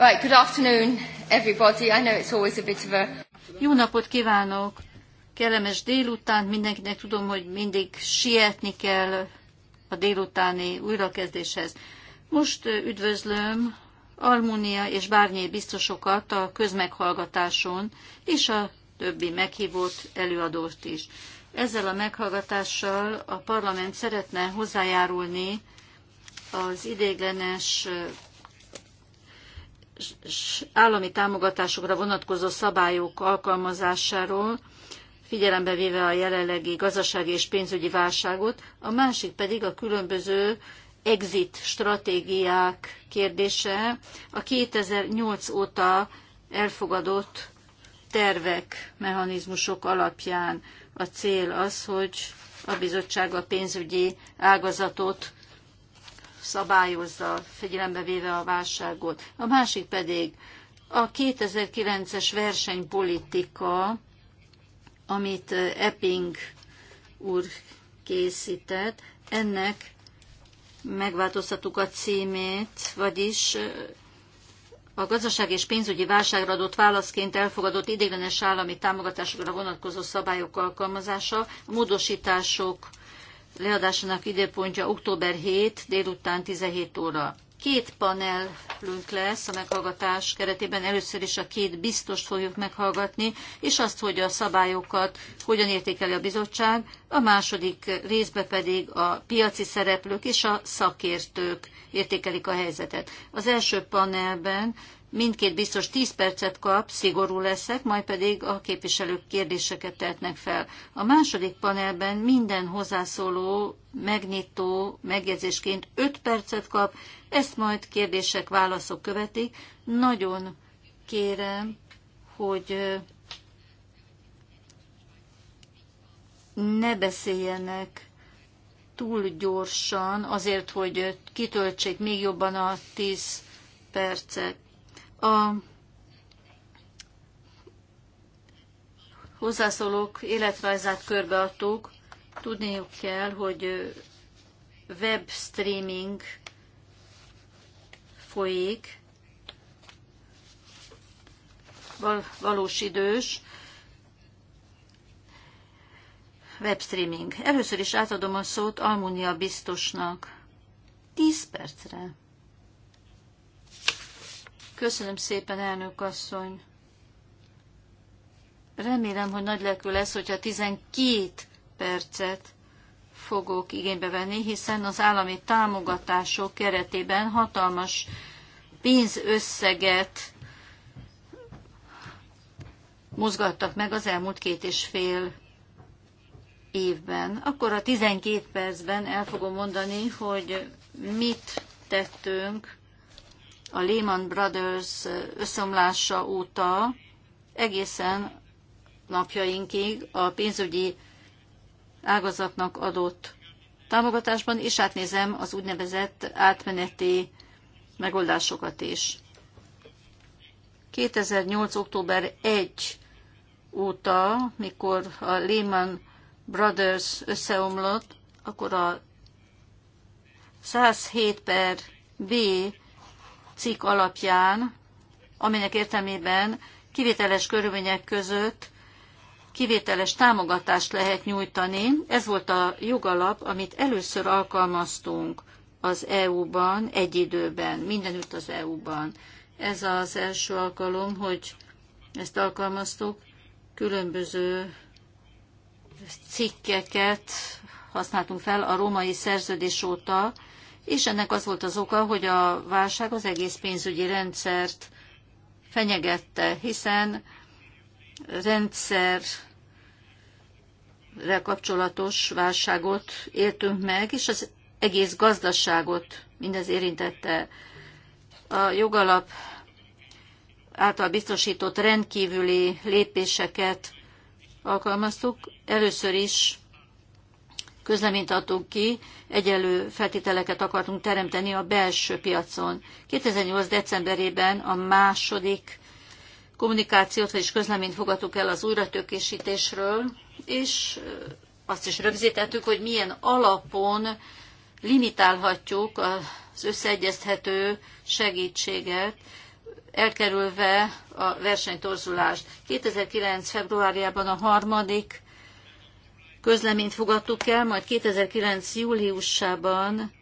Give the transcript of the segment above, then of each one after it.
Right, good afternoon, everybody. I know it's always a bit of a... Jó napot kívánok! Kellemes délután, mindenkinek tudom, hogy mindig sietni kell a délutáni újrakezdéshez. Most üdvözlöm Almunia és Bárnyé biztosokat a közmeghallgatáson, és a többi meghívott előadót is. Ezzel a meghallgatással a parlament szeretne hozzájárulni az idéglenes állami támogatásokra vonatkozó szabályok alkalmazásáról, figyelembe véve a jelenlegi gazdasági és pénzügyi válságot, a másik pedig a különböző exit stratégiák kérdése, a 2008 óta elfogadott tervek, mechanizmusok alapján a cél az, hogy a bizottság a pénzügyi ágazatot szabályozza, figyelembe véve a válságot. A másik pedig a 2009-es versenypolitika, amit Epping úr készített, ennek megváltoztattuk a címét, vagyis a gazdaság és pénzügyi válságra adott válaszként elfogadott idéglenes állami támogatásokra vonatkozó szabályok alkalmazása. A módosítások leadásának időpontja október 7 délután 17 óra. Két panelünk lesz a meghallgatás keretében. Először is a két biztost fogjuk meghallgatni, és azt, hogy a szabályokat hogyan értékeli a bizottság. A második részbe pedig a piaci szereplők és a szakértők értékelik a helyzetet. Az első panelben mindkét biztos 10 percet kap, szigorú leszek, majd pedig a képviselők kérdéseket tehetnek fel. A második panelben minden hozzászóló megnyitó megjegyzésként 5 percet kap, ezt majd kérdések, válaszok követik. Nagyon kérem, hogy ne beszéljenek túl gyorsan, azért, hogy kitöltsék még jobban a 10 percet a hozzászólók életrajzát körbeadtuk. Tudniuk kell, hogy webstreaming folyik, valós idős webstreaming. Először is átadom a szót Almunia biztosnak. 10 percre. Köszönöm szépen, elnök asszony. Remélem, hogy nagy lelkül lesz, hogyha 12 percet fogok igénybe venni, hiszen az állami támogatások keretében hatalmas pénzösszeget mozgattak meg az elmúlt két és fél évben. Akkor a 12 percben el fogom mondani, hogy mit tettünk a Lehman Brothers összeomlása óta egészen napjainkig a pénzügyi ágazatnak adott támogatásban, és átnézem az úgynevezett átmeneti megoldásokat is. 2008. október 1 óta, mikor a Lehman Brothers összeomlott, akkor a 107 per B cikk alapján, amelynek értelmében kivételes körülmények között kivételes támogatást lehet nyújtani. Ez volt a jogalap, amit először alkalmaztunk az EU-ban, egy időben, mindenütt az EU-ban. Ez az első alkalom, hogy ezt alkalmaztuk, különböző cikkeket használtunk fel a római szerződés óta, és ennek az volt az oka, hogy a válság az egész pénzügyi rendszert fenyegette, hiszen rendszer kapcsolatos válságot éltünk meg, és az egész gazdaságot mindez érintette. A jogalap által biztosított rendkívüli lépéseket alkalmaztuk. Először is közleményt adtunk ki, egyelő feltételeket akartunk teremteni a belső piacon. 2008. decemberében a második kommunikációt, vagyis közleményt fogadtuk el az újratökésítésről, és azt is rögzítettük, hogy milyen alapon limitálhatjuk az összeegyezthető segítséget, elkerülve a versenytorzulást. 2009. februárjában a harmadik közleményt fogadtuk el, majd 2009. júliusában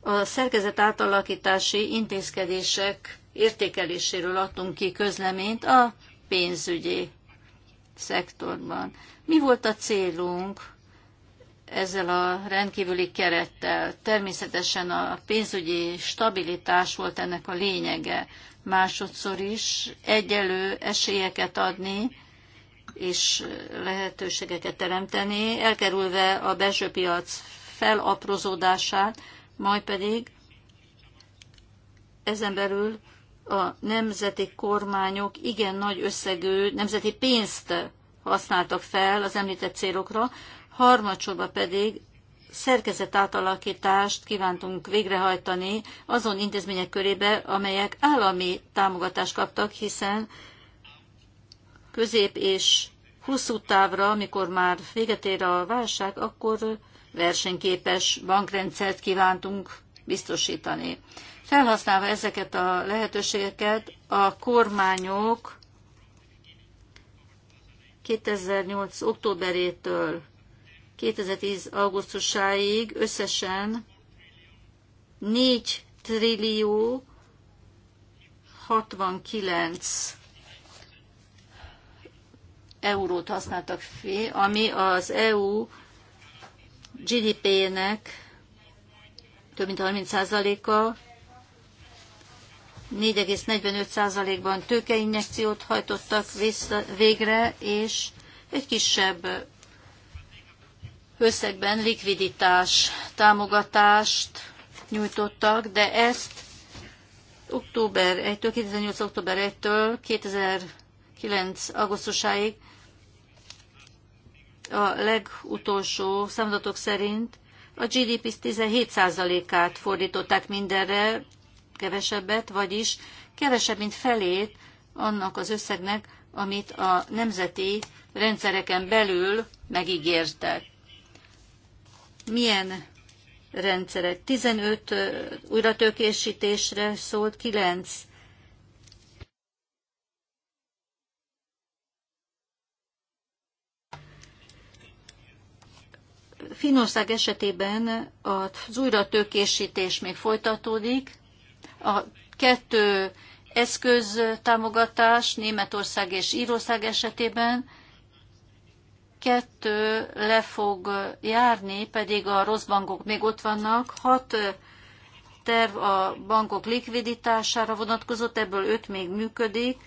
a szerkezet átalakítási intézkedések értékeléséről adtunk ki közleményt a pénzügyi szektorban. Mi volt a célunk ezzel a rendkívüli kerettel? Természetesen a pénzügyi stabilitás volt ennek a lényege másodszor is egyelő esélyeket adni, és lehetőségeket teremteni, elkerülve a belső piac felaprozódását, majd pedig ezen belül a nemzeti kormányok igen nagy összegű nemzeti pénzt használtak fel az említett célokra, harmadsorban pedig szerkezet átalakítást kívántunk végrehajtani azon intézmények körébe, amelyek állami támogatást kaptak, hiszen közép és hosszú távra, amikor már véget ér a válság, akkor versenyképes bankrendszert kívántunk biztosítani. Felhasználva ezeket a lehetőségeket, a kormányok 2008. októberétől 2010. augusztusáig összesen 4 trillió 69 eurót használtak fel, ami az EU GDP-nek több mint 30%-a 4,45%-ban tőkeinjekciót hajtottak vissza, végre, és egy kisebb összegben likviditás támogatást nyújtottak, de ezt október 1-től, 2008. október 1-től 2009. augusztusáig a legutolsó számadatok szerint a GDP 17%-át fordították mindenre, kevesebbet, vagyis kevesebb, mint felét annak az összegnek, amit a nemzeti rendszereken belül megígértek milyen rendszerek. 15 újratökésítésre szólt, 9 Finország esetében az újratőkésítés még folytatódik. A kettő eszköz támogatás Németország és Írország esetében kettő le fog járni, pedig a rossz bankok még ott vannak. Hat terv a bankok likviditására vonatkozott, ebből öt még működik,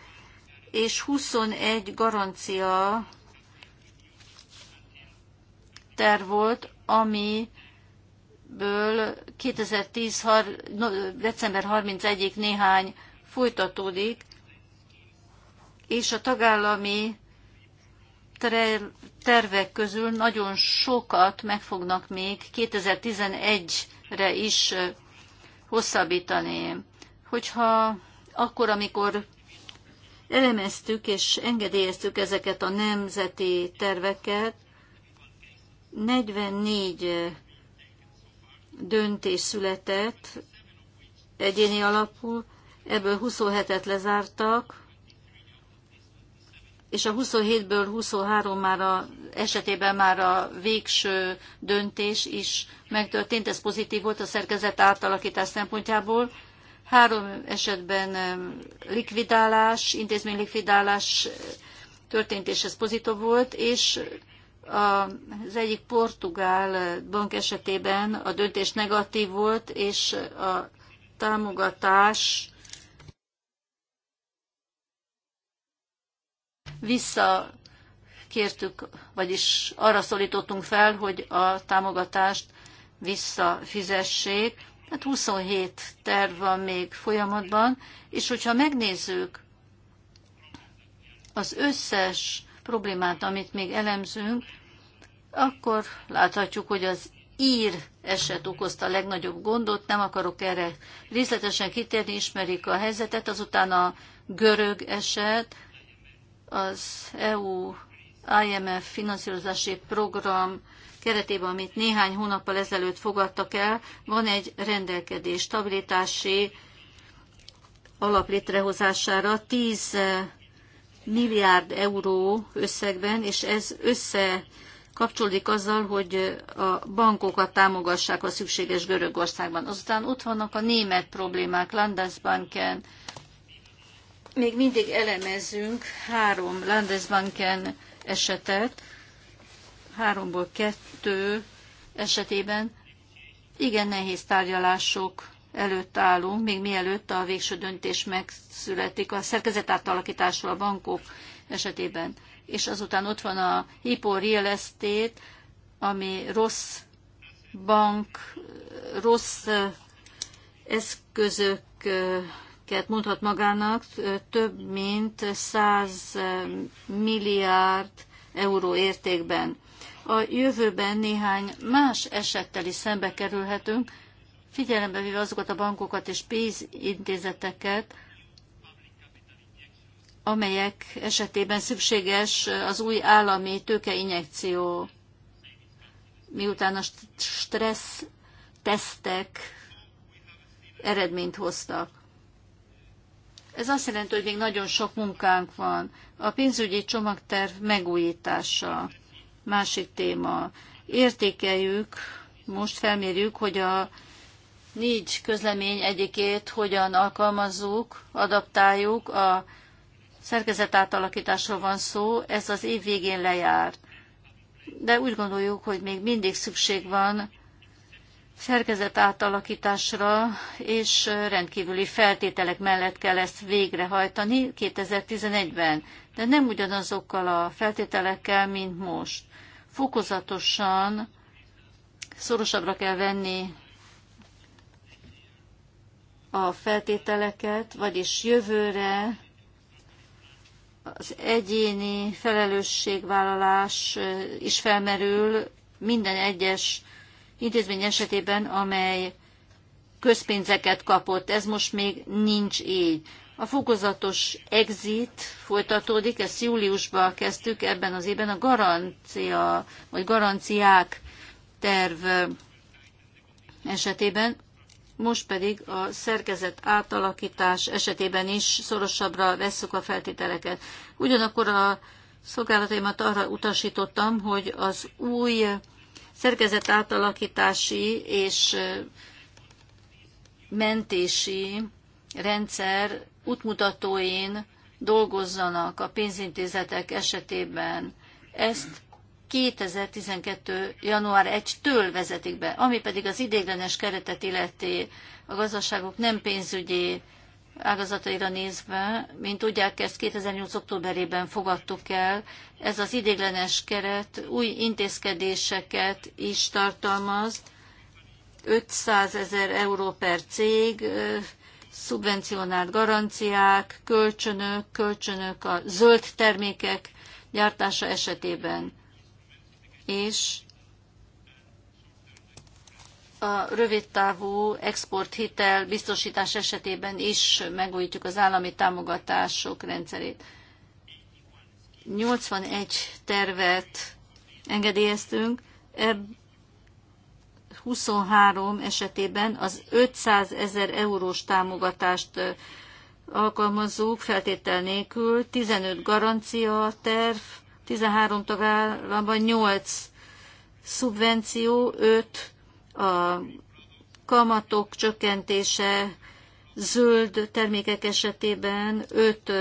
és 21 garancia terv volt, ami ből 2010. december 31-ig néhány folytatódik, és a tagállami tervek közül nagyon sokat meg fognak még 2011-re is hosszabbítani. Hogyha akkor, amikor elemeztük és engedélyeztük ezeket a nemzeti terveket, 44 döntés született egyéni alapú, ebből 27-et lezártak, és a 27-ből 23 már a, esetében már a végső döntés is megtörtént, ez pozitív volt a szerkezet átalakítás szempontjából. Három esetben likvidálás, intézmény likvidálás történt, és ez pozitív volt, és az egyik portugál bank esetében a döntés negatív volt, és a támogatás vissza kértük, vagyis arra szólítottunk fel, hogy a támogatást visszafizessék. Tehát 27 terv van még folyamatban, és hogyha megnézzük az összes problémát, amit még elemzünk, akkor láthatjuk, hogy az ír eset okozta a legnagyobb gondot, nem akarok erre részletesen kitérni, ismerik a helyzetet, azután a görög eset, az EU IMF finanszírozási program keretében, amit néhány hónappal ezelőtt fogadtak el, van egy rendelkedés stabilitási alaplétrehozására 10 eh, milliárd euró összegben, és ez össze kapcsolódik azzal, hogy eh, a bankokat támogassák a szükséges Görögországban. Azután ott vannak a német problémák, Landesbanken, még mindig elemezünk három Landesbanken esetet, háromból kettő esetében igen nehéz tárgyalások előtt állunk, még mielőtt a végső döntés megszületik a átalakításról a bankok esetében. És azután ott van a Hippo Real Estate, ami rossz bank, rossz eszközök mondhat magának, több mint 100 milliárd euró értékben. A jövőben néhány más esettel is szembe kerülhetünk, figyelembe véve azokat a bankokat és pénzintézeteket, amelyek esetében szükséges az új állami tőkeinjekció, miután a stressz tesztek eredményt hoztak. Ez azt jelenti, hogy még nagyon sok munkánk van. A pénzügyi csomagterv megújítása, másik téma. Értékeljük, most felmérjük, hogy a négy közlemény egyikét hogyan alkalmazzuk, adaptáljuk. A szerkezet átalakításról van szó, ez az év végén lejár. De úgy gondoljuk, hogy még mindig szükség van szerkezet átalakításra és rendkívüli feltételek mellett kell ezt végrehajtani 2011-ben, de nem ugyanazokkal a feltételekkel, mint most. Fokozatosan szorosabbra kell venni a feltételeket, vagyis jövőre az egyéni felelősségvállalás is felmerül minden egyes intézmény esetében, amely közpénzeket kapott. Ez most még nincs így. A fokozatos exit folytatódik, ezt júliusban kezdtük ebben az évben. A garancia, vagy garanciák terv esetében, most pedig a szerkezet átalakítás esetében is szorosabbra vesszük a feltételeket. Ugyanakkor a szolgálataimat arra utasítottam, hogy az új szerkezet átalakítási és mentési rendszer útmutatóin dolgozzanak a pénzintézetek esetében. Ezt 2012. január 1-től vezetik be, ami pedig az idéglenes keretet illeti a gazdaságok nem pénzügyi ágazataira nézve, mint tudják, ezt 2008. októberében fogadtuk el. Ez az idéglenes keret új intézkedéseket is tartalmaz, 500 ezer euró per cég, szubvencionált garanciák, kölcsönök, kölcsönök a zöld termékek gyártása esetében. És a rövidtávú exporthitel biztosítás esetében is megújítjuk az állami támogatások rendszerét. 81 tervet engedélyeztünk, ebb 23 esetében az 500 ezer eurós támogatást alkalmazzuk feltétel nélkül, 15 garancia terv, 13 tagállamban 8 szubvenció, 5 a kamatok csökkentése, zöld termékek esetében 5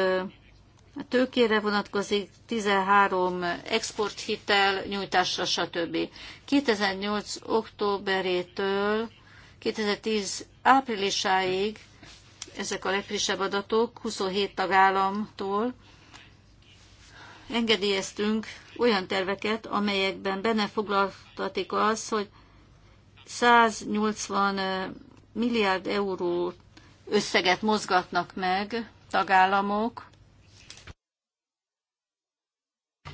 tőkére vonatkozik, 13 exporthitel nyújtásra, stb. 2008. októberétől 2010 áprilisáig ezek a legfrissebb adatok 27 tagállamtól engedélyeztünk olyan terveket, amelyekben benne foglaltatik az, hogy 180 milliárd euró összeget mozgatnak meg tagállamok,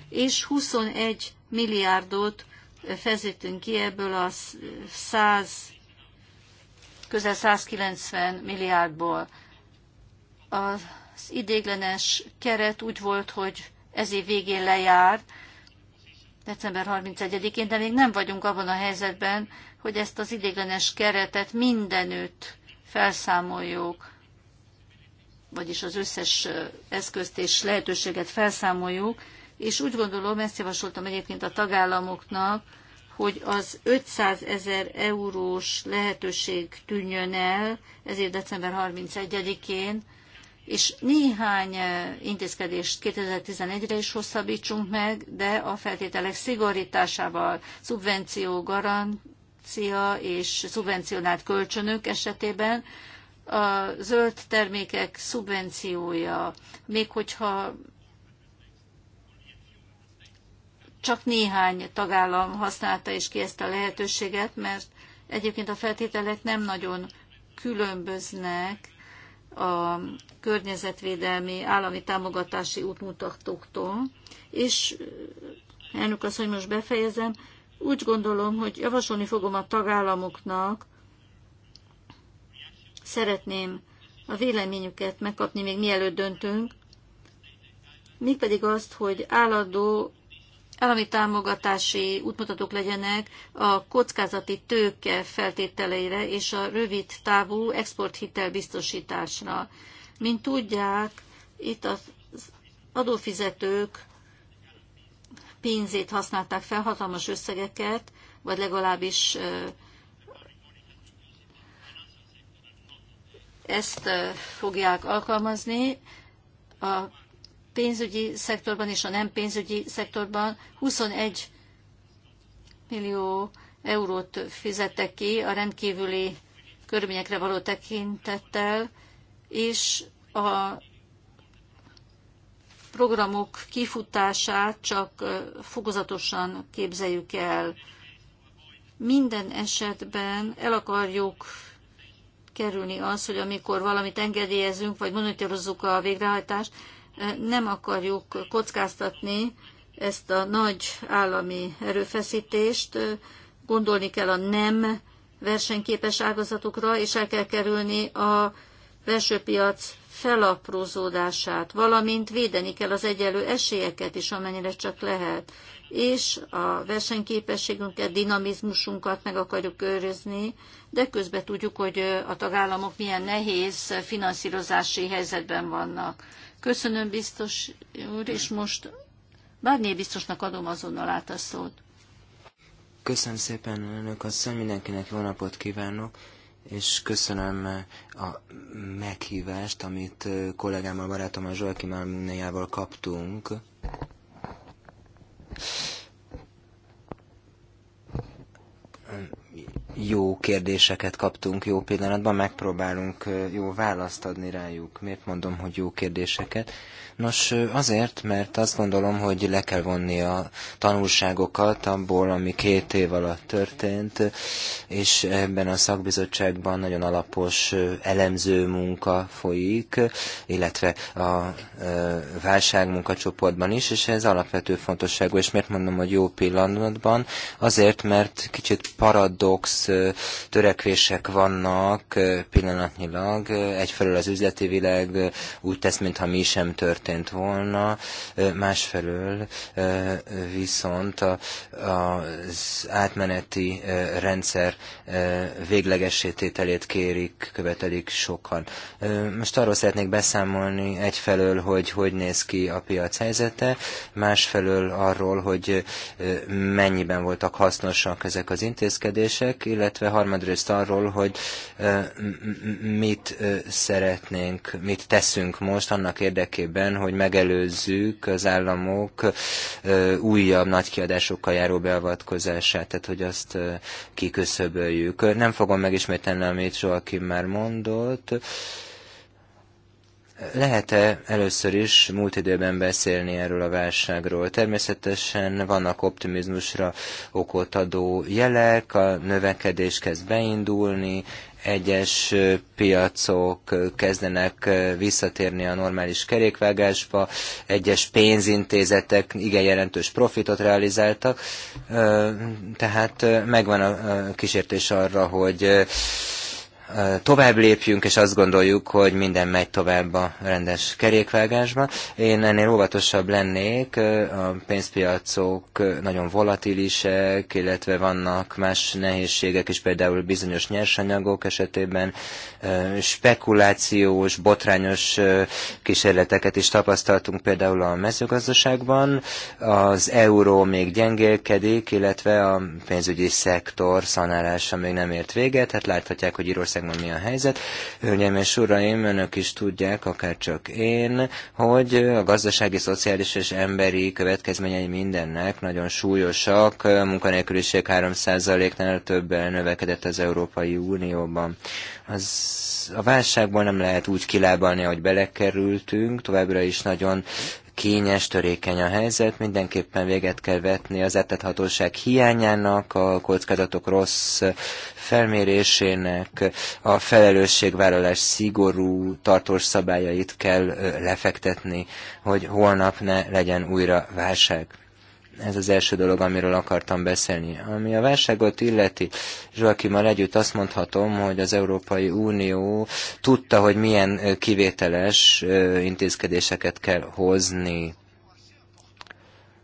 és 21 milliárdot fezítünk ki ebből a 100, közel 190 milliárdból. Az idéglenes keret úgy volt, hogy ez év végén lejár, december 31-én, de még nem vagyunk abban a helyzetben, hogy ezt az idegenes keretet mindenütt felszámoljuk, vagyis az összes eszközt és lehetőséget felszámoljuk, és úgy gondolom, ezt javasoltam egyébként a tagállamoknak, hogy az 500 ezer eurós lehetőség tűnjön el, ezért december 31-én, és néhány intézkedést 2011-re is hosszabbítsunk meg, de a feltételek szigorításával, szubvenció, garant, garancia és szubvencionált kölcsönök esetében a zöld termékek szubvenciója, még hogyha csak néhány tagállam használta és ki ezt a lehetőséget, mert egyébként a feltételek nem nagyon különböznek a környezetvédelmi állami támogatási útmutatóktól, és elnök azt, hogy most befejezem, úgy gondolom, hogy javasolni fogom a tagállamoknak, szeretném a véleményüket megkapni még mielőtt döntünk, mégpedig azt, hogy állandó állami támogatási útmutatók legyenek a kockázati tőke feltételeire és a rövid távú exporthitel biztosításra. Mint tudják, itt az adófizetők pénzét használták fel, hatalmas összegeket, vagy legalábbis ezt fogják alkalmazni. A pénzügyi szektorban és a nem pénzügyi szektorban 21 millió eurót fizettek ki a rendkívüli körülményekre való tekintettel, és a programok kifutását csak fokozatosan képzeljük el. Minden esetben el akarjuk kerülni azt, hogy amikor valamit engedélyezünk, vagy monitorozzuk a végrehajtást, nem akarjuk kockáztatni ezt a nagy állami erőfeszítést, gondolni kell a nem versenyképes ágazatokra, és el kell kerülni a belső piac felaprózódását, valamint védeni kell az egyenlő esélyeket is, amennyire csak lehet, és a versenyképességünket, dinamizmusunkat meg akarjuk őrizni, de közben tudjuk, hogy a tagállamok milyen nehéz finanszírozási helyzetben vannak. Köszönöm biztos úr, és most Bárné biztosnak adom azonnal át a szót. Köszönöm szépen, önök asszony, mindenkinek jó napot kívánok és köszönöm eh, a meghívást, amit eh, kollégámmal, barátommal, Zsolkim Almnéjával kaptunk. Jó kérdéseket kaptunk jó pillanatban, megpróbálunk eh, jó választ adni rájuk. Miért mondom, hogy jó kérdéseket? Nos, azért, mert azt gondolom, hogy le kell vonni a tanulságokat abból, ami két év alatt történt, és ebben a szakbizottságban nagyon alapos elemző munka folyik, illetve a válságmunkacsoportban is, és ez alapvető fontosságú, és miért mondom, hogy jó pillanatban? Azért, mert kicsit paradox törekvések vannak pillanatnyilag, egyfelől az üzleti világ úgy tesz, mintha mi sem történt, történt volna, másfelől viszont az átmeneti rendszer véglegesítételét kérik, követelik sokan. Most arról szeretnék beszámolni egyfelől, hogy hogy néz ki a piac helyzete, másfelől arról, hogy mennyiben voltak hasznosak ezek az intézkedések, illetve harmadrészt arról, hogy mit szeretnénk, mit teszünk most annak érdekében, ellen, hogy megelőzzük az államok újabb nagy kiadásokkal járó beavatkozását, tehát hogy azt kiköszöböljük. Nem fogom megismételni, amit Joachim már mondott. Lehet-e először is múlt időben beszélni erről a válságról? Természetesen vannak optimizmusra okot adó jelek, a növekedés kezd beindulni, egyes piacok kezdenek visszatérni a normális kerékvágásba, egyes pénzintézetek igen jelentős profitot realizáltak, tehát megvan a kísértés arra, hogy tovább lépjünk, és azt gondoljuk, hogy minden megy tovább a rendes kerékvágásban. Én ennél óvatosabb lennék, a pénzpiacok nagyon volatilisek, illetve vannak más nehézségek is, például bizonyos nyersanyagok esetében spekulációs, botrányos kísérleteket is tapasztaltunk például a mezőgazdaságban. Az euró még gyengélkedik, illetve a pénzügyi szektor szanálása még nem ért véget, hát láthatják, hogy Írország Franciaországban mi a helyzet. Hölgyeim és uraim, önök is tudják, akár csak én, hogy a gazdasági, szociális és emberi következményei mindennek nagyon súlyosak. A munkanélküliség 3%-nál többen növekedett az Európai Unióban. Az, a válságból nem lehet úgy kilábalni, hogy belekerültünk, továbbra is nagyon kényes, törékeny a helyzet, mindenképpen véget kell vetni az etethatóság hiányának, a kockázatok rossz felmérésének, a felelősségvállalás szigorú, tartós szabályait kell lefektetni, hogy holnap ne legyen újra válság. Ez az első dolog, amiről akartam beszélni. Ami a válságot illeti, Zsolkimmal együtt azt mondhatom, hogy az Európai Unió tudta, hogy milyen kivételes intézkedéseket kell hozni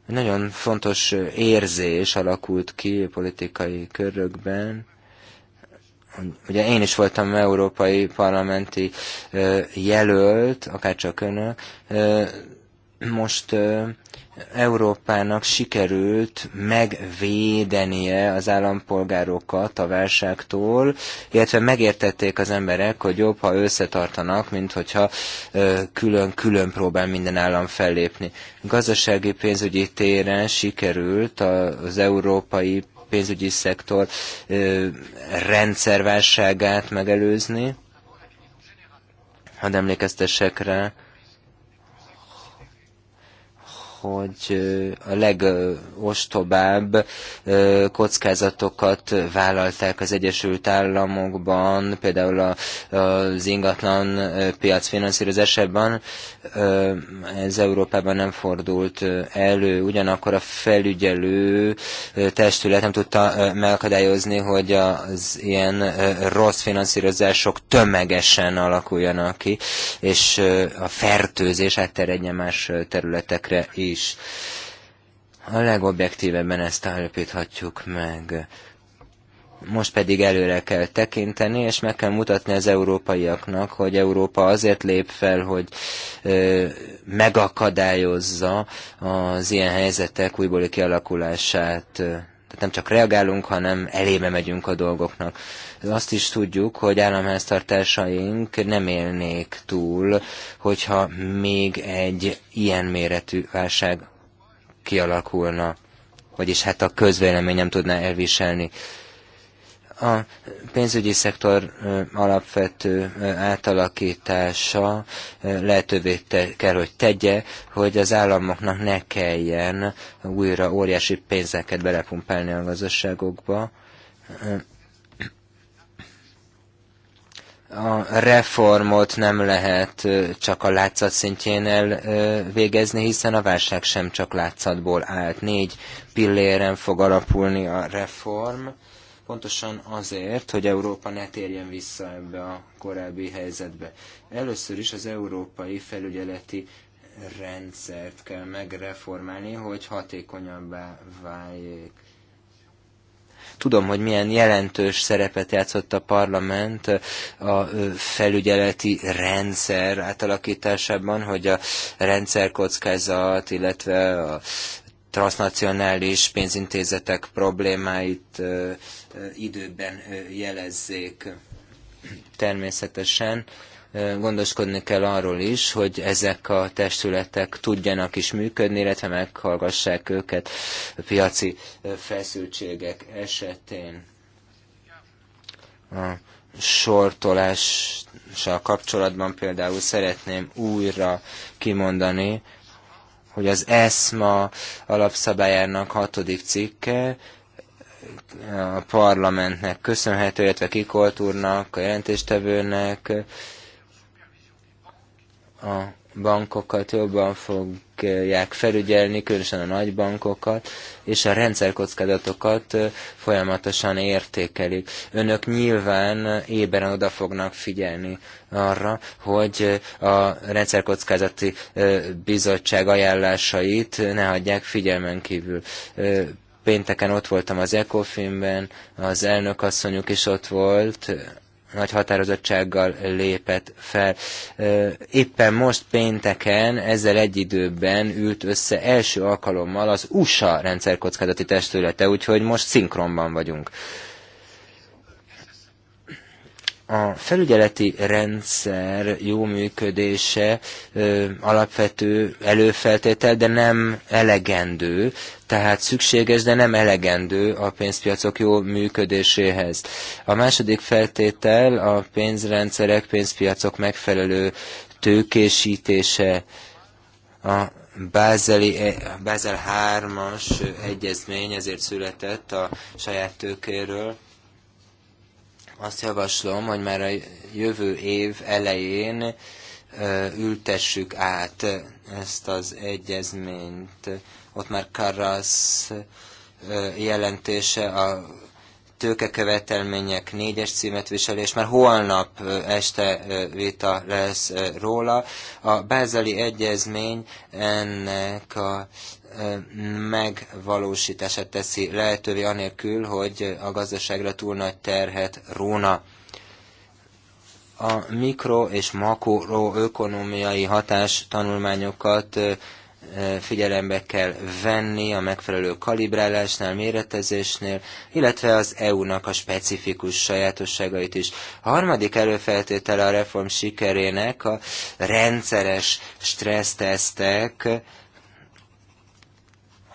nagyon fontos érzés alakult ki politikai körökben. Ugye én is voltam európai parlamenti jelölt, akárcsak önök. Most Európának sikerült megvédenie az állampolgárokat a válságtól, illetve megértették az emberek, hogy jobb, ha összetartanak, mint hogyha külön-külön próbál minden állam fellépni. Gazdasági pénzügyi téren sikerült az európai pénzügyi szektor rendszerválságát megelőzni. Hadd emlékeztessek rá, hogy a legostobább kockázatokat vállalták az Egyesült Államokban, például az ingatlan piac finanszírozásában. Ez Európában nem fordult elő, ugyanakkor a felügyelő testület nem tudta megakadályozni, hogy az ilyen rossz finanszírozások tömegesen alakuljanak ki, és a fertőzés átteredjen más területekre is is. A legobjektívebben ezt állapíthatjuk meg. Most pedig előre kell tekinteni, és meg kell mutatni az európaiaknak, hogy Európa azért lép fel, hogy ö, megakadályozza az ilyen helyzetek újbóli kialakulását. Tehát nem csak reagálunk, hanem elébe megyünk a dolgoknak. Azt is tudjuk, hogy államháztartásaink nem élnék túl, hogyha még egy ilyen méretű válság kialakulna, vagyis hát a közvélemény nem tudná elviselni a pénzügyi szektor alapvető átalakítása lehetővé kell, hogy tegye, hogy az államoknak ne kelljen újra óriási pénzeket belepumpálni a gazdaságokba a reformot nem lehet csak a látszat szintjén elvégezni, hiszen a válság sem csak látszatból állt. Négy pilléren fog alapulni a reform, pontosan azért, hogy Európa ne térjen vissza ebbe a korábbi helyzetbe. Először is az európai felügyeleti rendszert kell megreformálni, hogy hatékonyabbá váljék Tudom, hogy milyen jelentős szerepet játszott a parlament a felügyeleti rendszer átalakításában, hogy a rendszerkockázat, illetve a transnacionális pénzintézetek problémáit időben jelezzék természetesen gondoskodni kell arról is, hogy ezek a testületek tudjanak is működni, illetve meghallgassák őket a piaci feszültségek esetén. A sortolással kapcsolatban például szeretném újra kimondani, hogy az ESMA alapszabályának hatodik cikke a parlamentnek köszönhető, illetve Kikolt úrnak, a jelentéstevőnek, a bankokat jobban fogják felügyelni, különösen a nagy bankokat, és a rendszerkockázatokat folyamatosan értékelik. Önök nyilván éberen oda fognak figyelni arra, hogy a rendszerkockázati bizottság ajánlásait ne hagyják figyelmen kívül pénteken ott voltam az ECOFIN-ben, az elnök asszonyuk is ott volt, nagy határozottsággal lépett fel. Éppen most pénteken, ezzel egy időben ült össze első alkalommal az USA rendszerkockázati testülete, úgyhogy most szinkronban vagyunk a felügyeleti rendszer jó működése ö, alapvető előfeltétel, de nem elegendő, tehát szükséges, de nem elegendő a pénzpiacok jó működéséhez. A második feltétel a pénzrendszerek, pénzpiacok megfelelő tőkésítése, a Bázeli, e, Bázel 3-as egyezmény ezért született a saját tőkéről, azt javaslom, hogy már a jövő év elején ültessük át ezt az egyezményt. Ott már Karasz jelentése a tőkekövetelmények négyes címet viseli, és már holnap este vita lesz róla. A bázeli egyezmény ennek a megvalósítását teszi lehetővé anélkül, hogy a gazdaságra túl nagy terhet róna a mikro- és makroökonomiai hatás tanulmányokat figyelembe kell venni a megfelelő kalibrálásnál, méretezésnél, illetve az EU-nak a specifikus sajátosságait is. A harmadik előfeltétele a reform sikerének a rendszeres stressztesztek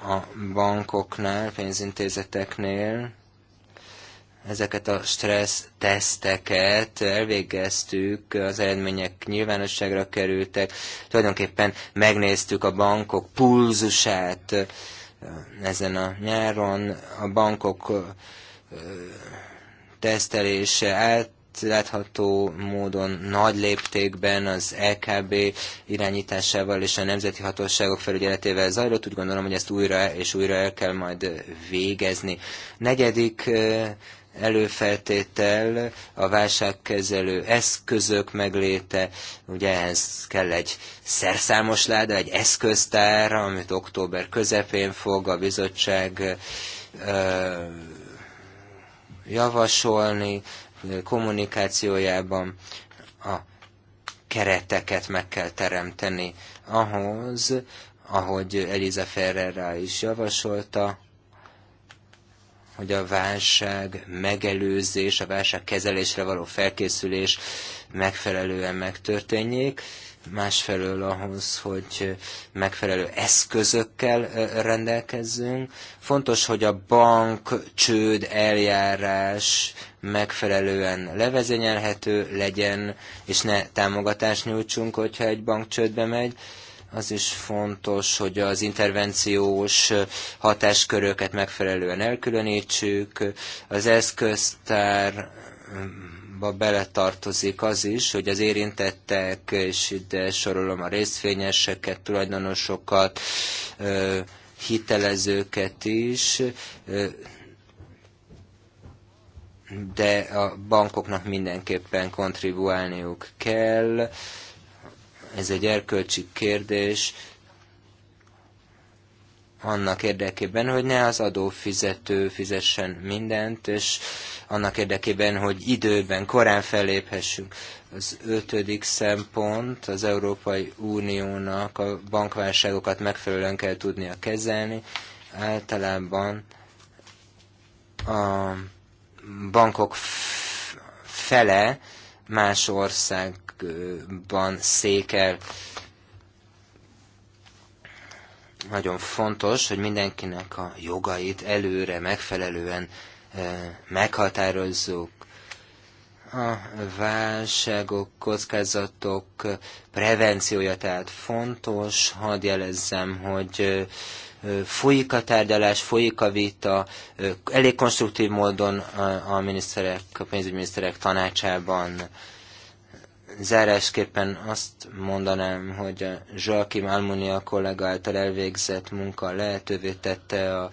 a bankoknál, pénzintézeteknél, ezeket a stressz teszteket elvégeztük, az eredmények nyilvánosságra kerültek, tulajdonképpen megnéztük a bankok pulzusát ezen a nyáron, a bankok tesztelése át látható módon nagy léptékben az LKB irányításával és a nemzeti hatóságok felügyeletével zajlott. Úgy gondolom, hogy ezt újra és újra el kell majd végezni. Negyedik előfeltétel a válságkezelő eszközök megléte, ugye ehhez kell egy szerszámos láda, egy eszköztár, amit október közepén fog a bizottság ö, javasolni kommunikációjában a kereteket meg kell teremteni ahhoz, ahogy Eliza Ferrera is javasolta, hogy a válság megelőzés, a válság kezelésre való felkészülés megfelelően megtörténjék, másfelől ahhoz, hogy megfelelő eszközökkel rendelkezzünk. Fontos, hogy a bank csőd eljárás megfelelően levezényelhető legyen, és ne támogatást nyújtsunk, hogyha egy bank csődbe megy az is fontos, hogy az intervenciós hatásköröket megfelelően elkülönítsük. Az eszköztár beletartozik az is, hogy az érintettek, és ide sorolom a részvényeseket, tulajdonosokat, hitelezőket is, de a bankoknak mindenképpen kontribuálniuk kell, ez egy erkölcsi kérdés annak érdekében, hogy ne az adófizető fizessen mindent, és annak érdekében, hogy időben, korán feléphessünk. Az ötödik szempont az Európai Uniónak a bankválságokat megfelelően kell tudnia kezelni. Általában a bankok fele más ország országban székel. Nagyon fontos, hogy mindenkinek a jogait előre megfelelően eh, meghatározzuk. A válságok, kockázatok prevenciója tehát fontos. Hadd jelezzem, hogy eh, folyik a tárgyalás, folyik a vita, eh, elég konstruktív módon a miniszterek, a pénzügyminiszterek tanácsában zárásképpen azt mondanám, hogy a Joachim Almunia kollega által elvégzett munka lehetővé tette a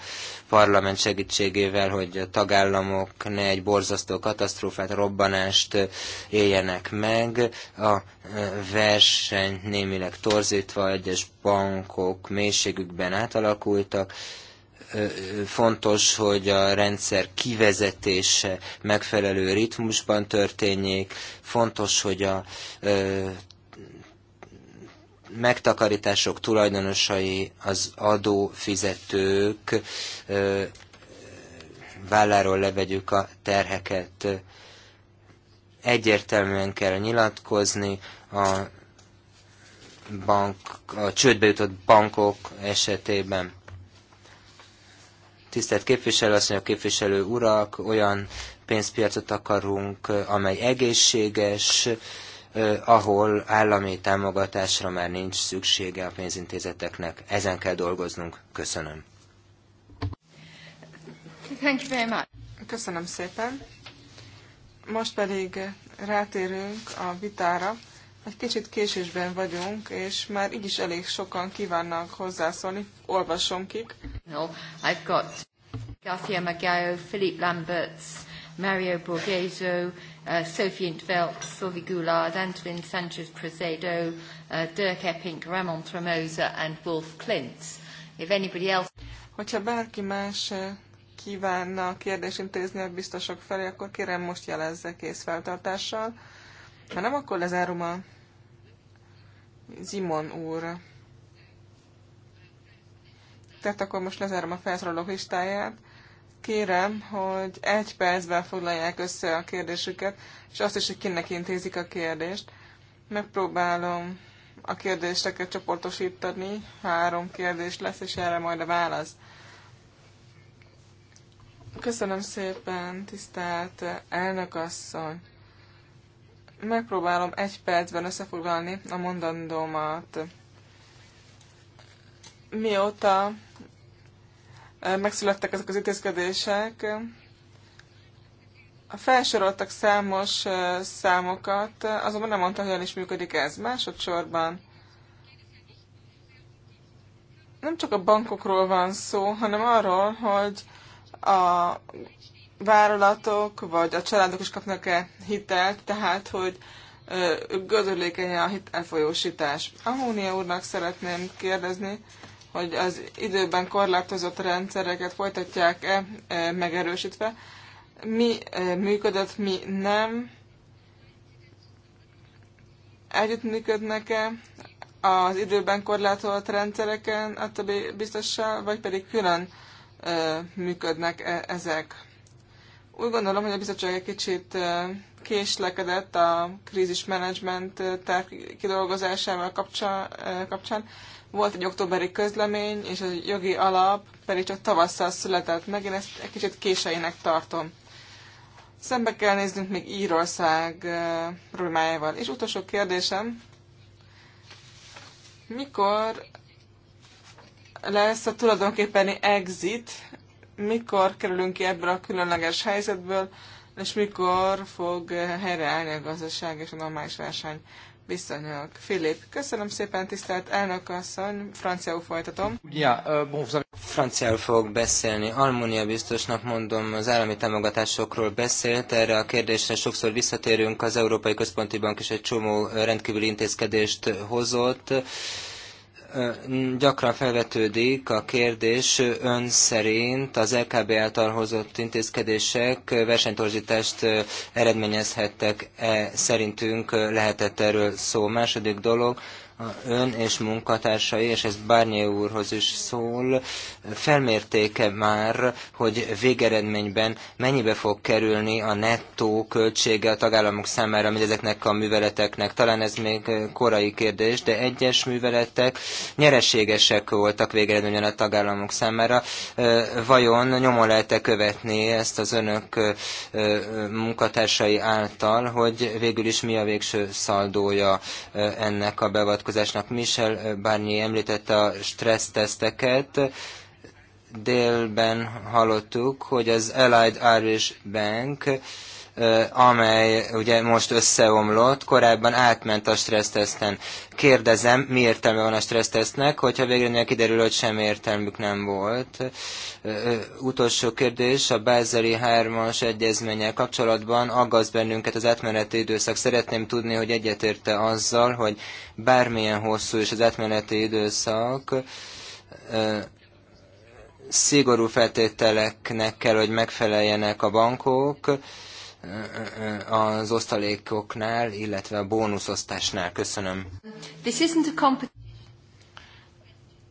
parlament segítségével, hogy a tagállamok ne egy borzasztó katasztrófát, robbanást éljenek meg. A e, verseny némileg torzítva egyes bankok mélységükben átalakultak, fontos, hogy a rendszer kivezetése megfelelő ritmusban történjék, fontos, hogy a megtakarítások tulajdonosai, az adófizetők válláról levegyük a terheket. Egyértelműen kell nyilatkozni, a bank, a csődbe jutott bankok esetében. Tisztelt képviselőasszonyok, képviselő urak, olyan pénzpiacot akarunk, amely egészséges, ahol állami támogatásra már nincs szüksége a pénzintézeteknek. Ezen kell dolgoznunk. Köszönöm. Thank you very much. Köszönöm szépen. Most pedig rátérünk a vitára egy kicsit késésben vagyunk, és már így is elég sokan kívánnak hozzászólni. Olvasom kik. No, I've got Garcia Magallo, Philippe Lamberts, Mario Borghese, uh, Sophie Intveld, Sylvie Goulard, Antolin Sanchez Prezedo, uh, Dirk Epping, Ramon Tremosa and Wolf Klintz. If anybody else... Hogyha bárki más uh, kívánna kérdés intézni a biztosok felé, akkor kérem most jelezze kész feltartással ha nem, akkor lezárom a Zimon úr. Tehát akkor most lezárom a felszólalók listáját. Kérem, hogy egy percben foglalják össze a kérdésüket, és azt is, hogy kinek intézik a kérdést. Megpróbálom a kérdéseket csoportosítani. Három kérdés lesz, és erre majd a válasz. Köszönöm szépen, tisztelt asszony. Megpróbálom egy percben összefoglalni a mondandómat. Mióta megszülettek ezek az intézkedések, felsoroltak számos számokat, azonban nem mondta, hogyan is működik ez. Másodszorban nem csak a bankokról van szó, hanem arról, hogy a vállalatok, vagy a családok is kapnak-e hitelt, tehát hogy gödörlékenye a hitelfolyósítás. A Hónia úrnak szeretném kérdezni, hogy az időben korlátozott rendszereket folytatják-e megerősítve. Mi működött, mi nem. Együttműködnek-e az időben korlátozott rendszereken a többi biztossal, vagy pedig külön működnek -e ezek? Úgy gondolom, hogy a bizottság egy kicsit késlekedett a krízis menedzsment terv kidolgozásával kapcsán. Volt egy októberi közlemény, és a jogi alap pedig csak tavasszal született meg, én ezt egy kicsit késeinek tartom. Szembe kell néznünk még Írország problémájával. És utolsó kérdésem, mikor lesz a tulajdonképpeni exit mikor kerülünk ki ebből a különleges helyzetből, és mikor fog helyreállni a gazdaság és a normális verseny viszonyok. Filip, köszönöm szépen, tisztelt elnök asszony, franciául folytatom. Ja, bon, franciául fogok beszélni. Almunia biztosnak mondom, az állami támogatásokról beszélt, erre a kérdésre sokszor visszatérünk, az Európai Központi Bank is egy csomó rendkívüli intézkedést hozott Gyakran felvetődik a kérdés ön szerint az LKB által hozott intézkedések versenytorzítást eredményezhettek-e szerintünk lehetett erről szó. Második dolog, ön és munkatársai, és ez Barnier úrhoz is szól, felmértéke már, hogy végeredményben mennyibe fog kerülni a nettó költsége a tagállamok számára ezeknek a műveleteknek. Talán ez még korai kérdés, de egyes műveletek nyereségesek voltak végeredményben a tagállamok számára. Vajon nyomon lehet-e követni ezt az önök munkatársai által, hogy végül is mi a végső szaldója ennek a beavatkozásnak? vonatkozásnak. Michel Barnier említette a stresszteszteket. Délben hallottuk, hogy az Allied Irish Bank amely ugye most összeomlott, korábban átment a stressztesten. Kérdezem, mi értelme van a stressztesznek, hogyha végre kiderül, hogy sem értelmük nem volt. Utolsó kérdés, a Bázeli 3-as egyezménnyel kapcsolatban aggaszt bennünket az átmeneti időszak. Szeretném tudni, hogy egyetérte azzal, hogy bármilyen hosszú és az átmeneti időszak szigorú feltételeknek kell, hogy megfeleljenek a bankok, az osztalékoknál, illetve a bónuszosztásnál. Köszönöm. This isn't a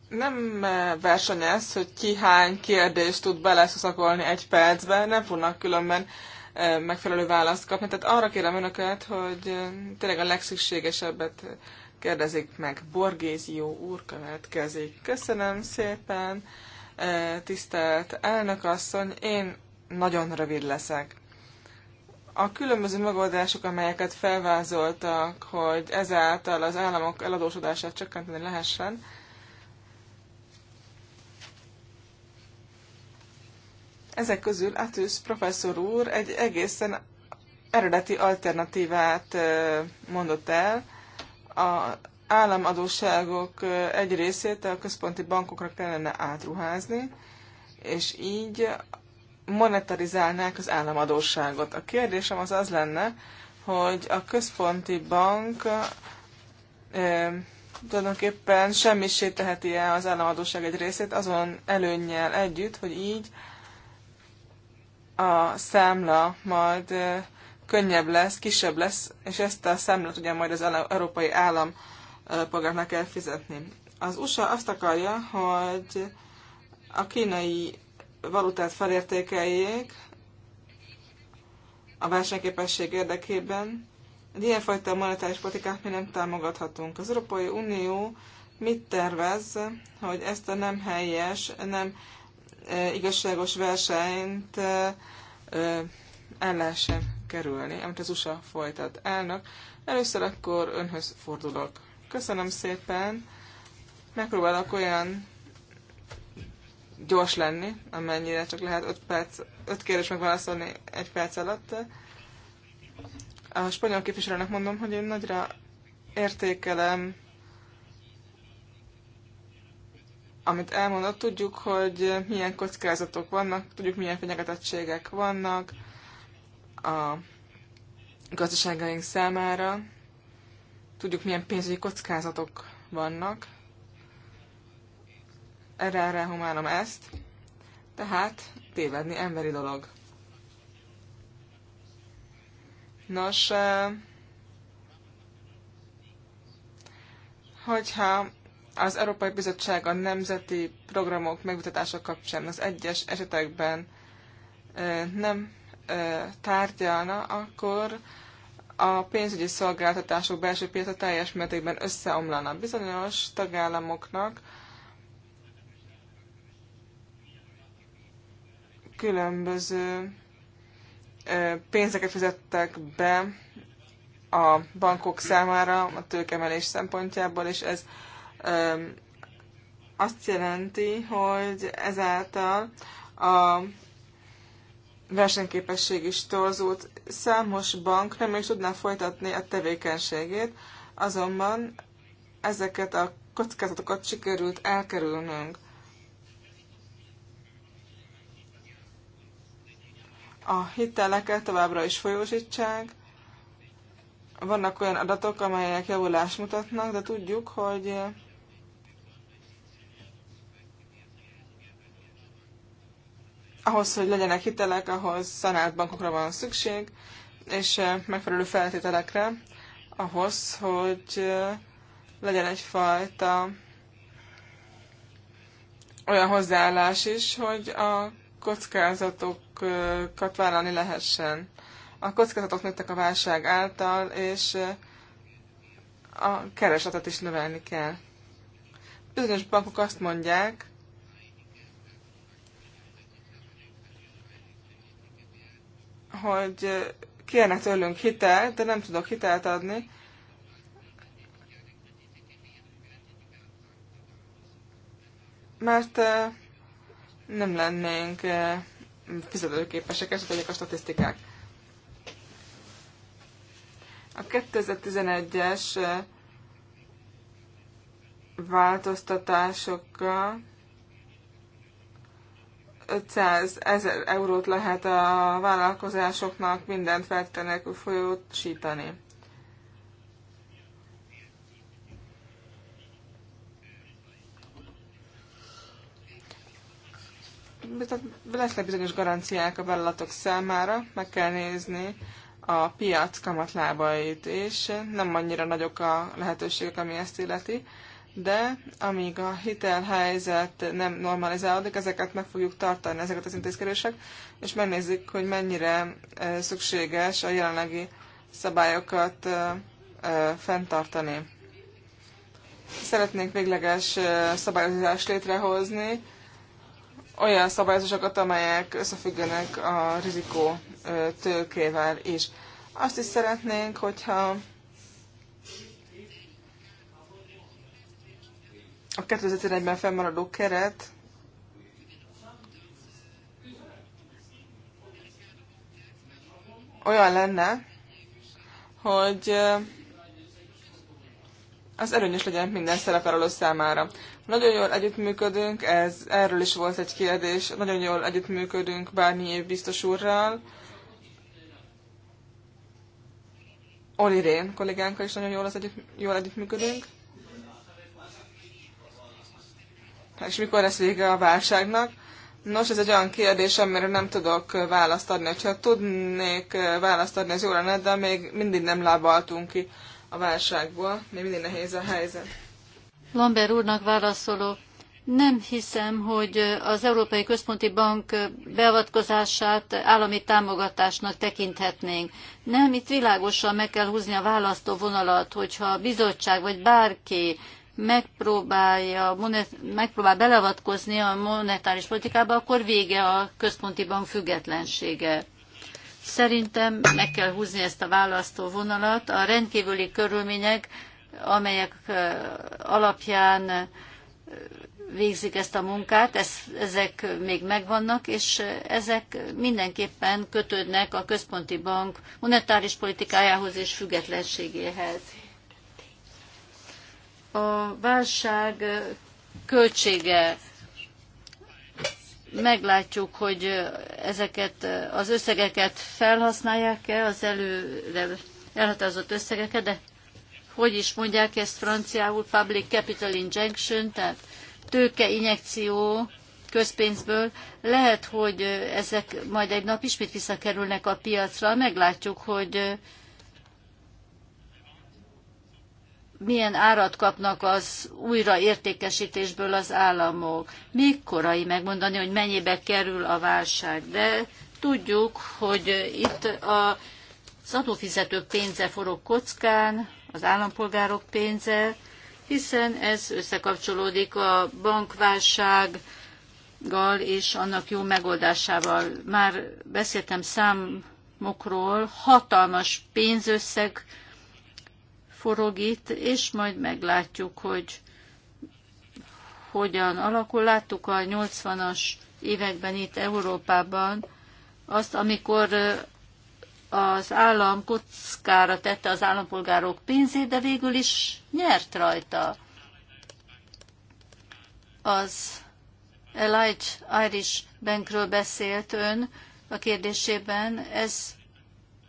nem verseny ez, hogy ki hány kérdést tud beleszuszakolni egy percbe, nem fognak különben megfelelő választ kapni. Tehát arra kérem önöket, hogy tényleg a legszükségesebbet kérdezik meg. Borgézió úr következik. Köszönöm szépen, tisztelt elnökasszony, én nagyon rövid leszek. A különböző megoldások, amelyeket felvázoltak, hogy ezáltal az államok eladósodását csökkenteni lehessen, ezek közül Atus professzor úr egy egészen eredeti alternatívát mondott el. A államadóságok egy részét a központi bankokra kellene átruházni, és így monetarizálnák az államadóságot. A kérdésem az az lenne, hogy a központi bank e, tulajdonképpen semmisé teheti el az államadóság egy részét azon előnnyel együtt, hogy így a számla majd e, könnyebb lesz, kisebb lesz, és ezt a számlát ugye majd az európai állam kell fizetni. Az USA azt akarja, hogy a kínai valutát felértékeljék a versenyképesség érdekében. Egy ilyenfajta monetáris politikát mi nem támogathatunk. Az Európai Unió mit tervez, hogy ezt a nem helyes, nem e, igazságos versenyt e, e, el lehessen kerülni, amit az USA folytat elnök. Először akkor önhöz fordulok. Köszönöm szépen. Megpróbálok olyan gyors lenni, amennyire csak lehet 5 perc, 5 kérdés megválaszolni egy perc alatt. A spanyol képviselőnek mondom, hogy én nagyra értékelem, amit elmondott, tudjuk, hogy milyen kockázatok vannak, tudjuk, milyen fenyegetettségek vannak a gazdaságaink számára, tudjuk, milyen pénzügyi kockázatok vannak, erre ráhumálom ezt, tehát tévedni emberi dolog. Nos, hogyha az Európai Bizottság a nemzeti programok megmutatása kapcsán az egyes esetekben nem tárgyalna, akkor a pénzügyi szolgáltatások belső piaca teljes mértékben összeomlana. Bizonyos tagállamoknak különböző pénzeket fizettek be a bankok számára a tőkemelés szempontjából, és ez azt jelenti, hogy ezáltal a versenyképesség is torzult. Számos bank nem is tudná folytatni a tevékenységét, azonban ezeket a kockázatokat sikerült elkerülnünk. a hiteleket továbbra is folyósítsák. Vannak olyan adatok, amelyek javulást mutatnak, de tudjuk, hogy ahhoz, hogy legyenek hitelek, ahhoz szanált bankokra van szükség, és megfelelő feltételekre ahhoz, hogy legyen egyfajta olyan hozzáállás is, hogy a kockázatokat vállalni lehessen. A kockázatok nőttek a válság által, és eh, a keresletet is növelni kell. Bizonyos bankok azt mondják, hogy eh, kérnek tőlünk hitelt, de nem tudok hitelt adni. Mert eh, nem lennénk eh, fizetőképesek, ezt a statisztikák. A 2011-es eh, változtatásokkal 500 ezer eurót lehet a vállalkozásoknak mindent feltenek folyósítani. lesznek bizonyos garanciák a vállalatok számára, meg kell nézni a piac kamatlábait, és nem annyira nagyok a lehetőségek, ami ezt illeti, de amíg a hitelhelyzet nem normalizálódik, ezeket meg fogjuk tartani, ezeket az intézkedések, és megnézzük, hogy mennyire szükséges a jelenlegi szabályokat fenntartani. Szeretnénk végleges szabályozást létrehozni, olyan szabályozásokat, amelyek összefüggenek a rizikó tőkével is. Azt is szeretnénk, hogyha a 2011-ben fennmaradó keret olyan lenne, hogy az előnyös legyen minden szerepelő számára. Nagyon jól együttműködünk, ez, erről is volt egy kérdés, nagyon jól együttműködünk év biztos úrral. Oli Rén kollégánkkal is nagyon jól, az együtt, jól együttműködünk. És mikor lesz vége a válságnak? Nos, ez egy olyan kérdés, amire nem tudok választ adni. Ha tudnék választ adni, az jó lenne, de még mindig nem lábaltunk ki a válságból. Még mindig nehéz a helyzet. Lambert úrnak válaszolok. Nem hiszem, hogy az Európai Központi Bank beavatkozását állami támogatásnak tekinthetnénk. Nem, itt világosan meg kell húzni a választó vonalat, hogyha a bizottság vagy bárki megpróbálja, megpróbál beleavatkozni a monetáris politikába, akkor vége a központi bank függetlensége. Szerintem meg kell húzni ezt a választó vonalat. A rendkívüli körülmények amelyek alapján végzik ezt a munkát, ez, ezek még megvannak, és ezek mindenképpen kötődnek a központi bank monetáris politikájához és függetlenségéhez. A válság költsége meglátjuk, hogy ezeket az összegeket felhasználják-e, az előre elhatározott összegeket, de hogy is mondják ezt franciául, public capital injection, tehát injekció közpénzből. Lehet, hogy ezek majd egy nap ismét visszakerülnek a piacra, meglátjuk, hogy milyen árat kapnak az újraértékesítésből az államok. Még korai megmondani, hogy mennyibe kerül a válság, de tudjuk, hogy itt a az adófizetők pénze forog kockán, az állampolgárok pénze, hiszen ez összekapcsolódik a bankválsággal és annak jó megoldásával. Már beszéltem számokról, hatalmas pénzösszeg forog itt, és majd meglátjuk, hogy hogyan alakul. Láttuk a 80-as években itt Európában azt, amikor az állam kockára tette az állampolgárok pénzét, de végül is nyert rajta. Az Elite Irish Bankről beszélt ön a kérdésében, ez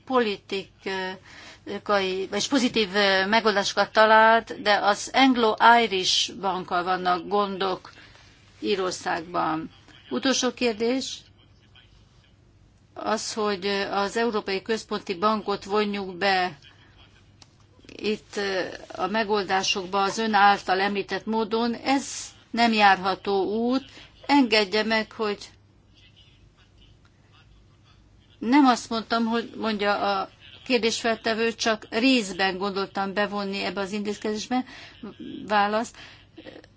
politikai, vagy pozitív megoldásokat talált, de az Anglo-Irish bankkal vannak gondok Írországban. Utolsó kérdés, az, hogy az Európai Központi Bankot vonjuk be itt a megoldásokba az ön által említett módon, ez nem járható út. Engedje meg, hogy nem azt mondtam, hogy mondja a kérdésfeltevő, csak részben gondoltam bevonni ebbe az intézkedésbe választ.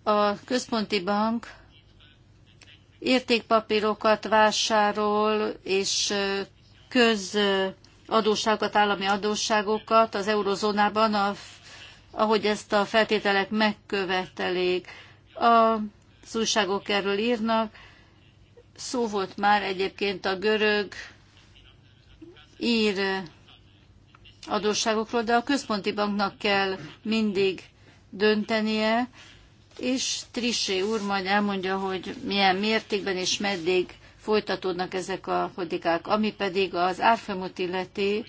A központi bank értékpapírokat vásárol, és közadósságokat, állami adósságokat az eurozónában, a, ahogy ezt a feltételek megkövetelik. Az újságok erről írnak. Szó volt már egyébként a görög ír adósságokról, de a központi banknak kell mindig döntenie, és Trissé úr majd elmondja, hogy milyen mértékben és meddig folytatódnak ezek a hodikák. Ami pedig az árfolyamot illeti,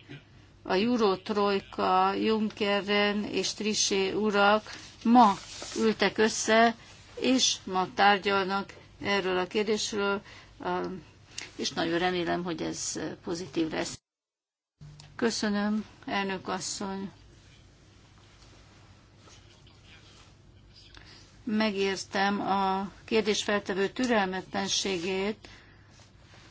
a Trojka, Junckerren és Trissé urak ma ültek össze, és ma tárgyalnak erről a kérdésről, és nagyon remélem, hogy ez pozitív lesz. Köszönöm, elnök asszony. megértem a kérdésfeltevő türelmetlenségét,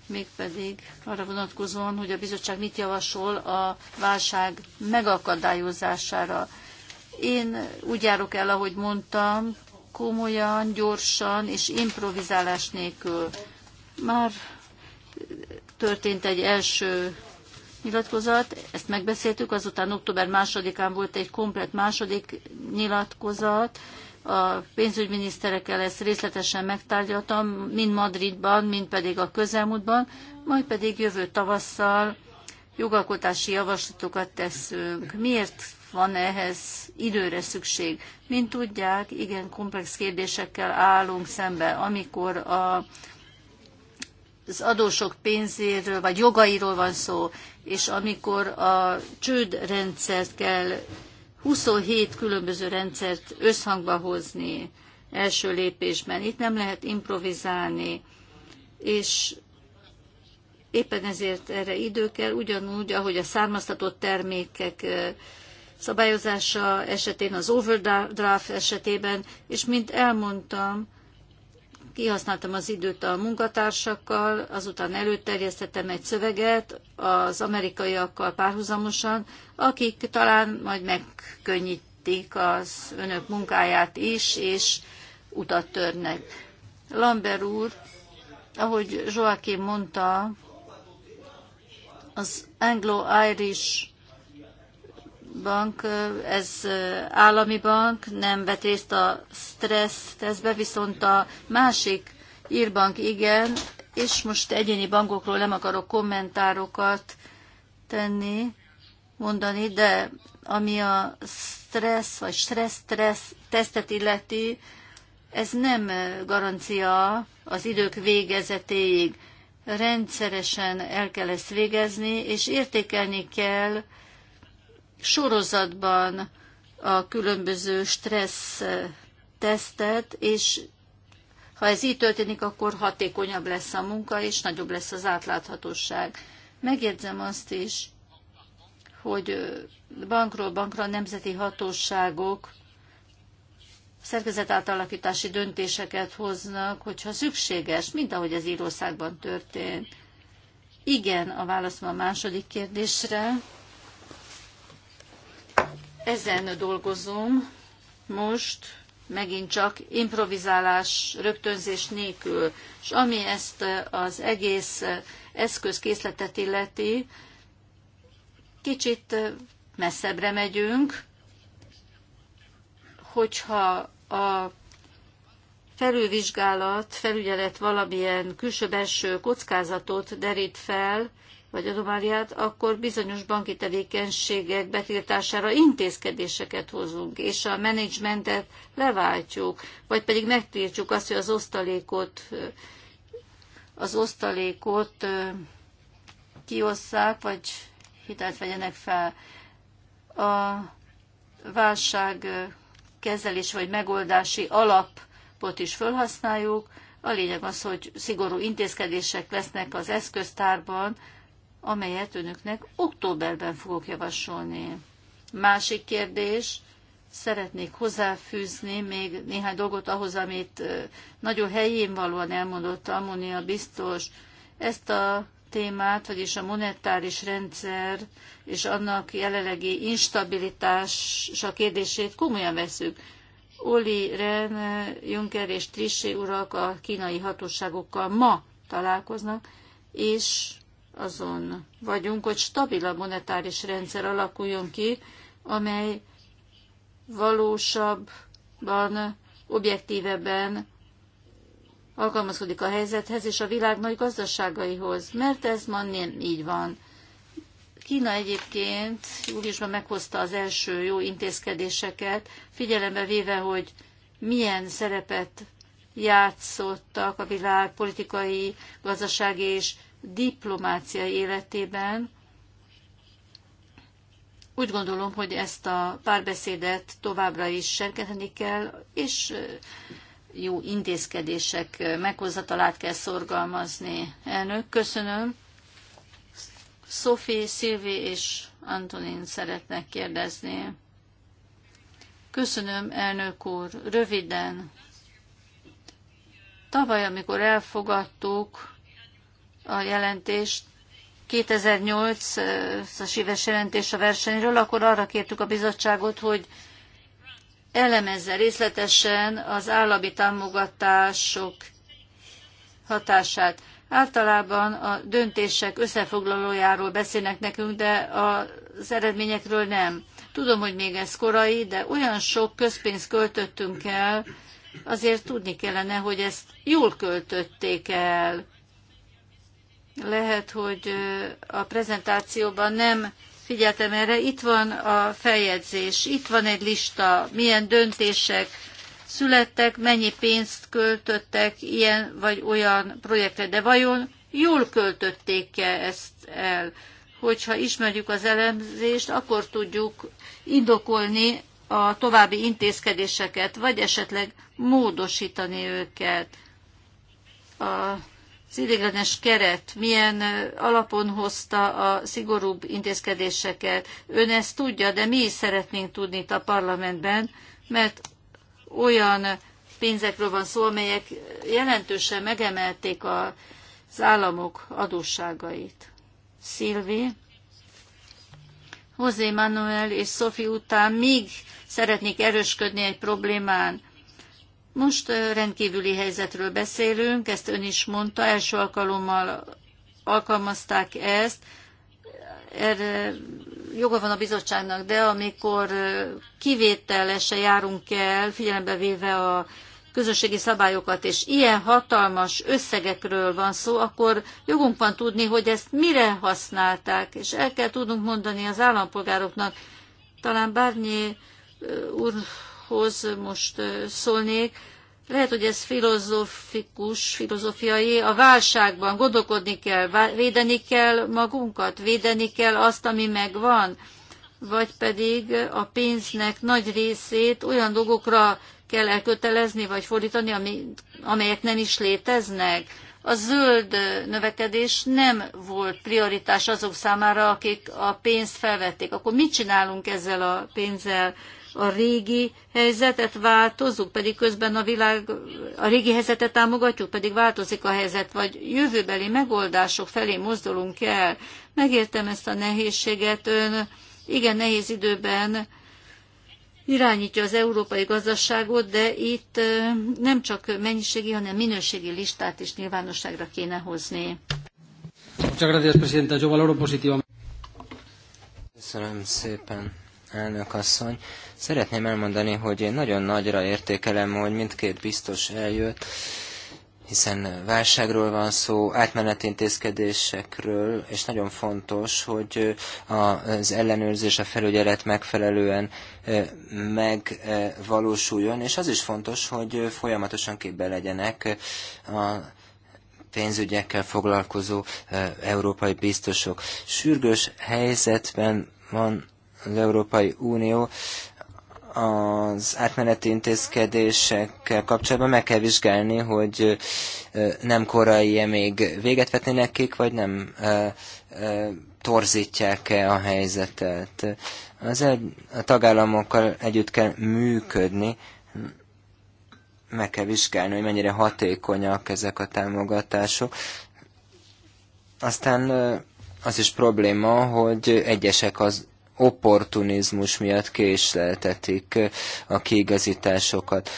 mégpedig arra vonatkozóan, hogy a bizottság mit javasol a válság megakadályozására. Én úgy járok el, ahogy mondtam, komolyan, gyorsan és improvizálás nélkül. Már történt egy első nyilatkozat, ezt megbeszéltük, azután október másodikán volt egy komplet második nyilatkozat, a pénzügyminiszterekkel ezt részletesen megtárgyaltam, mind Madridban, mind pedig a közelmúltban, majd pedig jövő tavasszal jogalkotási javaslatokat teszünk. Miért van ehhez időre szükség? Mint tudják, igen komplex kérdésekkel állunk szembe, amikor a az adósok pénzéről vagy jogairól van szó, és amikor a csődrendszert kell 27 különböző rendszert összhangba hozni első lépésben. Itt nem lehet improvizálni, és éppen ezért erre idő kell, ugyanúgy, ahogy a származtatott termékek szabályozása esetén, az overdraft esetében, és mint elmondtam, kihasználtam az időt a munkatársakkal, azután előterjesztettem egy szöveget az amerikaiakkal párhuzamosan, akik talán majd megkönnyítik az önök munkáját is, és utat törnek. Lambert úr, ahogy Joachim mondta, az anglo-irish bank, ez állami bank, nem vett részt a stressz tesztbe, viszont a másik írbank igen, és most egyéni bankokról nem akarok kommentárokat tenni, mondani, de ami a stressz vagy stressz-stressz tesztet illeti, ez nem garancia az idők végezetéig. Rendszeresen el kell ezt végezni, és értékelni kell, sorozatban a különböző stressz eh, tesztet, és ha ez így történik, akkor hatékonyabb lesz a munka, és nagyobb lesz az átláthatóság. Megjegyzem azt is, hogy eh, bankról bankra a nemzeti hatóságok szerkezetátalakítási döntéseket hoznak, hogyha szükséges, mint ahogy az Írországban történt. Igen, a válaszom a második kérdésre. Ezen dolgozom most, megint csak improvizálás, rögtönzés nélkül. És ami ezt eh, az egész eh, eszközkészletet illeti, kicsit eh, messzebbre megyünk, hogyha a felülvizsgálat, felügyelet valamilyen külső-belső kockázatot derít fel, vagy anomáliát, akkor bizonyos banki tevékenységek betiltására intézkedéseket hozunk, és a menedzsmentet leváltjuk, vagy pedig megtiltjuk azt, hogy az osztalékot, az osztalékot kiosszák, vagy hitelt vegyenek fel. A válság kezelés vagy megoldási alapot is felhasználjuk. A lényeg az, hogy szigorú intézkedések lesznek az eszköztárban, amelyet önöknek októberben fogok javasolni. Másik kérdés, szeretnék hozzáfűzni még néhány dolgot ahhoz, amit nagyon helyén valóan elmondott Ammonia biztos. Ezt a témát, vagyis a monetáris rendszer és annak jelenlegi instabilitása kérdését komolyan veszük. Oli Ren, Juncker és Trissé urak a kínai hatóságokkal ma találkoznak, és azon vagyunk, hogy stabilabb monetáris rendszer alakuljon ki, amely valósabban, objektívebben alkalmazkodik a helyzethez és a világ nagy gazdaságaihoz, mert ez ma nem így van. Kína egyébként júliusban meghozta az első jó intézkedéseket, figyelembe véve, hogy milyen szerepet játszottak a világ politikai, gazdasági és diplomácia életében. Úgy gondolom, hogy ezt a párbeszédet továbbra is serkenteni kell, és jó intézkedések meghozatalát kell szorgalmazni. Elnök, köszönöm. Sophie, Szilvi és Antonin szeretnek kérdezni. Köszönöm, elnök úr. Röviden. Tavaly, amikor elfogadtuk a jelentést, 2008-as éves jelentés a versenyről, akkor arra kértük a bizottságot, hogy elemezze részletesen az állami támogatások hatását. Általában a döntések összefoglalójáról beszélnek nekünk, de az eredményekről nem. Tudom, hogy még ez korai, de olyan sok közpénzt költöttünk el, azért tudni kellene, hogy ezt jól költötték el lehet, hogy a prezentációban nem figyeltem erre. Itt van a feljegyzés, itt van egy lista, milyen döntések születtek, mennyi pénzt költöttek ilyen vagy olyan projektre. De vajon jól költötték-e ezt el? Hogyha ismerjük az elemzést, akkor tudjuk indokolni a további intézkedéseket, vagy esetleg módosítani őket. A az ideiglenes keret milyen alapon hozta a szigorúbb intézkedéseket. Ön ezt tudja, de mi is szeretnénk tudni itt a parlamentben, mert olyan pénzekről van szó, amelyek jelentősen megemelték az államok adósságait. Szilvi, José Manuel és Sophie után még szeretnék erősködni egy problémán. Most rendkívüli helyzetről beszélünk, ezt ön is mondta, első alkalommal alkalmazták ezt, erre joga van a bizottságnak, de amikor kivételesen járunk el, figyelembe véve a közösségi szabályokat, és ilyen hatalmas összegekről van szó, akkor jogunk van tudni, hogy ezt mire használták, és el kell tudnunk mondani az állampolgároknak, talán bármi. úr témához most szólnék. Lehet, hogy ez filozófikus, filozófiai. A válságban gondolkodni kell, védeni kell magunkat, védeni kell azt, ami megvan, vagy pedig a pénznek nagy részét olyan dolgokra kell elkötelezni, vagy fordítani, ami, amelyek nem is léteznek. A zöld növekedés nem volt prioritás azok számára, akik a pénzt felvették. Akkor mit csinálunk ezzel a pénzzel? a régi helyzetet változunk, pedig közben a világ, a régi helyzetet támogatjuk, pedig változik a helyzet, vagy jövőbeli megoldások felé mozdulunk el. Megértem ezt a nehézséget, ön igen nehéz időben irányítja az európai gazdaságot, de itt nem csak mennyiségi, hanem minőségi listát is nyilvánosságra kéne hozni. Köszönöm szépen elnök asszony. Szeretném elmondani, hogy én nagyon nagyra értékelem, hogy mindkét biztos eljött, hiszen válságról van szó, átmeneti intézkedésekről, és nagyon fontos, hogy az ellenőrzés, a felügyelet megfelelően megvalósuljon, és az is fontos, hogy folyamatosan képbe legyenek a pénzügyekkel foglalkozó európai biztosok. Sürgős helyzetben van az Európai Unió az átmeneti intézkedésekkel kapcsolatban meg kell vizsgálni, hogy nem korai-e még véget vetni nekik, vagy nem torzítják-e a helyzetet. Az a tagállamokkal együtt kell működni, meg kell vizsgálni, hogy mennyire hatékonyak ezek a támogatások. Aztán az is probléma, hogy egyesek az opportunizmus miatt késleltetik a kiigazításokat.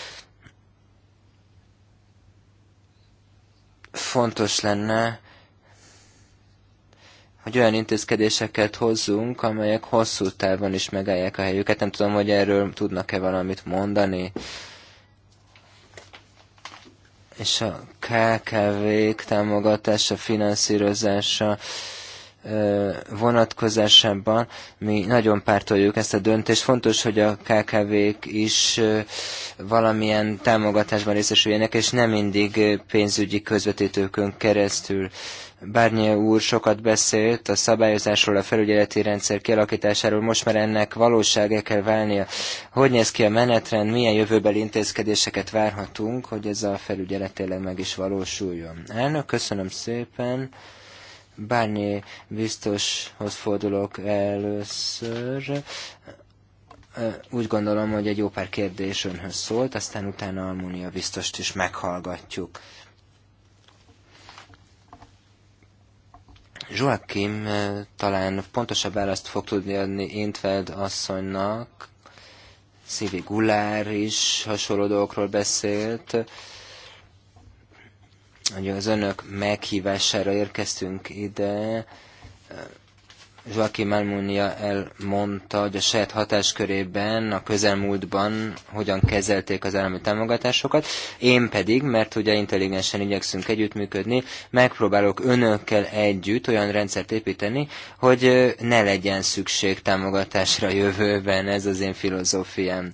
Fontos lenne, hogy olyan intézkedéseket hozzunk, amelyek hosszú távon is megállják a helyüket. Nem tudom, hogy erről tudnak-e valamit mondani. És a KKV-k támogatása, finanszírozása, vonatkozásában mi nagyon pártoljuk ezt a döntést. Fontos, hogy a KKV-k is valamilyen támogatásban részesüljenek, és nem mindig pénzügyi közvetítőkön keresztül. Bárnyi úr sokat beszélt a szabályozásról, a felügyeleti rendszer kialakításáról, most már ennek valósága kell válnia. Hogy néz ki a menetrend, milyen jövőbeli intézkedéseket várhatunk, hogy ez a felügyelet tényleg meg is valósuljon. Elnök, köszönöm szépen. Barney biztoshoz fordulok először. Úgy gondolom, hogy egy jó pár kérdés önhöz szólt, aztán utána Almunia biztost is meghallgatjuk. Joachim talán pontosabb választ fog tudni adni Intveld asszonynak. Szívi Gullár is hasonló dolgokról beszélt hogy az önök meghívására érkeztünk ide. Joaquim Almunia elmondta, hogy a saját hatáskörében a közelmúltban hogyan kezelték az állami támogatásokat. Én pedig, mert ugye intelligensen igyekszünk együttműködni, megpróbálok önökkel együtt olyan rendszert építeni, hogy ne legyen szükség támogatásra jövőben. Ez az én filozófiám.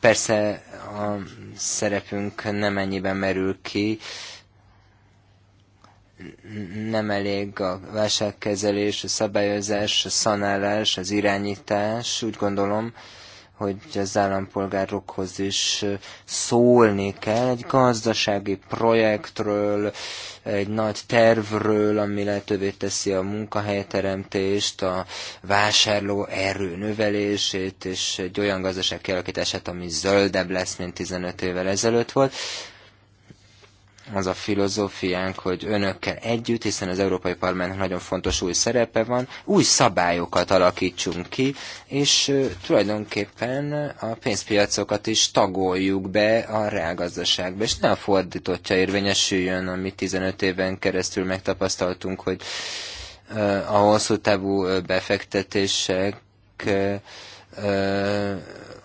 Persze a szerepünk nem ennyiben merül ki, nem elég a válságkezelés, a szabályozás, a szanálás, az irányítás, úgy gondolom, hogy az állampolgárokhoz is szólni kell. Egy gazdasági projektről, egy nagy tervről, ami lehetővé teszi a munkahelyteremtést, a vásárló erő növelését, és egy olyan gazdaság kialakítását, ami zöldebb lesz, mint 15 évvel ezelőtt volt az a filozófiánk, hogy önökkel együtt, hiszen az Európai Parlamentnek nagyon fontos új szerepe van, új szabályokat alakítsunk ki, és tulajdonképpen a pénzpiacokat is tagoljuk be a reálgazdaságba, és ne a fordítottja érvényesüljön, amit 15 éven keresztül megtapasztaltunk, hogy a hosszú távú befektetések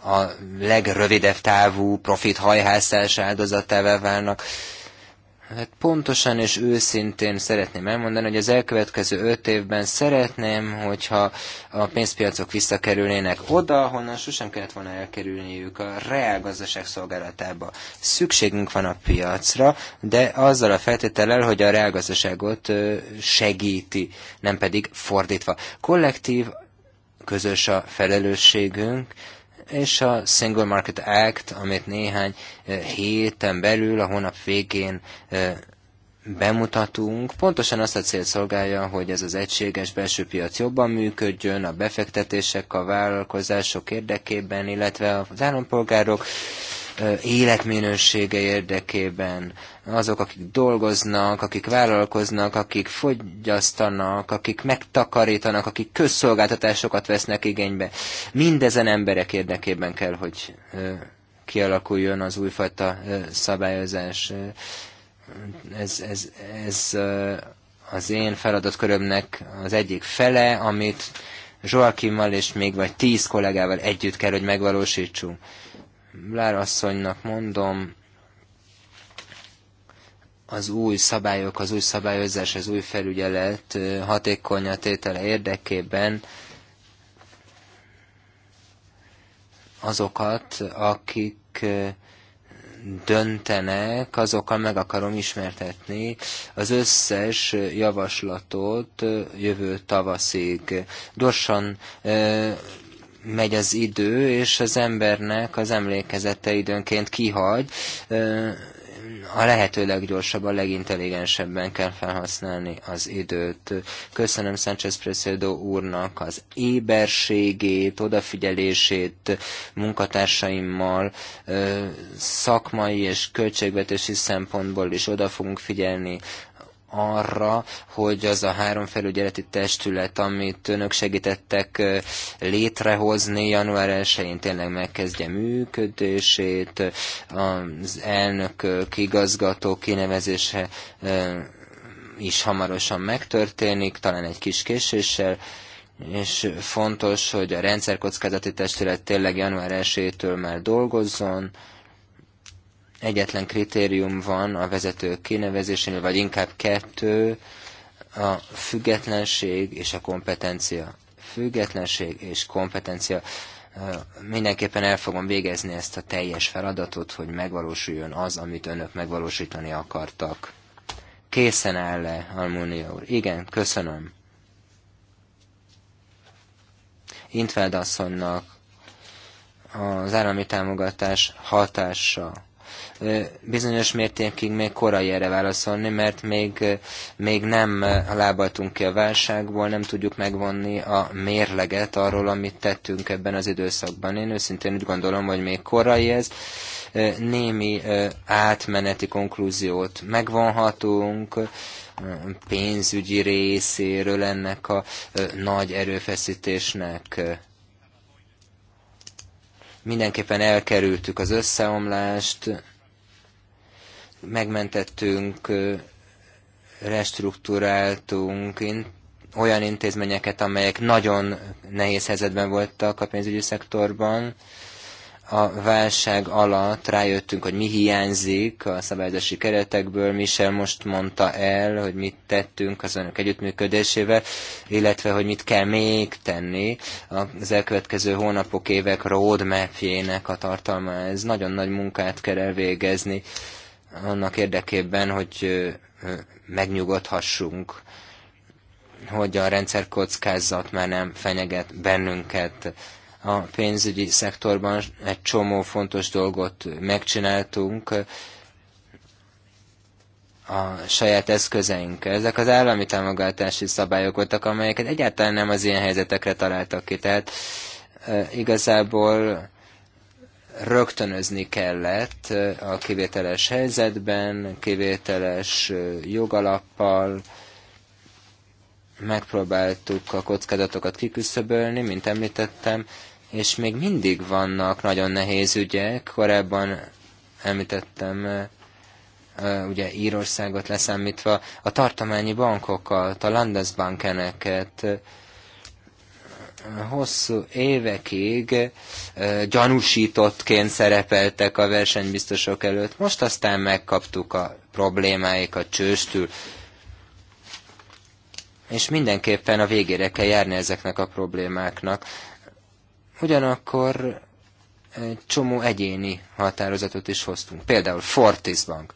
a legrövidebb távú profit hajhászás áldozatává válnak. Hát pontosan és őszintén szeretném elmondani, hogy az elkövetkező öt évben szeretném, hogyha a pénzpiacok visszakerülnének oda, honnan sosem kellett volna elkerülniük a reál gazdaság szolgálatába. Szükségünk van a piacra, de azzal a feltétellel, hogy a reál gazdaságot segíti, nem pedig fordítva. Kollektív, közös a felelősségünk, és a Single Market Act, amit néhány eh, héten belül, a hónap végén eh, bemutatunk, pontosan azt a célt szolgálja, hogy ez az egységes belső piac jobban működjön, a befektetések, a vállalkozások érdekében, illetve az állampolgárok eh, életminősége érdekében azok, akik dolgoznak, akik vállalkoznak, akik fogyasztanak, akik megtakarítanak, akik közszolgáltatásokat vesznek igénybe. Mindezen emberek érdekében kell, hogy kialakuljon az újfajta szabályozás. Ez, ez, ez az én feladatkörömnek az egyik fele, amit Zsoakimmal és még vagy tíz kollégával együtt kell, hogy megvalósítsunk. Lár asszonynak mondom, az új szabályok, az új szabályozás, az új felügyelet hatékony a tétele érdekében azokat, akik döntenek, azokkal meg akarom ismertetni az összes javaslatot jövő tavaszig. Gyorsan megy az idő, és az embernek az emlékezete időnként kihagy a lehető leggyorsabban, legintelligensebben kell felhasználni az időt. Köszönöm Sánchez Presedo úrnak az éberségét, odafigyelését munkatársaimmal, szakmai és költségvetési szempontból is oda fogunk figyelni arra, hogy az a három felügyeleti testület, amit önök segítettek létrehozni január 1-én tényleg megkezdje működését, az elnökök, igazgató kinevezése is hamarosan megtörténik, talán egy kis késéssel, és fontos, hogy a rendszerkockázati testület tényleg január 1-től már dolgozzon, Egyetlen kritérium van a vezetők kinevezésénél, vagy inkább kettő, a függetlenség és a kompetencia. Függetlenség és kompetencia. Mindenképpen el fogom végezni ezt a teljes feladatot, hogy megvalósuljon az, amit önök megvalósítani akartak. Készen áll-e, Almunia úr? Igen, köszönöm. Intveld asszonynak az állami támogatás hatása Bizonyos mértékig még korai erre válaszolni, mert még, még nem lábaltunk ki a válságból, nem tudjuk megvonni a mérleget arról, amit tettünk ebben az időszakban. Én őszintén úgy gondolom, hogy még korai ez. Némi átmeneti konklúziót megvonhatunk, pénzügyi részéről ennek a nagy erőfeszítésnek mindenképpen elkerültük az összeomlást, megmentettünk, restruktúráltunk olyan intézményeket, amelyek nagyon nehéz helyzetben voltak a pénzügyi szektorban. A válság alatt rájöttünk, hogy mi hiányzik a szabályozási keretekből. Michel most mondta el, hogy mit tettünk az önök együttműködésével, illetve hogy mit kell még tenni az elkövetkező hónapok, évek roadmapjének a tartalma. Ez nagyon nagy munkát kell elvégezni annak érdekében, hogy megnyugodhassunk, hogy a rendszerkockázat már nem fenyeget bennünket. A pénzügyi szektorban egy csomó fontos dolgot megcsináltunk, a saját eszközeinkkel. Ezek az állami támogatási szabályok voltak, amelyeket egyáltalán nem az ilyen helyzetekre találtak ki. Tehát e, igazából rögtönözni kellett eh, a kivételes helyzetben, kivételes eh, jogalappal, megpróbáltuk a kockázatokat kiküszöbölni, mint említettem, és még mindig vannak nagyon nehéz ügyek. Korábban említettem eh, ugye Írországot leszámítva, a tartományi bankokat, a Landesbankeneket, hosszú évekig eh, gyanúsítottként szerepeltek a versenybiztosok előtt, most aztán megkaptuk a problémáikat csőstül, és mindenképpen a végére kell járni ezeknek a problémáknak. Ugyanakkor egy csomó egyéni határozatot is hoztunk. Például Fortis Bank.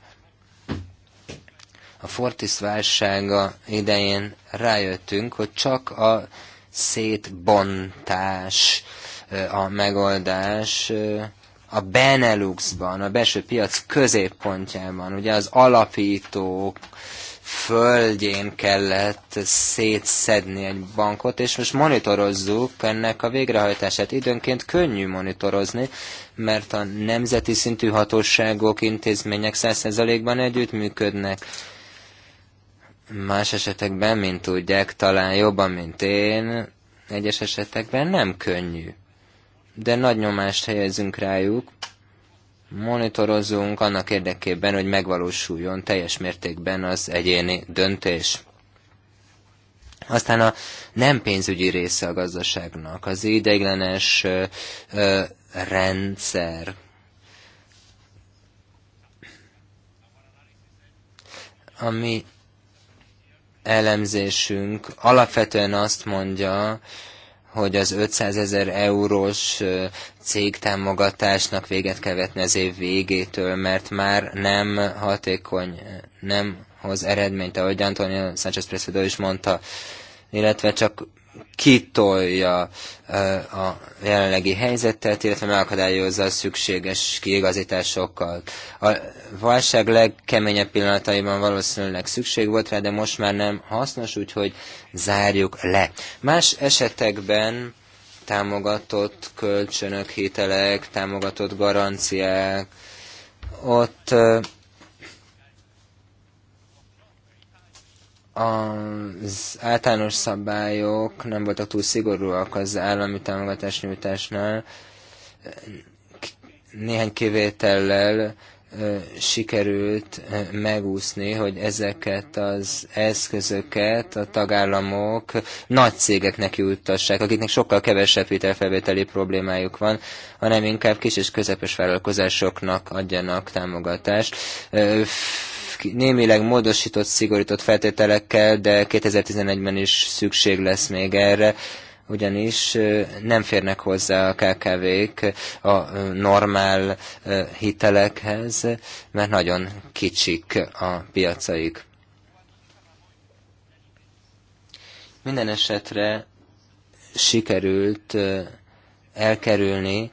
A Fortis válsága idején rájöttünk, hogy csak a szétbontás a megoldás a Beneluxban, a belső piac középpontjában, ugye az alapítók földjén kellett szétszedni egy bankot, és most monitorozzuk ennek a végrehajtását. Időnként könnyű monitorozni, mert a nemzeti szintű hatóságok, intézmények 100%-ban együttműködnek Más esetekben, mint tudják, talán jobban, mint én, egyes esetekben nem könnyű. De nagy nyomást helyezünk rájuk, monitorozunk annak érdekében, hogy megvalósuljon teljes mértékben az egyéni döntés. Aztán a nem pénzügyi része a gazdaságnak, az ideiglenes ö, ö, rendszer. ami elemzésünk alapvetően azt mondja, hogy az 500 ezer eurós cégtámogatásnak véget kell vetni az év végétől, mert már nem hatékony, nem hoz eredményt, ahogy Antonio Sánchez Precedo is mondta, illetve csak kitolja e, a jelenlegi helyzetet, illetve megakadályozza a szükséges kiigazításokkal. A válság legkeményebb pillanataiban valószínűleg szükség volt rá, de most már nem hasznos, úgyhogy zárjuk le. Más esetekben támogatott kölcsönök, hitelek, támogatott garanciák, ott e, az általános szabályok nem voltak túl szigorúak az állami támogatás nyújtásnál. Néhány kivétellel sikerült megúszni, hogy ezeket az eszközöket a tagállamok nagy cégeknek juttassák, akiknek sokkal kevesebb hitelfelvételi problémájuk van, hanem inkább kis és közepes vállalkozásoknak adjanak támogatást némileg módosított, szigorított feltételekkel, de 2011-ben is szükség lesz még erre ugyanis nem férnek hozzá a KKV-k a normál hitelekhez, mert nagyon kicsik a piacaik. Minden esetre sikerült elkerülni,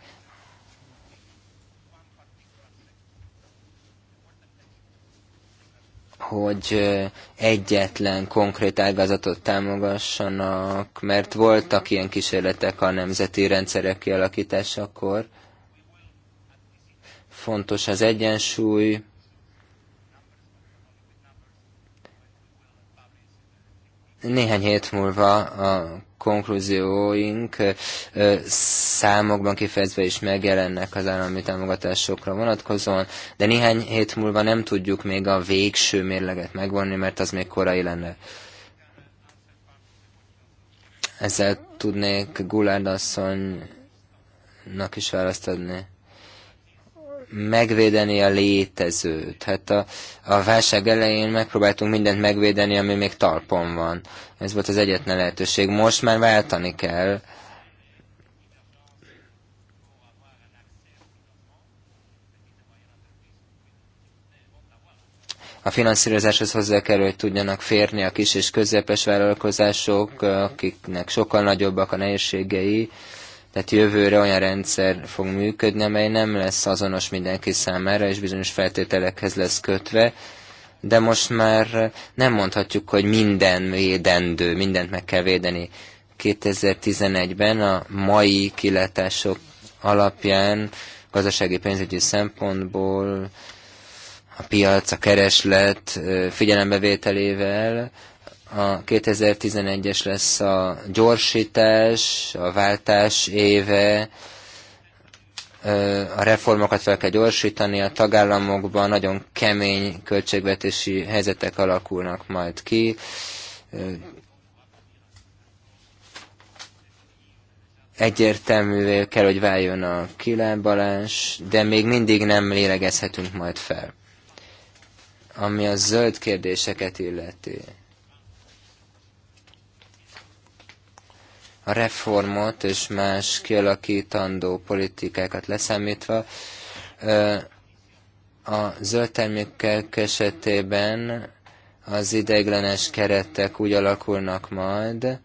hogy egyetlen konkrét ágazatot támogassanak, mert voltak ilyen kísérletek a nemzeti rendszerek kialakításakor. Fontos az egyensúly, Néhány hét múlva a konklúzióink számokban kifejezve is megjelennek az állami támogatásokra vonatkozóan, de néhány hét múlva nem tudjuk még a végső mérleget megvonni, mert az még korai lenne. Ezzel tudnék Gulárd asszonynak is választ adni megvédeni a létezőt. Hát a, a válság elején megpróbáltunk mindent megvédeni, ami még talpon van. Ez volt az egyetlen lehetőség. Most már váltani kell. a finanszírozáshoz hozzá kell, hogy tudjanak férni a kis és közepes vállalkozások, akiknek sokkal nagyobbak a nehézségei, tehát jövőre olyan rendszer fog működni, amely nem lesz azonos mindenki számára, és bizonyos feltételekhez lesz kötve, de most már nem mondhatjuk, hogy minden védendő, mindent meg kell védeni. 2011-ben a mai kilátások alapján gazdasági pénzügyi szempontból a piac, a kereslet figyelembevételével a 2011-es lesz a gyorsítás, a váltás éve, a reformokat fel kell gyorsítani, a tagállamokban nagyon kemény költségvetési helyzetek alakulnak majd ki. Egyértelművé kell, hogy váljon a kilábalás, de még mindig nem lélegezhetünk majd fel. Ami a zöld kérdéseket illeti. a reformot és más kialakítandó politikákat leszámítva, a zöld termékek esetében az ideiglenes keretek úgy alakulnak majd,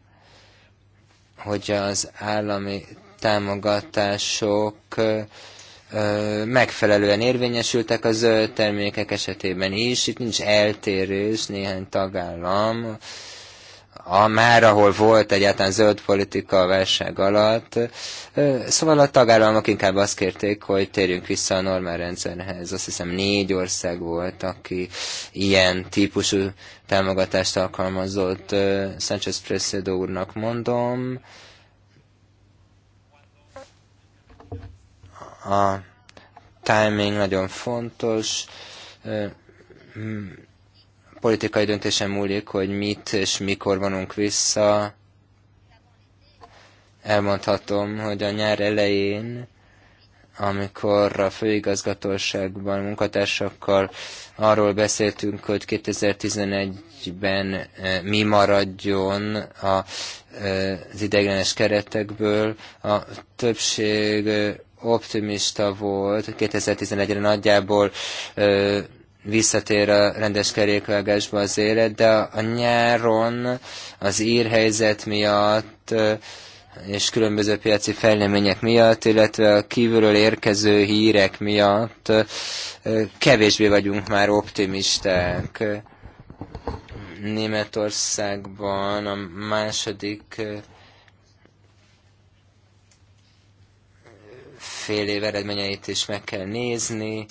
hogy az állami támogatások megfelelően érvényesültek a zöld termékek esetében is. Itt nincs eltérés, néhány tagállam a már, ahol volt egyáltalán zöld politika a válság alatt. Szóval a tagállamok inkább azt kérték, hogy térjünk vissza a normál rendszerhez. Azt hiszem négy ország volt, aki ilyen típusú támogatást alkalmazott. Sánchez Presedo úrnak mondom. A timing nagyon fontos politikai döntésen múlik, hogy mit és mikor vonunk vissza. Elmondhatom, hogy a nyár elején, amikor a főigazgatóságban munkatársakkal arról beszéltünk, hogy 2011-ben eh, mi maradjon a, eh, az ideiglenes keretekből, a többség eh, optimista volt, 2011-re nagyjából visszatér a rendes kerékvágásba az élet, de a nyáron az írhelyzet miatt és különböző piaci fejlemények miatt, illetve a kívülről érkező hírek miatt kevésbé vagyunk már optimisták. Németországban a második fél év eredményeit is meg kell nézni,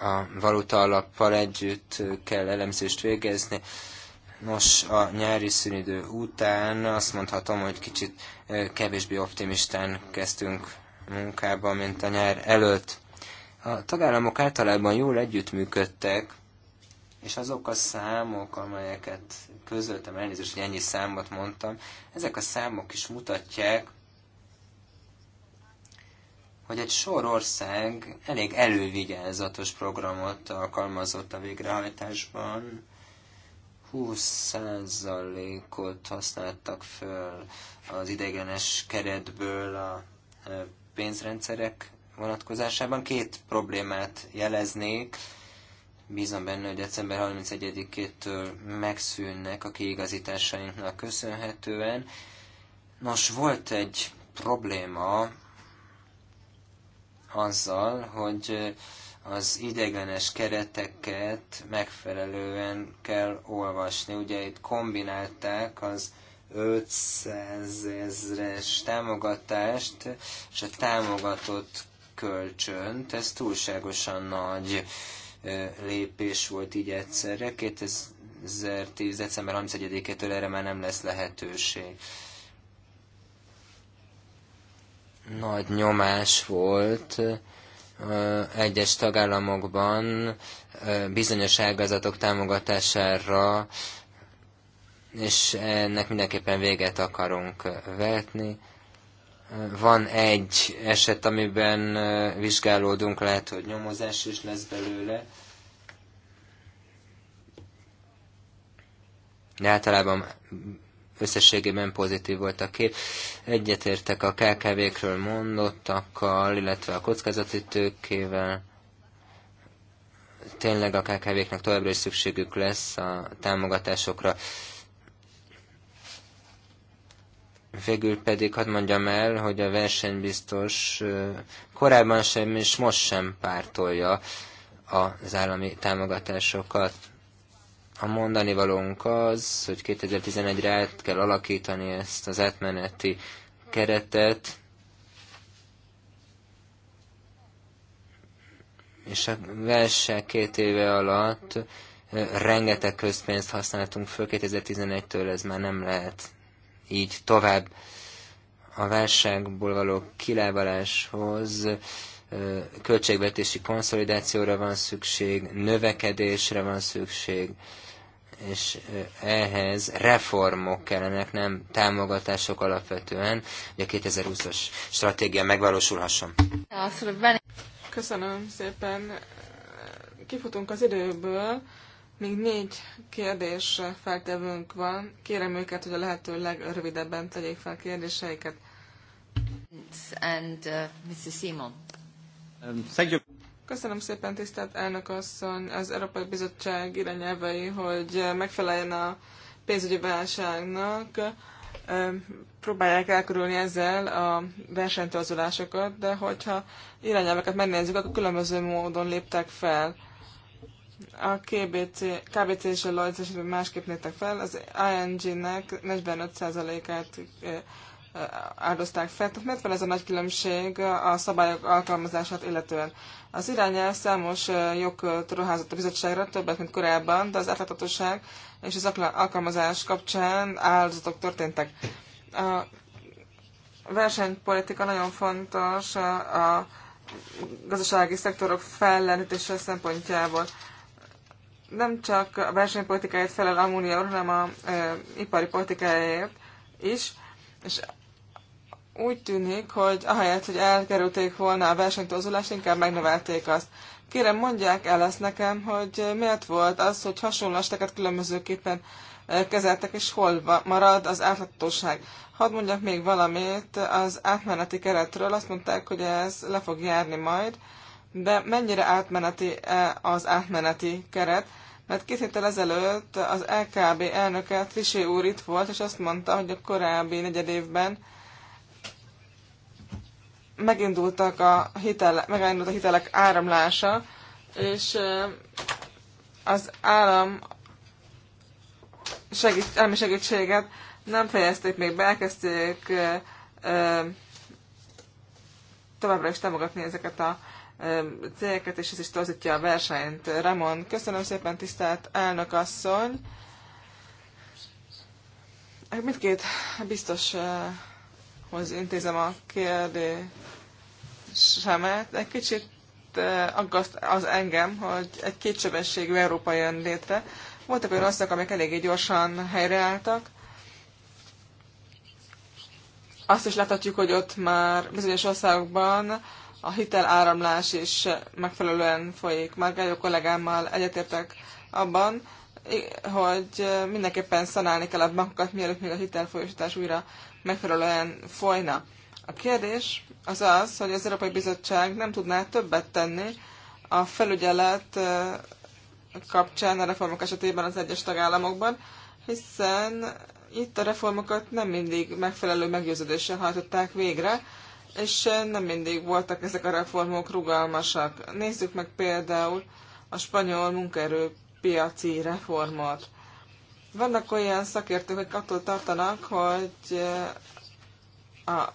a valuta alappal együtt kell elemzést végezni. Nos, a nyári szünidő után azt mondhatom, hogy kicsit kevésbé optimistán kezdtünk munkába, mint a nyár előtt. A tagállamok általában jól együttműködtek, és azok a számok, amelyeket közöltem, elnézést, hogy ennyi számot mondtam, ezek a számok is mutatják, hogy egy sor ország elég elővigyázatos programot alkalmazott a végrehajtásban. 20%-ot használtak föl az ideiglenes keretből a e, pénzrendszerek vonatkozásában. Két problémát jeleznék. Bízom benne, hogy december 31-től megszűnnek a kiigazításainknak köszönhetően. Nos, volt egy probléma azzal, hogy az idegenes kereteket megfelelően kell olvasni. Ugye itt kombinálták az 500 ezres támogatást és a támogatott kölcsönt, ez túlságosan nagy lépés volt így egyszerre. 2010. december 31-től erre már nem lesz lehetőség nagy nyomás volt egyes tagállamokban bizonyos ágazatok támogatására, és ennek mindenképpen véget akarunk vetni. Van egy eset, amiben vizsgálódunk, lehet, hogy nyomozás is lesz belőle. De általában összességében pozitív volt a kép. Egyetértek a KKV-kről mondottakkal, illetve a kockázati tőkével. Tényleg a KKV-knek továbbra is szükségük lesz a támogatásokra. Végül pedig hadd mondjam el, hogy a versenybiztos korábban sem és most sem pártolja az állami támogatásokat a mondani valónk az, hogy 2011-re át kell alakítani ezt az átmeneti keretet, és a verseny két éve alatt rengeteg közpénzt használtunk föl, 2011-től ez már nem lehet így tovább. A válságból való kilábaláshoz költségvetési konszolidációra van szükség, növekedésre van szükség, és ehhez reformok kellenek, nem támogatások alapvetően, hogy a 2020-as stratégia megvalósulhasson. Köszönöm szépen. Kifutunk az időből. Még négy kérdés feltevünk van. Kérem őket, hogy a lehető legrövidebben tegyék fel kérdéseiket. And uh, Mr. Simon. Um, thank you. Köszönöm szépen, tisztelt elnök asszony, az Európai Bizottság irányelvei, hogy megfeleljen a pénzügyi válságnak. Próbálják elkerülni ezzel a versenytorzulásokat, de hogyha irányelveket megnézzük, akkor különböző módon léptek fel. A KBC, KBC és a Lloyds esetben másképp léptek fel, az ING-nek 45%-át áldozták fel. Tehát miért van ez a nagy különbség a szabályok alkalmazását illetően? Az irányel számos jogkört ruházott a bizottságra, többet, mint korábban, de az átláthatóság és az alkalmazás kapcsán áldozatok történtek. A versenypolitika nagyon fontos a gazdasági szektorok fellendítése szempontjából. Nem csak a versenypolitikáért felel Amúnia hanem a e, ipari politikáért is, és úgy tűnik, hogy ahelyett, hogy elkerülték volna a versenytózulást, inkább megnövelték azt. Kérem, mondják el ezt nekem, hogy miért volt az, hogy hasonló esteket különbözőképpen eh, kezeltek, és hol marad az átláthatóság. Hadd mondjak még valamit az átmeneti keretről. Azt mondták, hogy ez le fog járni majd, de mennyire átmeneti -e az átmeneti keret? Mert két héttel ezelőtt az LKB elnöke Trisé úr itt volt, és azt mondta, hogy a korábbi negyed évben megindultak a hitele, megindult a hitelek áramlása, és az állam segít, állami segítséget nem fejezték még be, elkezdték továbbra is támogatni ezeket a cégeket, és ez is torzítja a versenyt. Ramon, köszönöm szépen, tisztelt elnök asszony! Hát mindkét biztos úrhoz intézem a kérdésemet. Egy kicsit eh, aggaszt az engem, hogy egy kétsebességű Európa jön létre. Voltak olyan országok, amik eléggé gyorsan helyreálltak. Azt is láthatjuk, hogy ott már bizonyos országokban a hiteláramlás is megfelelően folyik. Már Gályó kollégámmal egyetértek abban, hogy mindenképpen szanálni kell a bankokat, mielőtt még a hitelfolyósítás újra megfelelően folyna. A kérdés az az, hogy az Európai Bizottság nem tudná többet tenni a felügyelet kapcsán a reformok esetében az egyes tagállamokban, hiszen itt a reformokat nem mindig megfelelő meggyőződéssel hajtották végre, és nem mindig voltak ezek a reformok rugalmasak. Nézzük meg például a spanyol munkaerőpiaci reformot. Vannak olyan szakértők, akik attól tartanak, hogy eh,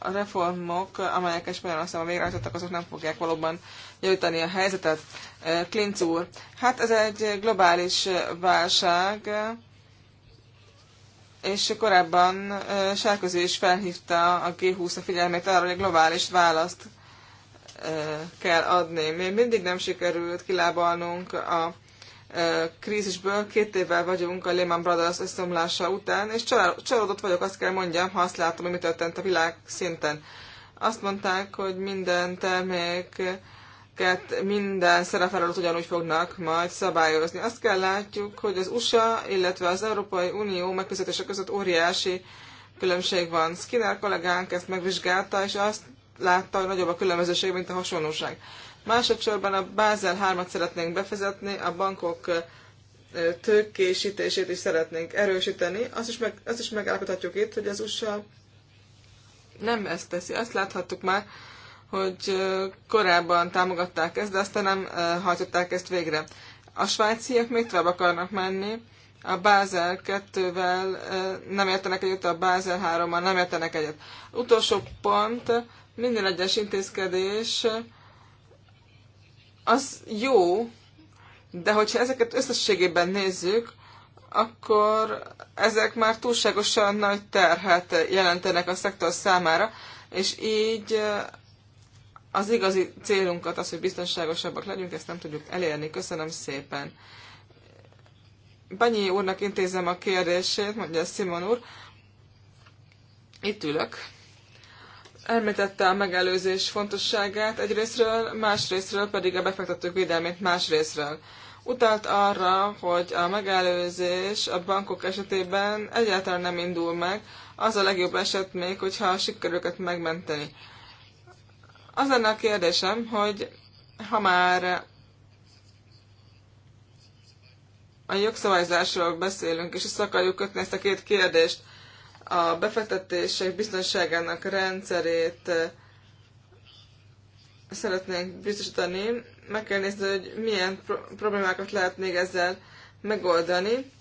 a reformok, amelyek aztán végrehajtottak, azok nem fogják valóban javítani a helyzetet. Eh, Klinc úr, hát ez egy globális eh, válság, és korábban Sárközi is felhívta a G20 a figyelmét arra, hogy globális választ kell adni. Még mindig nem sikerült kilábalnunk a krízisből. Két évvel vagyunk a Lehman Brothers összeomlása után, és csalódott vagyok, azt kell mondjam, ha azt látom, hogy mi történt a világ szinten. Azt mondták, hogy minden terméket, minden szerefelelőt ugyanúgy fognak majd szabályozni. Azt kell látjuk, hogy az USA, illetve az Európai Unió megfizetése között óriási különbség van. Skinner kollégánk ezt megvizsgálta, és azt látta, hogy nagyobb a különbözőség, mint a hasonlóság. Másodszorban a Bázel 3-at szeretnénk befizetni, a bankok tőkésítését is szeretnénk erősíteni. Azt is, meg, azt is megállapodhatjuk itt, hogy az USA nem ezt teszi. Azt láthattuk már, hogy korábban támogatták ezt, de aztán nem hajtották ezt végre. A svájciak még tovább akarnak menni, a Bázel 2-vel nem értenek egyet, a Bázel 3-mal nem értenek egyet. Utolsó pont, minden egyes intézkedés az jó, de hogyha ezeket összességében nézzük, akkor ezek már túlságosan nagy terhet jelentenek a szektor számára, és így az igazi célunkat, az, hogy biztonságosabbak legyünk, ezt nem tudjuk elérni. Köszönöm szépen. Banyi úrnak intézem a kérdését, mondja Simon úr. Itt ülök. Elmétette a megelőzés fontosságát egyrésztről, másrésztről pedig a befektetők védelmét másrésztről. Utalt arra, hogy a megelőzés a bankok esetében egyáltalán nem indul meg, az a legjobb eset még, hogyha a sikerüket megmenteni. Az lenne a kérdésem, hogy ha már a jogszabályzásról beszélünk, és össze akarjuk kötni ezt a két kérdést, a befektetések biztonságának rendszerét eh, szeretnénk biztosítani. Meg kell nézni, hogy milyen problémákat lehet még ezzel megoldani.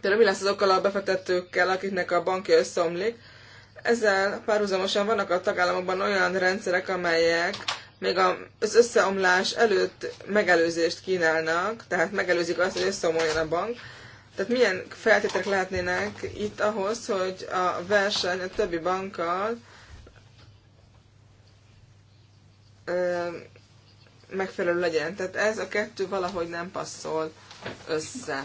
Például mi lesz azokkal a befektetőkkel, akiknek a banki összeomlik. Ezzel párhuzamosan vannak a tagállamokban olyan rendszerek, amelyek még az összeomlás előtt megelőzést kínálnak, tehát megelőzik azt, hogy összeomoljon a bank tehát milyen feltételek lehetnének itt ahhoz, hogy a verseny a többi bankkal ö, megfelelő legyen. Tehát ez a kettő valahogy nem passzol össze.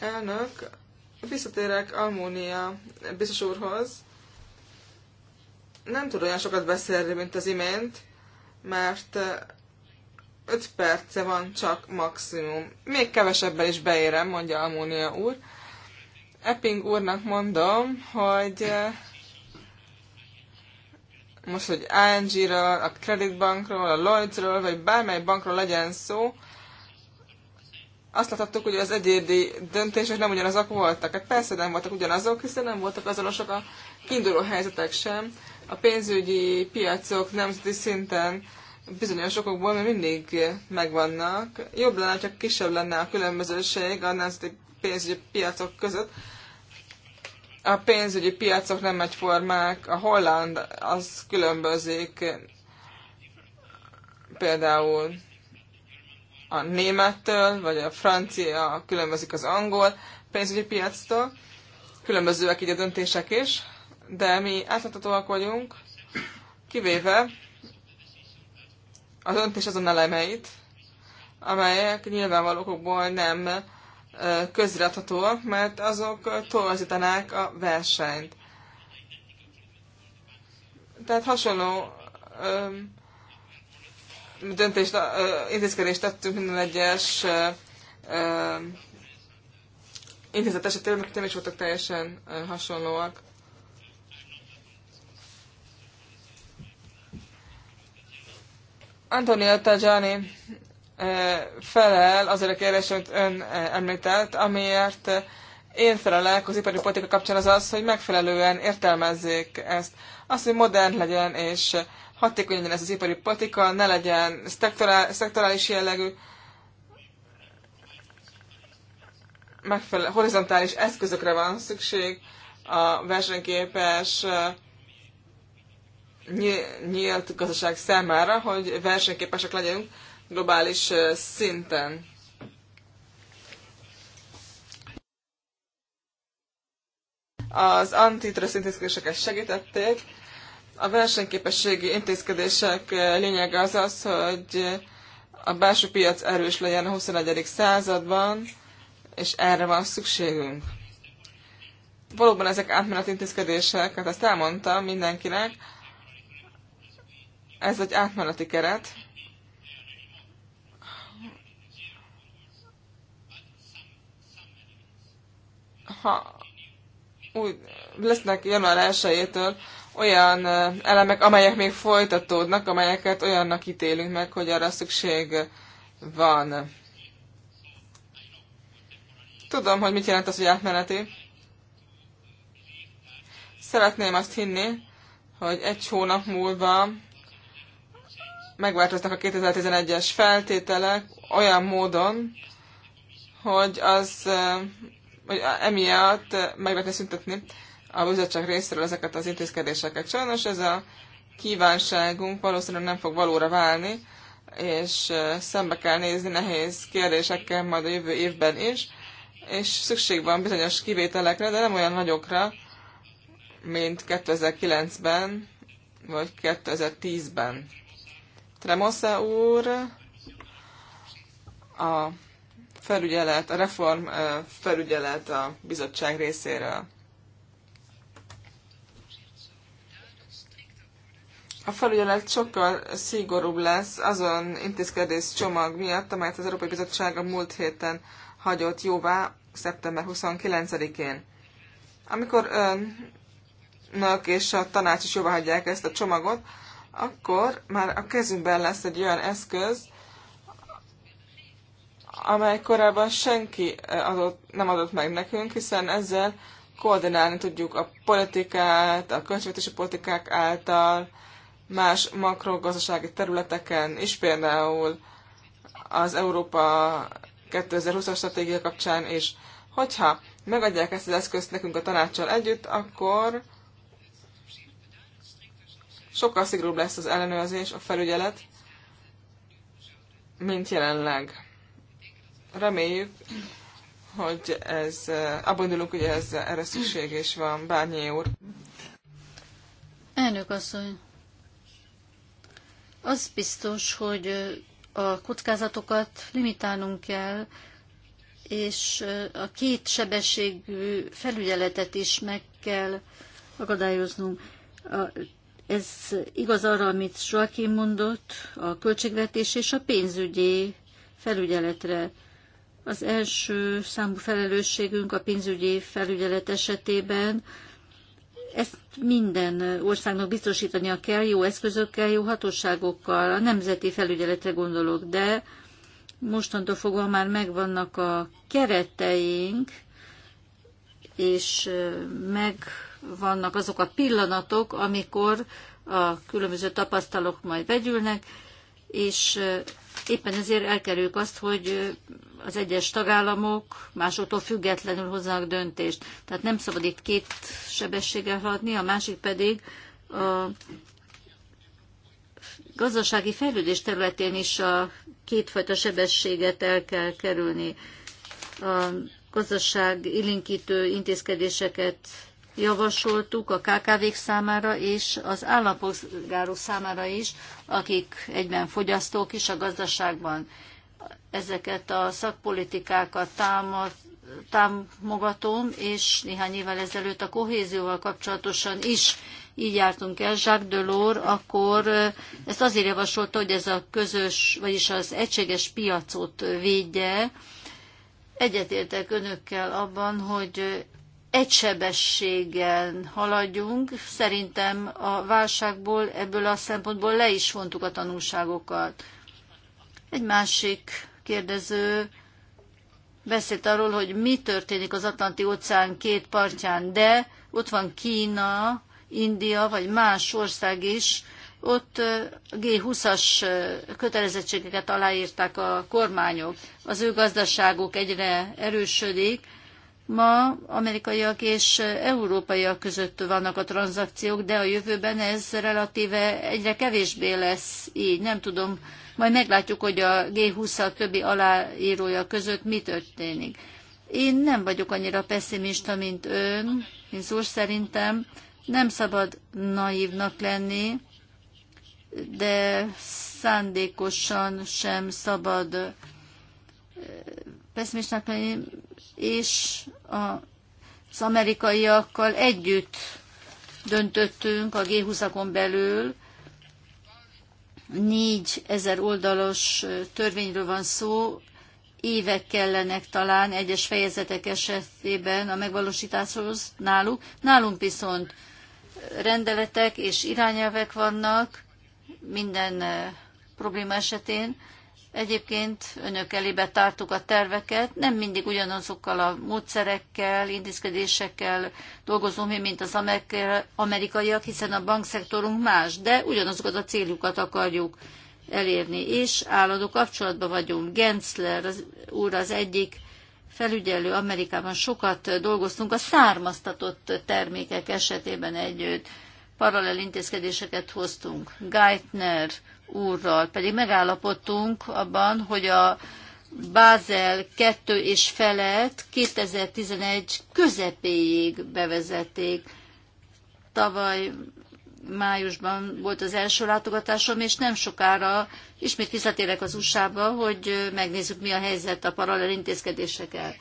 Elnök, visszatérek Almónia biztos úrhoz. Nem tud olyan sokat beszélni, mint az imént, mert 5 perce van csak maximum. Még kevesebben is beérem, mondja Almónia úr. Epping úrnak mondom, hogy eh, most, hogy ING-ről, a Credit Bankról, a Lloydsról, vagy bármely bankról legyen szó, azt láthattuk, hogy az egyédi döntések nem ugyanazok voltak. Hát persze nem voltak ugyanazok, hiszen nem voltak azonosok a kiinduló helyzetek sem. A pénzügyi piacok nemzeti szinten bizonyos okokból még mindig megvannak. Jobb lenne, ha kisebb lenne a különbözőség a nemzeti pénzügyi piacok között. A pénzügyi piacok nem egyformák, a holland az különbözik például a némettől, vagy a francia különbözik az angol pénzügyi piactól. Különbözőek így a döntések is, de mi átláthatóak vagyunk, kivéve az döntés azon elemeit, amelyek nyilvánvalókokból nem közirathatóak, mert azok torzítanák a versenyt. Tehát hasonló ö, döntést, ö, intézkedést tettünk minden egyes ö, intézet esetében, mert nem is voltak teljesen ö, hasonlóak. Antonio Tajani felel azért a kérdésre, amit ön említett, amiért én felelek az ipari politika kapcsán az az, hogy megfelelően értelmezzék ezt. Azt, hogy modern legyen és hatékony legyen ez az ipari politika, ne legyen szektorál, szektorális jellegű, megfelelő horizontális eszközökre van szükség a versenyképes nyílt gazdaság számára, hogy versenyképesek legyünk globális szinten. Az antitrust intézkedéseket segítették. A versenyképességi intézkedések lényege az az, hogy a belső piac erős legyen a 21. században, és erre van szükségünk. Valóban ezek átmeneti intézkedések, hát ezt elmondtam mindenkinek, ez egy átmeneti keret. Ha úgy lesznek január 1-től olyan elemek, amelyek még folytatódnak, amelyeket olyannak ítélünk meg, hogy arra szükség van. Tudom, hogy mit jelent az, hogy átmeneti. Szeretném azt hinni, hogy egy hónap múlva megváltoztak a 2011-es feltételek olyan módon, hogy az, hogy emiatt meg lehetne szüntetni a bizottság részéről ezeket az intézkedéseket. Sajnos ez a kívánságunk valószínűleg nem fog valóra válni, és szembe kell nézni nehéz kérdésekkel majd a jövő évben is, és szükség van bizonyos kivételekre, de nem olyan nagyokra, mint 2009-ben vagy 2010-ben. Tremosze úr, a felügyelet, a reform felügyelet a bizottság részéről. A felügyelet sokkal szigorúbb lesz azon intézkedés csomag miatt, amelyet az Európai Bizottság a múlt héten hagyott jóvá szeptember 29-én. Amikor önök és a tanács is jóvá hagyják ezt a csomagot, akkor már a kezünkben lesz egy olyan eszköz, amely korábban senki eh, adott, nem adott meg nekünk, hiszen ezzel koordinálni tudjuk a politikát, a költségvetési politikák által, más makrogazdasági területeken is, például az Európa 2020-as stratégia kapcsán és Hogyha megadják ezt az eszközt nekünk a tanácssal együtt, akkor sokkal szigorúbb lesz az ellenőrzés, a felügyelet, mint jelenleg. Reméljük, hogy ez, eh, abban indulunk, hogy ez, eh, erre szükség is van, Bárnyi úr. Elnök asszony, az biztos, hogy eh, a kockázatokat limitálnunk kell, és a két sebességű felügyeletet is meg kell akadályoznunk. A ez igaz arra, amit Joachim mondott, a költségvetés és a pénzügyi felügyeletre. Az első számú felelősségünk a pénzügyi felügyelet esetében, ezt minden országnak biztosítania kell, jó eszközökkel, jó hatóságokkal, a nemzeti felügyeletre gondolok, de mostantól fogva már megvannak a kereteink, és meg vannak azok a pillanatok, amikor a különböző tapasztalok majd vegyülnek, és eh, éppen ezért elkerüljük azt, hogy eh, az egyes tagállamok másoktól függetlenül hozzanak döntést. Tehát nem szabad itt két sebességgel haladni, a másik pedig a gazdasági fejlődés területén is a kétfajta sebességet el kell kerülni. A gazdaság ilinkítő intézkedéseket javasoltuk a KKV-k számára és az állampolgárok számára is, akik egyben fogyasztók is a gazdaságban. Ezeket a szakpolitikákat támad, támogatom, és néhány évvel ezelőtt a kohézióval kapcsolatosan is így jártunk el. Jacques Delors akkor ezt azért javasolta, hogy ez a közös, vagyis az egységes piacot védje. Egyetértek önökkel abban, hogy egysebességen haladjunk. Szerintem a válságból ebből a szempontból le is vontuk a tanulságokat. Egy másik kérdező beszélt arról, hogy mi történik az Atlanti óceán két partján, de ott van Kína, India vagy más ország is, ott G20-as kötelezettségeket aláírták a kormányok. Az ő gazdaságuk egyre erősödik, Ma amerikaiak és európaiak között vannak a tranzakciók, de a jövőben ez relatíve egyre kevésbé lesz így. Nem tudom, majd meglátjuk, hogy a g 20 al többi aláírója között mi történik. Én nem vagyok annyira pessimista, mint ön, mint úr szerintem. Nem szabad naívnak lenni, de szándékosan sem szabad eh, pessimistnak lenni, és az amerikaiakkal együtt döntöttünk a G20-akon belül. Négy ezer oldalos törvényről van szó, évek kellenek talán egyes fejezetek esetében a megvalósításhoz náluk. Nálunk viszont rendeletek és irányelvek vannak minden probléma esetén, Egyébként önök elébe tártuk a terveket, nem mindig ugyanazokkal a módszerekkel, intézkedésekkel dolgozunk mi, mint az amerikaiak, hiszen a bankszektorunk más, de ugyanazokat a céljukat akarjuk elérni, és állandó kapcsolatban vagyunk. Gensler az, úr az egyik felügyelő Amerikában sokat dolgoztunk a származtatott termékek esetében együtt. Paralel intézkedéseket hoztunk. Geithner úrral, pedig megállapodtunk abban, hogy a Bázel 2 és felett 2011 közepéig bevezették. Tavaly májusban volt az első látogatásom, és nem sokára ismét visszatérek az USA-ba, hogy megnézzük, mi a helyzet a paralel intézkedésekkel.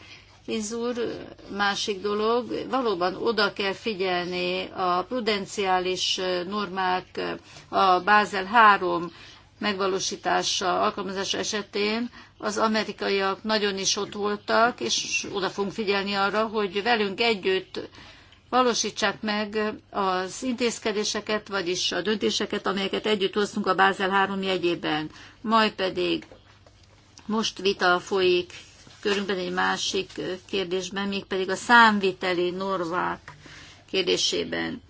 Liz úr, másik dolog, valóban oda kell figyelni a prudenciális normák, a Bázel 3 megvalósítása, alkalmazása esetén az amerikaiak nagyon is ott voltak, és oda fogunk figyelni arra, hogy velünk együtt valósítsák meg az intézkedéseket, vagyis a döntéseket, amelyeket együtt hoztunk a Bázel 3 jegyében. Majd pedig most vita folyik körünkben, egy másik kérdésben, mégpedig a számviteli norvák kérdésében.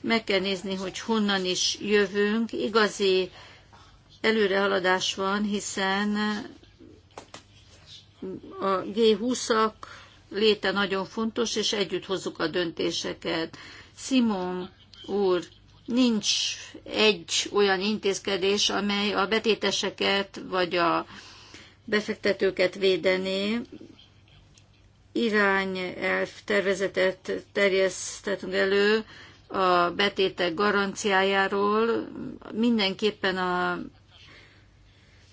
Meg kell nézni, hogy honnan is jövünk. Igazi előrehaladás van, hiszen a G20-ak léte nagyon fontos, és együtt hozzuk a döntéseket. Simon úr, nincs egy olyan intézkedés, amely a betéteseket vagy a befektetőket védeni, irányelv tervezetet terjesztettünk elő a betétek garanciájáról. Mindenképpen a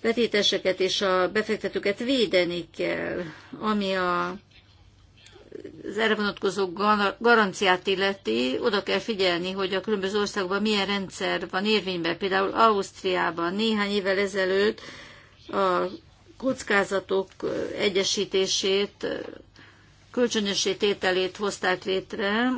betéteseket és a befektetőket védeni kell, ami a, az erre vonatkozó garanciát illeti, oda kell figyelni, hogy a különböző országban milyen rendszer van érvényben. Például Ausztriában néhány évvel ezelőtt a kockázatok egyesítését, kölcsönösé tételét hozták létre,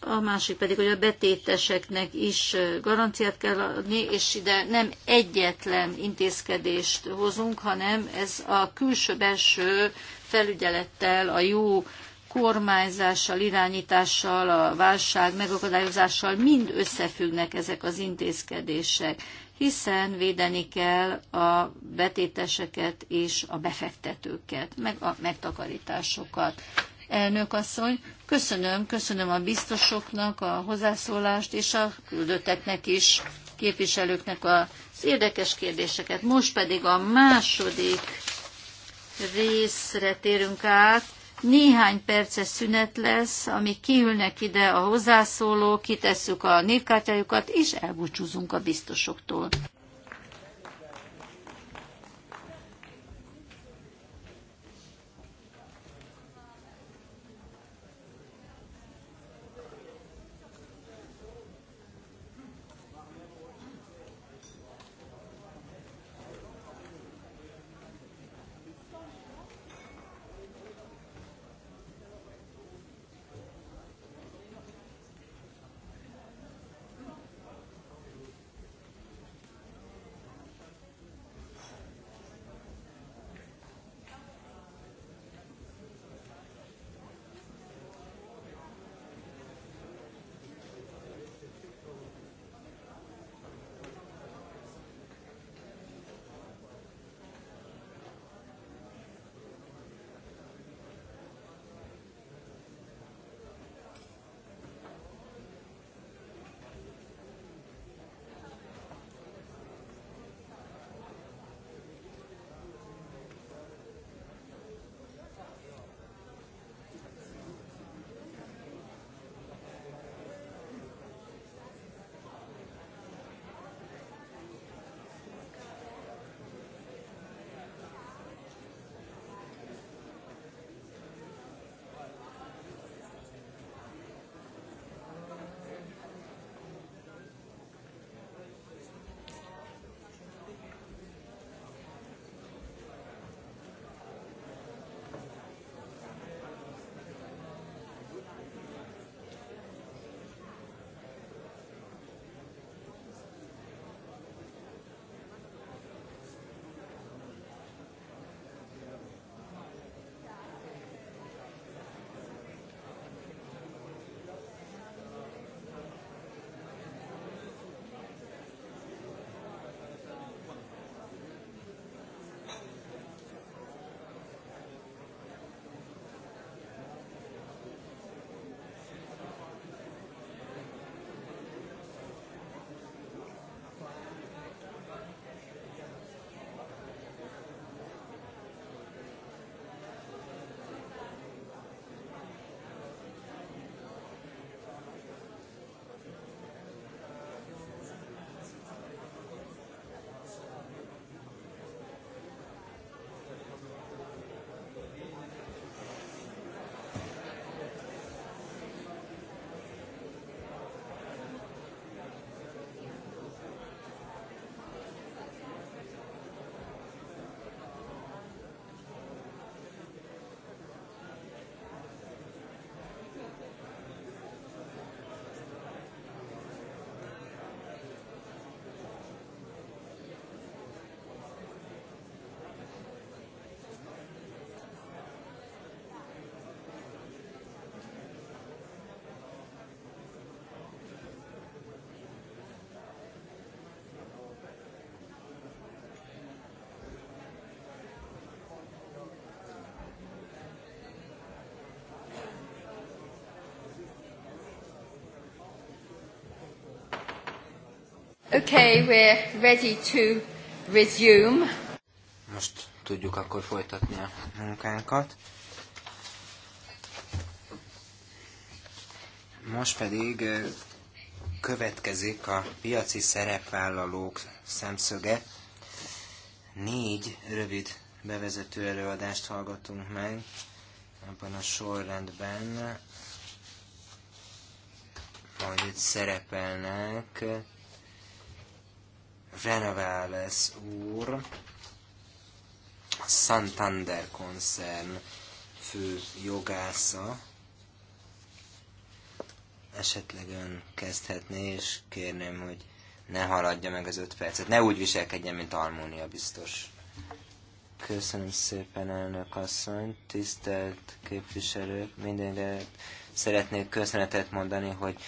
a másik pedig, hogy a betéteseknek is garanciát kell adni, és ide nem egyetlen intézkedést hozunk, hanem ez a külső-belső felügyelettel, a jó kormányzással, irányítással, a válság megakadályozással mind összefüggnek ezek az intézkedések hiszen védeni kell a betéteseket és a befektetőket, meg a megtakarításokat. Elnök asszony, köszönöm, köszönöm a biztosoknak a hozzászólást, és a küldötteknek is, képviselőknek az érdekes kérdéseket. Most pedig a második részre térünk át, néhány perces szünet lesz, amíg kiülnek ide a hozzászólók, kitesszük a névkártyájukat, és elbúcsúzunk a biztosoktól. Okay, we're ready to resume. Most tudjuk akkor folytatni a munkánkat. Most pedig eh, következik a piaci szerepvállalók szemszöge. Négy rövid bevezető előadást hallgatunk meg abban a sorrendben, ahogy itt szerepelnek Venevales úr, a Santander koncern fő jogásza, esetleg ön kezdhetné, és kérném, hogy ne haladja meg az öt percet. Ne úgy viselkedjen, mint Almónia biztos. Köszönöm szépen, elnök asszony, tisztelt képviselők, mindenre szeretnék köszönetet mondani, hogy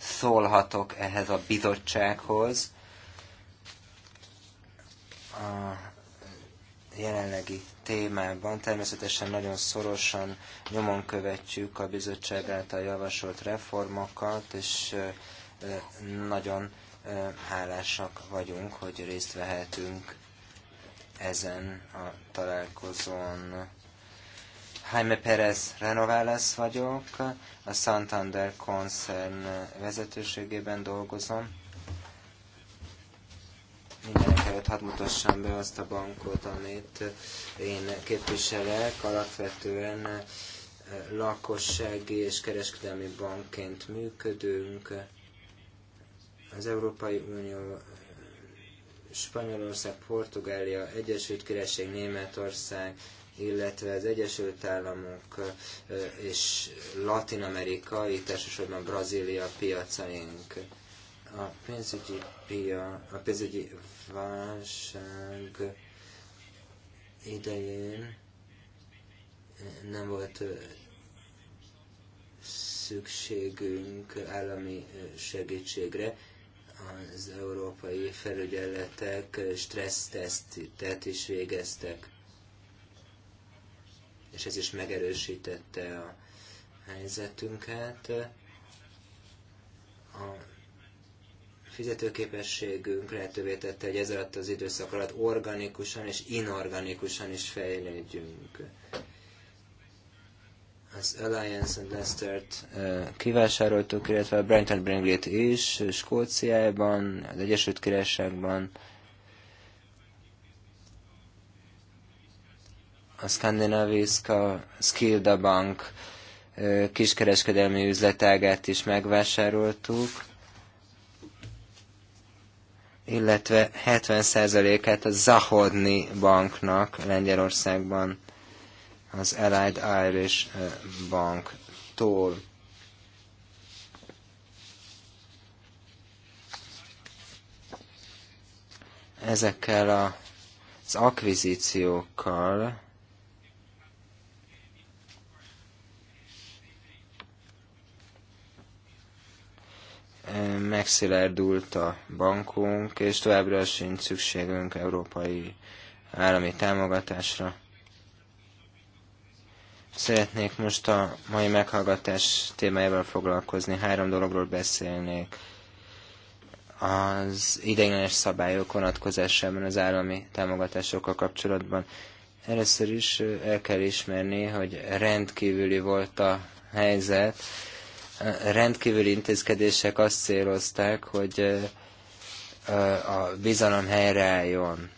szólhatok ehhez a bizottsághoz a jelenlegi témában. Természetesen nagyon szorosan nyomon követjük a bizottság által javasolt reformokat, és nagyon hálásak vagyunk, hogy részt vehetünk ezen a találkozón. Jaime Perez Renovales vagyok, a Santander koncern vezetőségében dolgozom Mindenek előtt hadd mutassam be azt a bankot, amit én képviselek. Alapvetően eh, lakossági és kereskedelmi bankként működünk. Az Európai Unió, eh, Spanyolország, Portugália, Egyesült Királyság, Németország, illetve az Egyesült Államok eh, és Latin Amerika, itt elsősorban Brazília piacaink a pénzügyi, pia, a pénzügyi válság idején nem volt szükségünk állami segítségre. Az európai felügyeletek stressztesztet is végeztek, és ez is megerősítette a helyzetünket. A fizetőképességünk lehetővé tette, hogy ez alatt az időszak alatt organikusan és inorganikusan is fejlődjünk. Az Alliance and Leicester-t eh, kivásároltuk, illetve a Brenton Bringley-t is, Skóciában, az Egyesült Királyságban, a Skandinaviska Skilda Bank eh, kiskereskedelmi üzletágát is megvásároltuk illetve 70%-át a Zahodni banknak Lengyelországban az Allied Irish banktól. Ezekkel a, az akvizíciókkal megszilárdult a bankunk, és továbbra sincs szükségünk európai állami támogatásra. Szeretnék most a mai meghallgatás témájával foglalkozni. Három dologról beszélnék. Az ideiglenes szabályok vonatkozásában az állami támogatásokkal kapcsolatban. Először is el kell ismerni, hogy rendkívüli volt a helyzet rendkívüli intézkedések azt célozták, hogy a bizalom helyreálljon,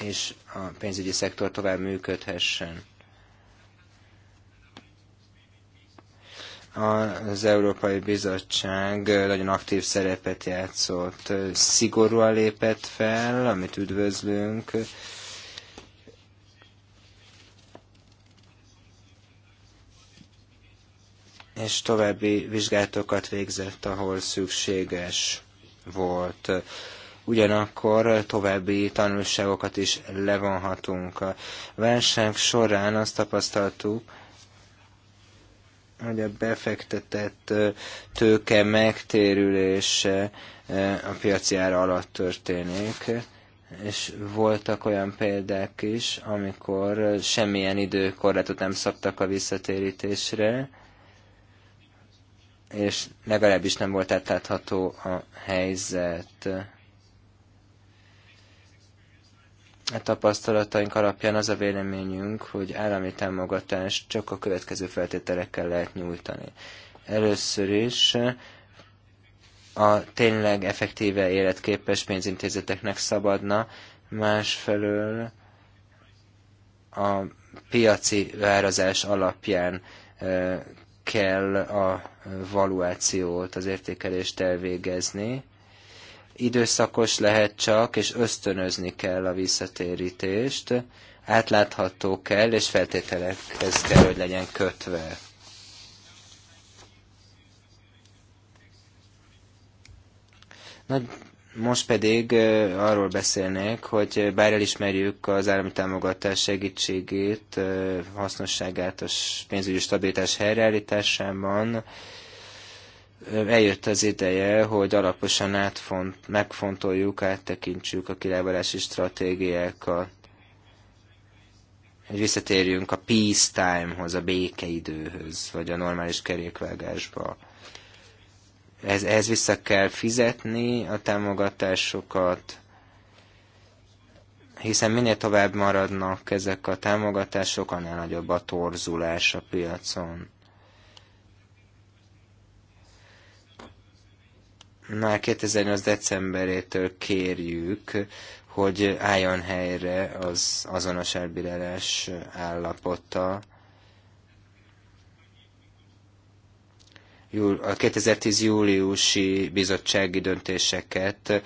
és a pénzügyi szektor tovább működhessen. az Európai Bizottság nagyon aktív szerepet játszott. Szigorúan lépett fel, amit üdvözlünk, és további vizsgálatokat végzett, ahol szükséges volt. Ugyanakkor további tanulságokat is levonhatunk. A válság során azt tapasztaltuk, hogy a befektetett tőke megtérülése a piaci ára alatt történik, és voltak olyan példák is, amikor semmilyen időkorlátot nem szabtak a visszatérítésre, és legalábbis nem volt átlátható a helyzet. A tapasztalataink alapján az a véleményünk, hogy állami támogatást csak a következő feltételekkel lehet nyújtani. Először is a tényleg effektíve életképes pénzintézeteknek szabadna, másfelől a piaci várazás alapján kell a valuációt, az értékelést elvégezni. Időszakos lehet csak, és ösztönözni kell a visszatérítést, átlátható kell, és feltételekhez kell, hogy legyen kötve. Nagy most pedig arról beszélnék, hogy bár elismerjük az állami támogatás segítségét, hasznosságát a pénzügyi stabilitás helyreállításában, eljött az ideje, hogy alaposan átfont, megfontoljuk, áttekintsük a kilábalási stratégiákat, hogy visszatérjünk a peace time-hoz, a békeidőhöz, vagy a normális kerékvágásba ez, ez vissza kell fizetni a támogatásokat, hiszen minél tovább maradnak ezek a támogatások, annál nagyobb a torzulás a piacon. Már 2008. decemberétől kérjük, hogy álljon helyre az azonos elbírálás állapota, a 2010 júliusi bizottsági döntéseket,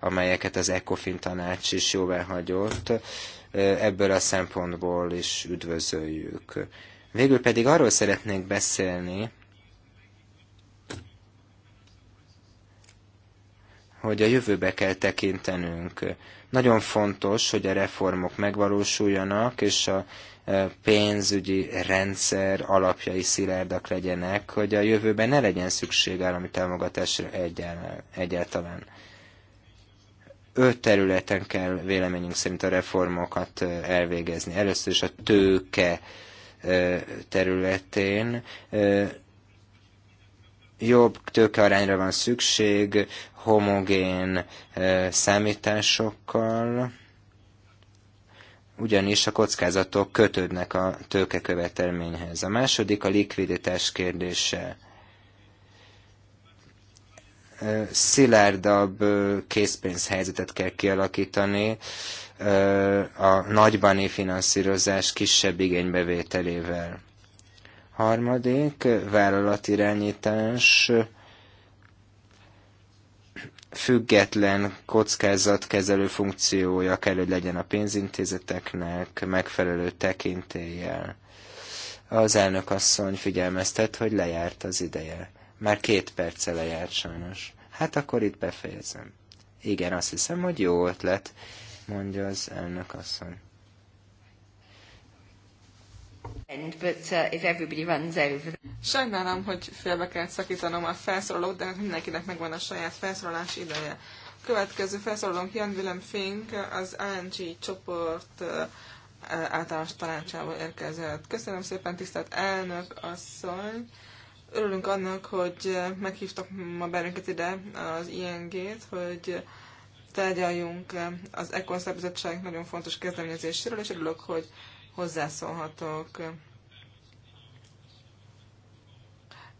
amelyeket az ECOFIN tanács is jóvá hagyott, ebből a szempontból is üdvözöljük. Végül pedig arról szeretnék beszélni, hogy a jövőbe kell tekintenünk. Nagyon fontos, hogy a reformok megvalósuljanak, és a pénzügyi rendszer alapjai szilárdak legyenek, hogy a jövőben ne legyen szükség állami támogatásra egyáltalán. Öt területen kell véleményünk szerint a reformokat elvégezni. Először is a tőke területén jobb tőkearányra van szükség, homogén számításokkal, ugyanis a kockázatok kötődnek a tőkekövetelményhez. A második a likviditás kérdése. Szilárdabb készpénzhelyzetet kell kialakítani a nagybani finanszírozás kisebb igénybevételével. Harmadik, vállalatirányítás irányítás független kockázatkezelő funkciója kell, hogy legyen a pénzintézeteknek megfelelő tekintéllyel. Az elnök asszony figyelmeztet, hogy lejárt az ideje. Már két perce lejárt sajnos. Hát akkor itt befejezem. Igen, azt hiszem, hogy jó ötlet, mondja az elnök asszony. Uh, Sajnálom, hogy félbe kell szakítanom a felszólalót, de mindenkinek megvan a saját felszólalás ideje. Következő felszólalónk Jan Willem Fink, az ANG csoport uh, általános tanácsából érkezett. Köszönöm szépen, tisztelt elnök asszony! Örülünk annak, hogy uh, meghívtak ma bennünket ide az ING-t, hogy tárgyaljunk az Econ Szerbizottság nagyon fontos kezdeményezéséről, és örülök, hogy hozzászólhatok.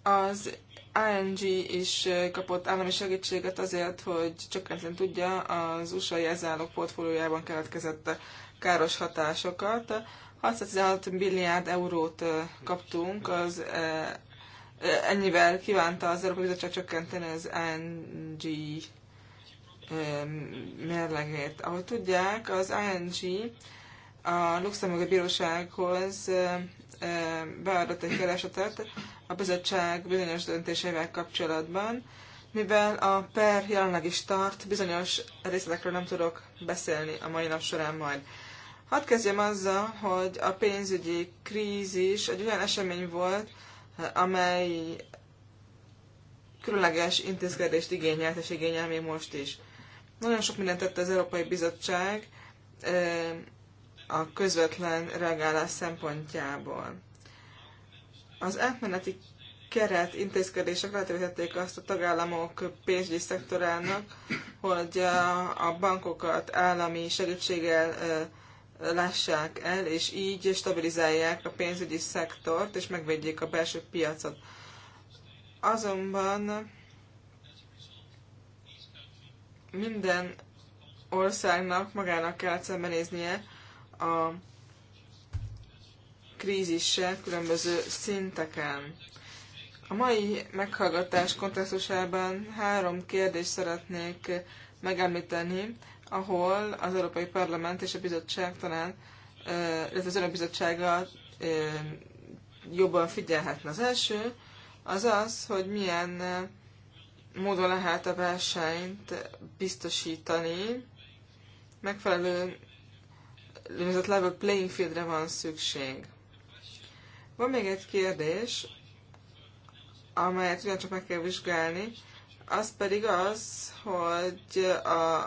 Az ANG is kapott állami segítséget azért, hogy csökkenteni tudja az USA jelzálók portfóliójában keletkezett káros hatásokat. 616 milliárd eurót kaptunk, az ennyivel kívánta az Európai Bizottság csökkenteni az ANG mérlegét. Ahogy tudják, az ANG a Luxemburgi Bírósághoz beadott egy keresetet a bizottság bizonyos döntéseivel kapcsolatban, mivel a per jelenleg is tart, bizonyos részletekről nem tudok beszélni a mai nap során majd. Hadd kezdjem azzal, hogy a pénzügyi krízis egy olyan esemény volt, amely különleges intézkedést igényelt, és igényel még most is. Nagyon sok mindent tett az Európai Bizottság, a közvetlen reagálás szempontjából. Az átmeneti keret intézkedések lehetővé azt a tagállamok pénzügyi szektorának, hogy a bankokat állami segítséggel lássák el, és így stabilizálják a pénzügyi szektort, és megvédjék a belső piacot. Azonban minden országnak magának kell szembenéznie a krízissel különböző szinteken. A mai meghallgatás kontextusában három kérdést szeretnék megemlíteni, ahol az Európai Parlament és a bizottság talán, illetve az Önök Bizottsága jobban figyelhetne. Az első az az, hogy milyen módon lehet a versenyt biztosítani megfelelő úgynevezett level playing fieldre van szükség. Van még egy kérdés, amelyet ugyancsak meg kell vizsgálni, az pedig az, hogy a,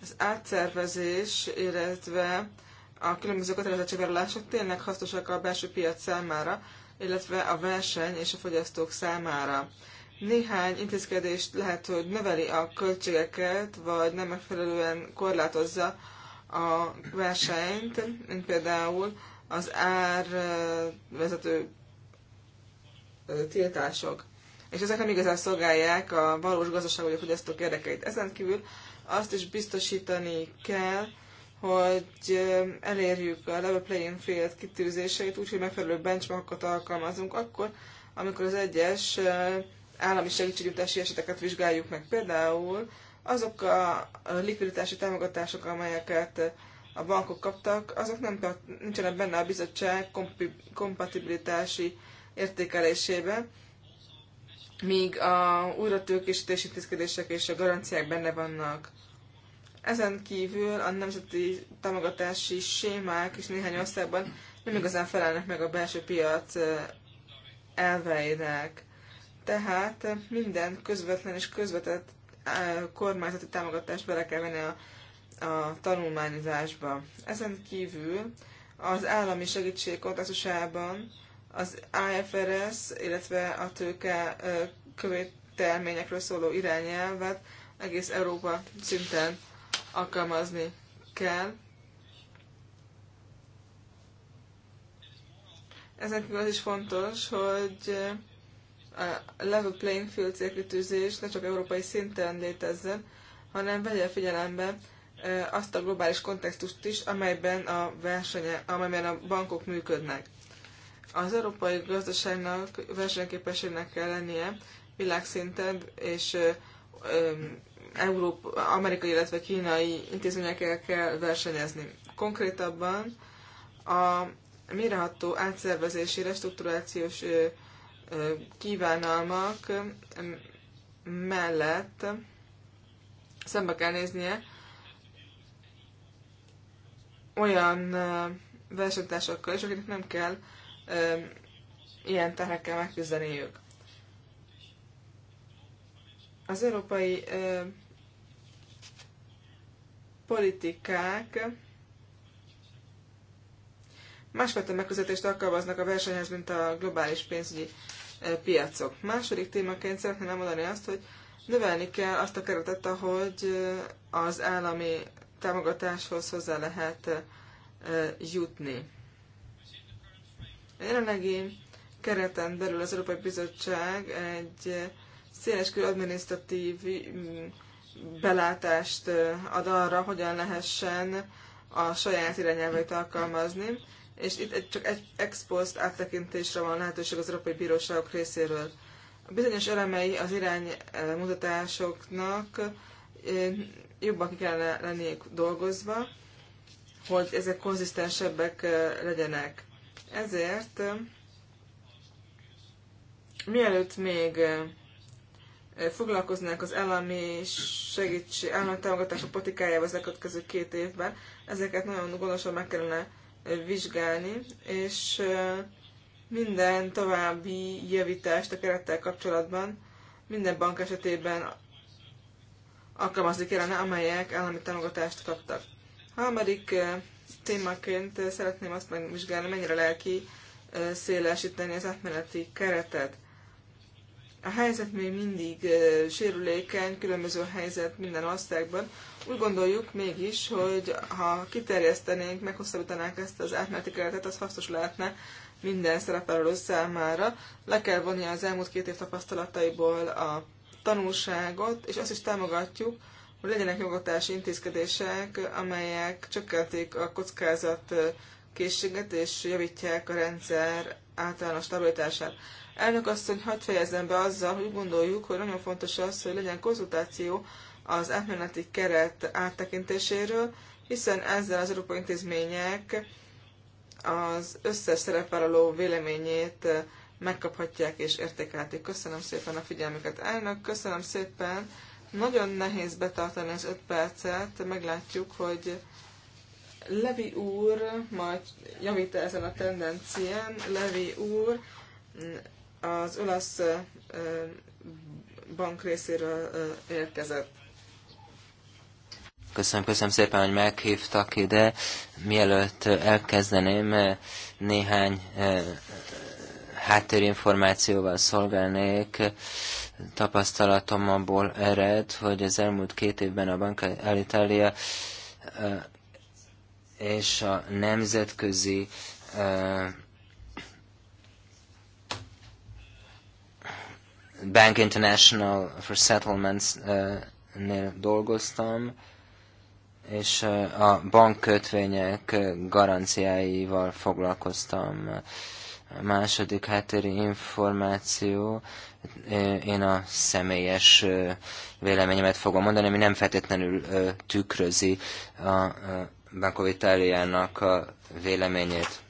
az átszervezés, illetve a különböző kötelezettségvállalások tényleg hasznosak a belső piac számára, illetve a verseny és a fogyasztók számára. Néhány intézkedést lehet, hogy növeli a költségeket, vagy nem megfelelően korlátozza a versenyt, mint például az árvezető tiltások. És ezek nem igazán szolgálják a valós gazdaság vagy a fogyasztók érdekeit. Ezen kívül azt is biztosítani kell, hogy elérjük a level playing field kitűzéseit úgy, hogy megfelelő benchmarkokat alkalmazunk akkor, amikor az egyes állami segítségnyújtási eseteket vizsgáljuk meg. Például azok a likviditási támogatások, amelyeket a bankok kaptak, azok nem nincsenek benne a bizottság kompatibilitási értékelésében, míg a újratőkésítési intézkedések és a garanciák benne vannak. Ezen kívül a nemzeti támogatási sémák is néhány országban nem igazán felelnek meg a belső piac elveinek. Tehát minden közvetlen és közvetett kormányzati támogatást bele kell venni a, a tanulmányozásba. Ezen kívül az állami segítség kontextusában az IFRS, illetve a tőke követelményekről szóló irányelvet egész Európa szinten alkalmazni kell. Ezen kívül az is fontos, hogy level playing field célkitűzés ne csak európai szinten létezzen, hanem vegye figyelembe azt a globális kontextust is, amelyben a versenye, amelyben a bankok működnek. Az európai gazdaságnak versenyképességnek kell lennie világszinten, és Európa, amerikai, illetve kínai intézményekkel kell versenyezni. Konkrétabban a méreható átszervezési, restrukturációs kívánalmak mellett szembe kell néznie olyan versenytársakkal is, akiknek nem kell ilyen terhekkel megküzdeniük. Az európai politikák másfajta megközelítést alkalmaznak a versenyhez, mint a globális pénzügyi e, piacok. Második témaként szeretném elmondani azt, hogy növelni kell azt a keretet, ahogy e, az állami támogatáshoz hozzá lehet e, jutni. A jelenlegi kereten belül az Európai Bizottság egy széleskörű adminisztratív belátást ad arra, hogyan lehessen a saját irányelveit alkalmazni és itt csak egy ex post áttekintésre van lehetőség az Európai Bíróságok részéről. A bizonyos elemei az iránymutatásoknak eh, eh, jobban ki kellene lenniük dolgozva, hogy ezek konzisztensebbek eh, legyenek. Ezért mielőtt még foglalkoznánk az állami segítség, állami támogatások politikájával az elkövetkező két évben, ezeket nagyon gondosan meg kellene vizsgálni, és minden további javítást a kerettel kapcsolatban minden bank esetében alkalmazni kellene, amelyek állami támogatást kaptak. Harmadik témaként szeretném azt megvizsgálni, mennyire lelki szélesíteni az átmeneti keretet. A helyzet még mindig sérülékeny, különböző helyzet minden országban. Úgy gondoljuk mégis, hogy ha kiterjesztenénk, meghosszabbítanánk ezt az átmeneti keretet, az hasznos lehetne minden szerepelő számára. Le kell vonni az elmúlt két év tapasztalataiból a tanulságot, és azt is támogatjuk, hogy legyenek jogatási intézkedések, amelyek csökkentik a kockázat készséget és javítják a rendszer általános stabilitását. Elnök asszony, hagyd fejezzem be azzal, hogy gondoljuk, hogy nagyon fontos az, hogy legyen konzultáció az átmeneti keret áttekintéséről, hiszen ezzel az európai intézmények az összes szerepvállaló véleményét megkaphatják és értékelték. Köszönöm szépen a figyelmüket. Elnök, köszönöm szépen. Nagyon nehéz betartani az öt percet. Meglátjuk, hogy Levi úr majd javít ezen a tendencián. Levi úr az olasz bank részéről érkezett. Köszönöm, köszönöm szépen, hogy meghívtak ide. Mielőtt elkezdeném, néhány eh, háttérinformációval szolgálnék. Tapasztalatom abból ered, hogy az elmúlt két évben a Banca Alitalia eh, és a nemzetközi eh, Bank International for Settlements-nél dolgoztam, és a bankkötvények garanciáival foglalkoztam. A második háttéri információ, én a személyes véleményemet fogom mondani, ami nem feltétlenül tükrözi a Bankovitáliának a véleményét.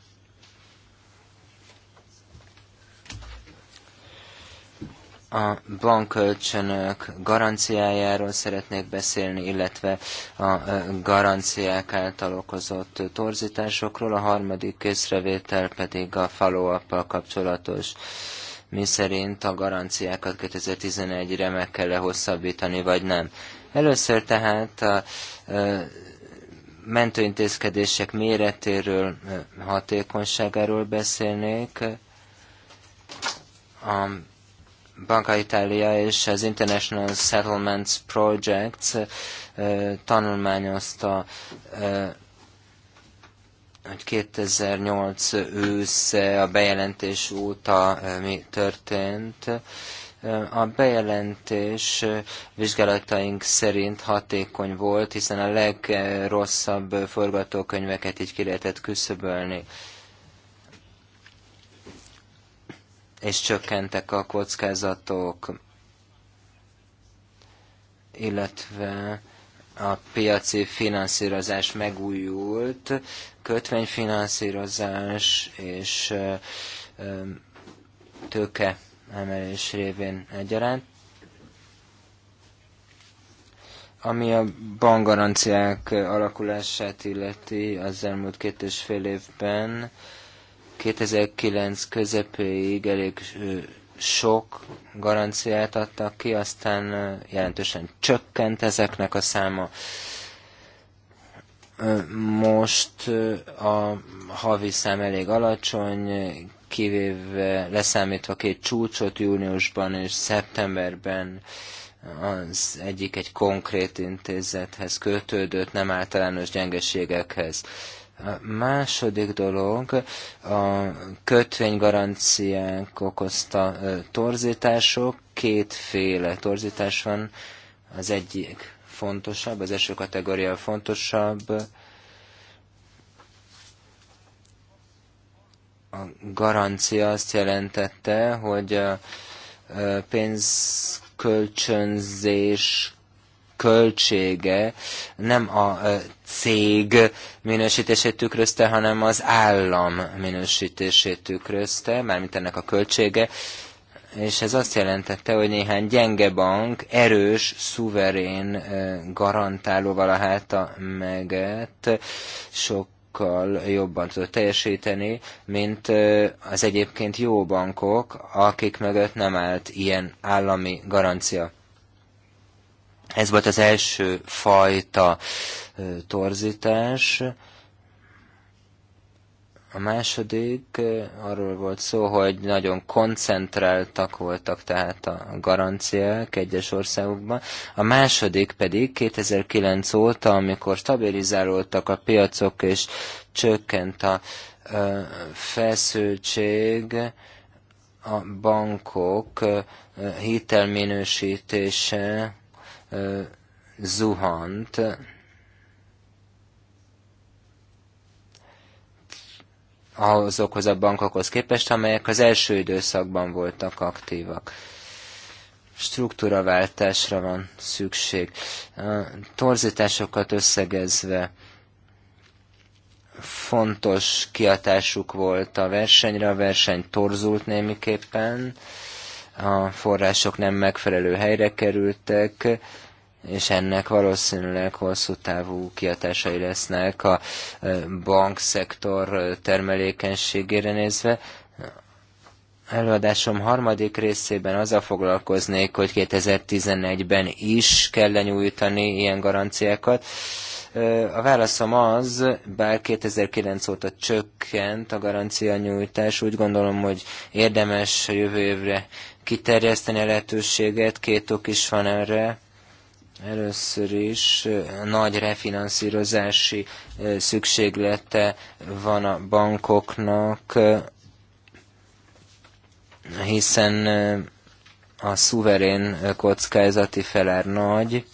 a bankkölcsönök garanciájáról szeretnék beszélni, illetve a garanciák által okozott torzításokról, a harmadik észrevétel pedig a follow-up-pal kapcsolatos mi szerint a garanciákat 2011-re meg kell-e hosszabbítani, vagy nem. Először tehát a mentőintézkedések méretéről, hatékonyságáról beszélnék. A Banca Italia és az International Settlements Projects tanulmányozta, hogy 2008 ősze a bejelentés óta mi történt. A bejelentés vizsgálataink szerint hatékony volt, hiszen a legrosszabb forgatókönyveket így ki lehetett küszöbölni. és csökkentek a kockázatok, illetve a piaci finanszírozás megújult, kötvényfinanszírozás és tőke emelés révén egyaránt. Ami a bankgaranciák alakulását illeti az elmúlt két és fél évben, 2009 közepéig elég sok garanciát adtak ki, aztán jelentősen csökkent ezeknek a száma. Most a havi szám elég alacsony, kivéve leszámítva két csúcsot júniusban és szeptemberben az egyik egy konkrét intézethez kötődött, nem általános gyengeségekhez. A második dolog a kötvénygaranciák okozta torzítások. Kétféle torzítás van. Az egyik fontosabb, az első kategória fontosabb. a garancia azt jelentette, hogy a pénzkölcsönzés költsége nem a cég minősítését tükrözte, hanem az állam minősítését tükrözte, mármint ennek a költsége, és ez azt jelentette, hogy néhány gyenge bank erős, szuverén garantálóval a háta meget sok sokkal jobban tudott teljesíteni, mint az egyébként jó bankok, akik mögött nem állt ilyen állami garancia. Ez volt az első fajta torzítás. A második arról volt szó, hogy nagyon koncentráltak voltak tehát a garanciák egyes országokban. A második pedig 2009 óta, amikor stabilizálódtak a piacok és csökkent a feszültség, a bankok hitelminősítése zuhant. azokhoz a bankokhoz képest, amelyek az első időszakban voltak aktívak. Struktúraváltásra van szükség. A torzításokat összegezve fontos kiatásuk volt a versenyre, a verseny torzult némiképpen, a források nem megfelelő helyre kerültek, és ennek valószínűleg hosszú távú kiatásai lesznek a e, bankszektor termelékenységére nézve. Előadásom harmadik részében azzal foglalkoznék, hogy 2011-ben is kell nyújtani ilyen garanciákat. E, a válaszom az, bár 2009 óta csökkent a garancia nyújtás, úgy gondolom, hogy érdemes a jövő évre kiterjeszteni a lehetőséget, két ok is van erre. Először is nagy refinanszírozási szükséglete van a bankoknak, hiszen a szuverén kockázati felár nagy,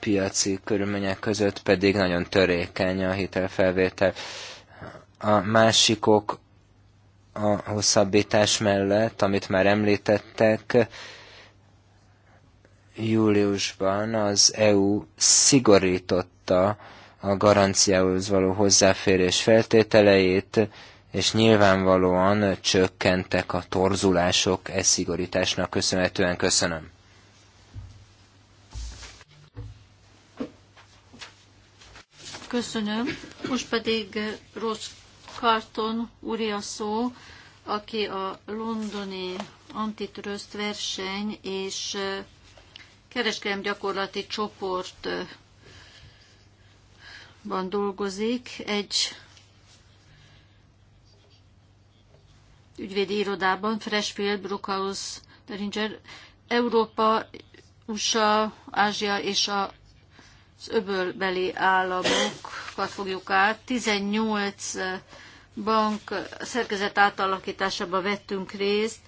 piaci körülmények között pedig nagyon törékeny a hitelfelvétel. A másikok a hosszabbítás mellett, amit már említettek, júliusban az EU szigorította a garanciához való hozzáférés feltételeit, és nyilvánvalóan csökkentek a torzulások e szigorításnak köszönhetően. Köszönöm. Köszönöm. Most pedig Rossz Carton úri a szó, aki a londoni antitrust verseny és kereskedelmi gyakorlati csoportban dolgozik. Egy ügyvédi irodában, Freshfield, Brookhouse, Deringer, Európa, USA, Ázsia és a az öbölbeli államokat fogjuk át. 18 bank szerkezet átalakításába vettünk részt,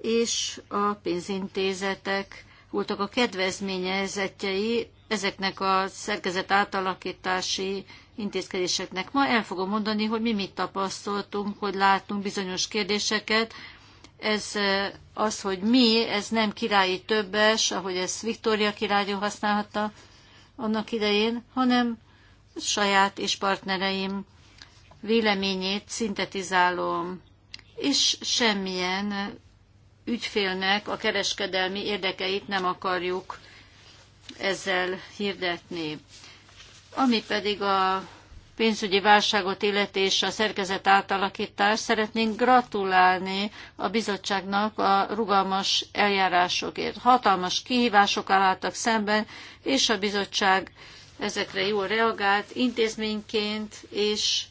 és a pénzintézetek voltak a kedvezményezetjei ezeknek a szerkezet átalakítási intézkedéseknek. Ma el fogom mondani, hogy mi mit tapasztaltunk, hogy láttunk bizonyos kérdéseket. Ez az, hogy mi, ez nem királyi többes, ahogy ezt Viktória királyó használhatta annak idején, hanem saját és partnereim véleményét szintetizálom, és semmilyen ügyfélnek a kereskedelmi érdekeit nem akarjuk ezzel hirdetni. Ami pedig a pénzügyi válságot illeti és a szerkezet átalakítás, szeretnénk gratulálni a bizottságnak a rugalmas eljárásokért. Hatalmas kihívások álltak szemben, és a bizottság ezekre jól reagált intézményként és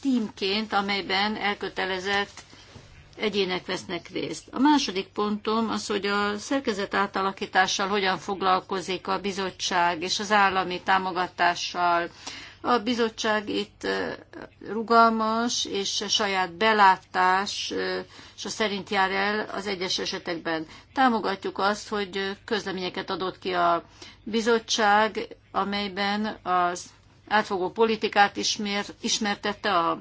tímként, amelyben elkötelezett egyének vesznek részt. A második pontom az, hogy a szerkezet átalakítással hogyan foglalkozik a bizottság és az állami támogatással. A bizottság itt rugalmas és saját belátás és a szerint jár el az egyes esetekben. Támogatjuk azt, hogy közleményeket adott ki a bizottság, amelyben az átfogó politikát ismer, ismertette a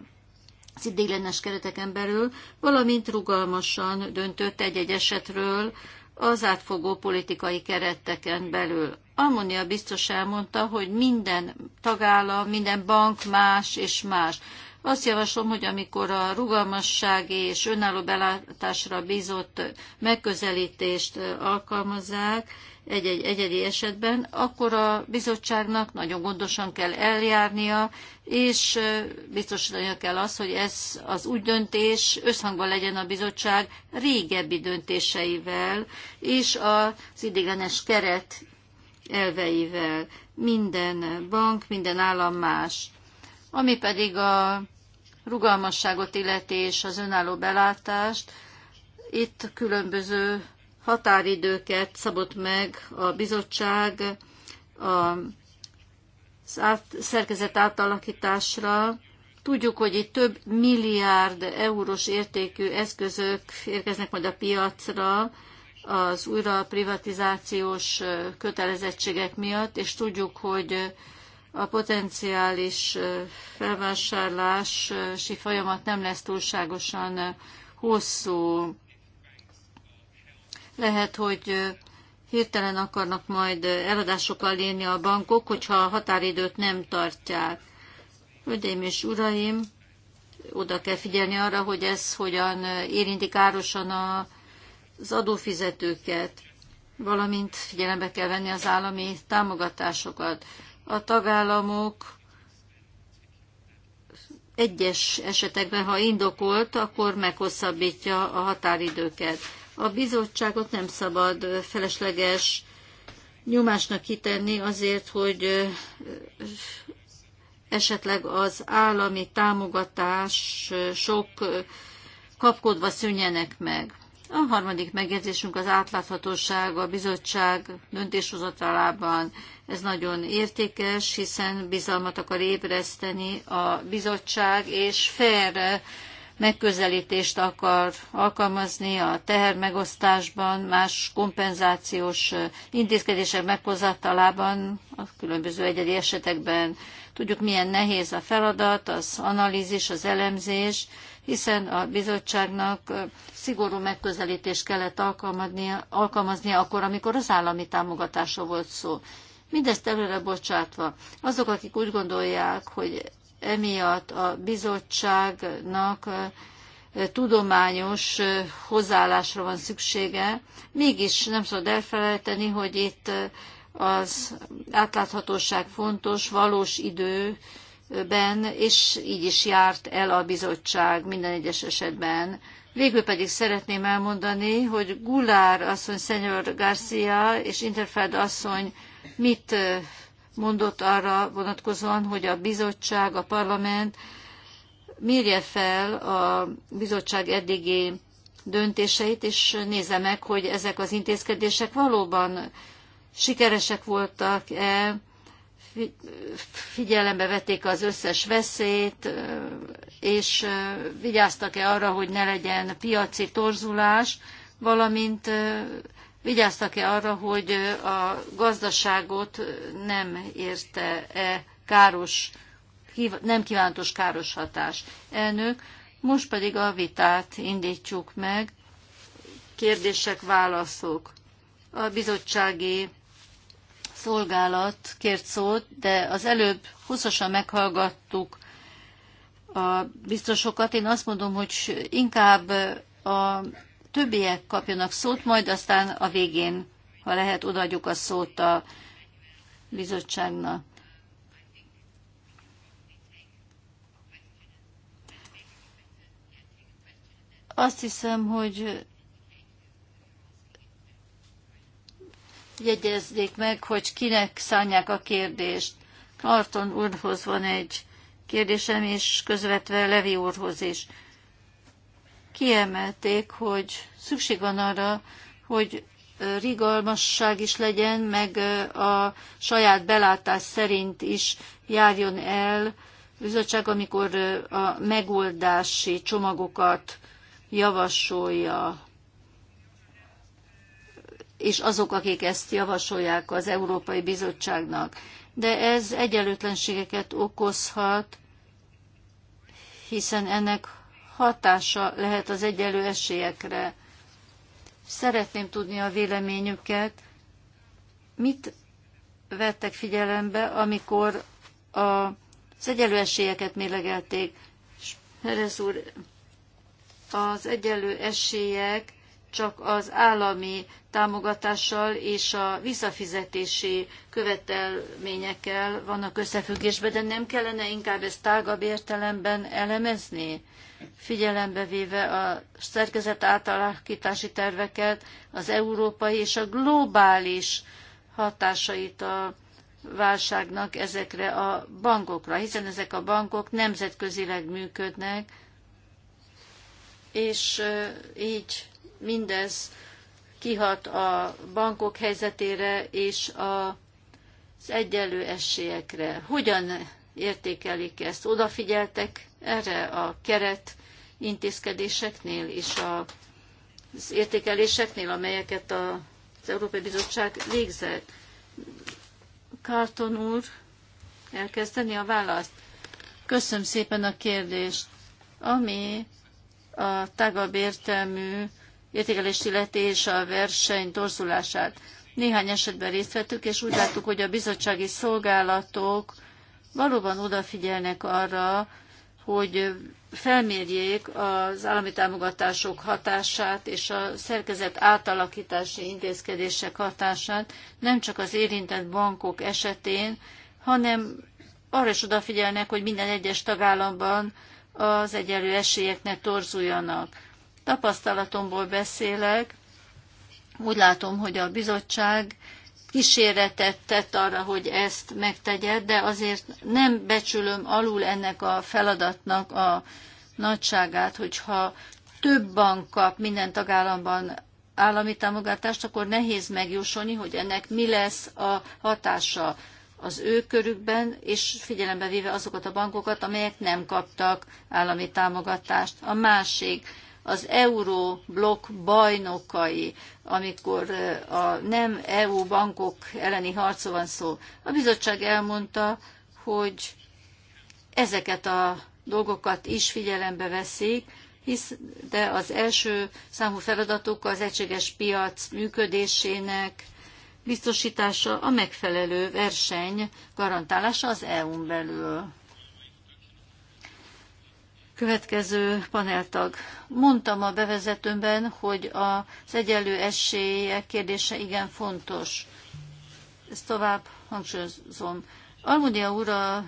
az idéglenes kereteken belül, valamint rugalmasan döntött egy-egy esetről az átfogó politikai kereteken belül. Ammonia biztos elmondta, hogy minden tagállam, minden bank más és más. Azt javaslom, hogy amikor a rugalmassági és önálló belátásra bízott megközelítést alkalmazzák, egy-egy egyedi esetben, akkor a bizottságnak nagyon gondosan kell eljárnia, és biztosítania kell az, hogy ez az úgy döntés összhangban legyen a bizottság régebbi döntéseivel, és az idéglenes keret elveivel. Minden bank, minden állam más. Ami pedig a rugalmasságot illeti és az önálló belátást, itt különböző határidőket szabott meg a bizottság a az át, szerkezet átalakításra. Tudjuk, hogy itt több milliárd eurós értékű eszközök érkeznek majd a piacra az újra privatizációs kötelezettségek miatt, és tudjuk, hogy a potenciális felvásárlási folyamat nem lesz túlságosan hosszú. Lehet, hogy hirtelen akarnak majd eladásokkal élni a bankok, hogyha a határidőt nem tartják. Hölgyeim és uraim, oda kell figyelni arra, hogy ez hogyan érinti károsan az adófizetőket, valamint figyelembe kell venni az állami támogatásokat. A tagállamok egyes esetekben, ha indokolt, akkor meghosszabbítja a határidőket. A bizottságot nem szabad felesleges nyomásnak kitenni azért, hogy esetleg az állami támogatás sok kapkodva szűnjenek meg. A harmadik megjegyzésünk az átláthatóság a bizottság döntéshozatalában. Ez nagyon értékes, hiszen bizalmat akar ébreszteni a bizottság, és fair megközelítést akar alkalmazni a tehermegosztásban, más kompenzációs intézkedések meghozatalában, a különböző egyedi esetekben. Tudjuk, milyen nehéz a feladat, az analízis, az elemzés, hiszen a bizottságnak szigorú megközelítést kellett alkalmaznia, alkalmaznia akkor, amikor az állami támogatásra volt szó. Mindezt előre bocsátva, azok, akik úgy gondolják, hogy emiatt a bizottságnak tudományos hozzáállásra van szüksége. Mégis nem szabad elfelejteni, hogy itt az átláthatóság fontos, valós időben, és így is járt el a bizottság minden egyes esetben. Végül pedig szeretném elmondani, hogy Gulár asszony, Szenyor Garcia és Interfeld asszony mit mondott arra vonatkozóan, hogy a bizottság, a parlament mérje fel a bizottság eddigi döntéseit, és nézze meg, hogy ezek az intézkedések valóban sikeresek voltak-e, figyelembe vették az összes veszélyt, és vigyáztak-e arra, hogy ne legyen piaci torzulás, valamint vigyáztak-e arra, hogy a gazdaságot nem érte-e káros, nem kívántos káros hatás. Elnök, most pedig a vitát indítjuk meg. Kérdések, válaszok. A bizottsági szolgálat kért szót, de az előbb hosszasan meghallgattuk a biztosokat. Én azt mondom, hogy inkább a többiek kapjanak szót, majd aztán a végén, ha lehet, odaadjuk a szót a bizottságnak. Azt hiszem, hogy jegyezzék meg, hogy kinek szánják a kérdést. Carton úrhoz van egy kérdésem, és közvetve Levi úrhoz is kiemelték, hogy szükség van arra, hogy rigalmasság is legyen, meg a saját belátás szerint is járjon el bizottság, amikor a megoldási csomagokat javasolja, és azok, akik ezt javasolják az Európai Bizottságnak. De ez egyenlőtlenségeket okozhat, hiszen ennek hatása lehet az egyenlő esélyekre. Szeretném tudni a véleményüket, mit vettek figyelembe, amikor a, az egyenlő esélyeket mélegelték. Perez úr, az egyenlő esélyek csak az állami támogatással és a visszafizetési követelményekkel vannak összefüggésben, de nem kellene inkább ezt tágabb értelemben elemezni? figyelembe véve a szerkezet átalakítási terveket, az európai és a globális hatásait a válságnak ezekre a bankokra, hiszen ezek a bankok nemzetközileg működnek, és így mindez kihat a bankok helyzetére és az egyenlő esélyekre. Hogyan értékelik ezt. Odafigyeltek erre a keret intézkedéseknél és az értékeléseknél, amelyeket az Európai Bizottság végzett. Carton úr, elkezdeni a választ? Köszönöm szépen a kérdést. Ami a tágabb értelmű értékelést illeti és a verseny torzulását. Néhány esetben részt vettük, és úgy láttuk, hogy a bizottsági szolgálatok valóban odafigyelnek arra, hogy felmérjék az állami támogatások hatását és a szerkezet átalakítási intézkedések hatását nem csak az érintett bankok esetén, hanem arra is odafigyelnek, hogy minden egyes tagállamban az egyenlő esélyek ne torzuljanak. Tapasztalatomból beszélek, úgy látom, hogy a bizottság kísérletet tett arra, hogy ezt megtegye, de azért nem becsülöm alul ennek a feladatnak a nagyságát, hogyha több bank kap minden tagállamban állami támogatást, akkor nehéz megjósolni, hogy ennek mi lesz a hatása az ő körükben, és figyelembe véve azokat a bankokat, amelyek nem kaptak állami támogatást. A másik, az euróblokk bajnokai, amikor a nem EU bankok elleni harcról van szó. A bizottság elmondta, hogy ezeket a dolgokat is figyelembe veszik, hisz, de az első számú feladatuk az egységes piac működésének biztosítása, a megfelelő verseny garantálása az EU-n belül következő paneltag. Mondtam a bevezetőmben, hogy az egyenlő esélyek kérdése igen fontos. Ezt tovább hangsúlyozom. Almudia úr a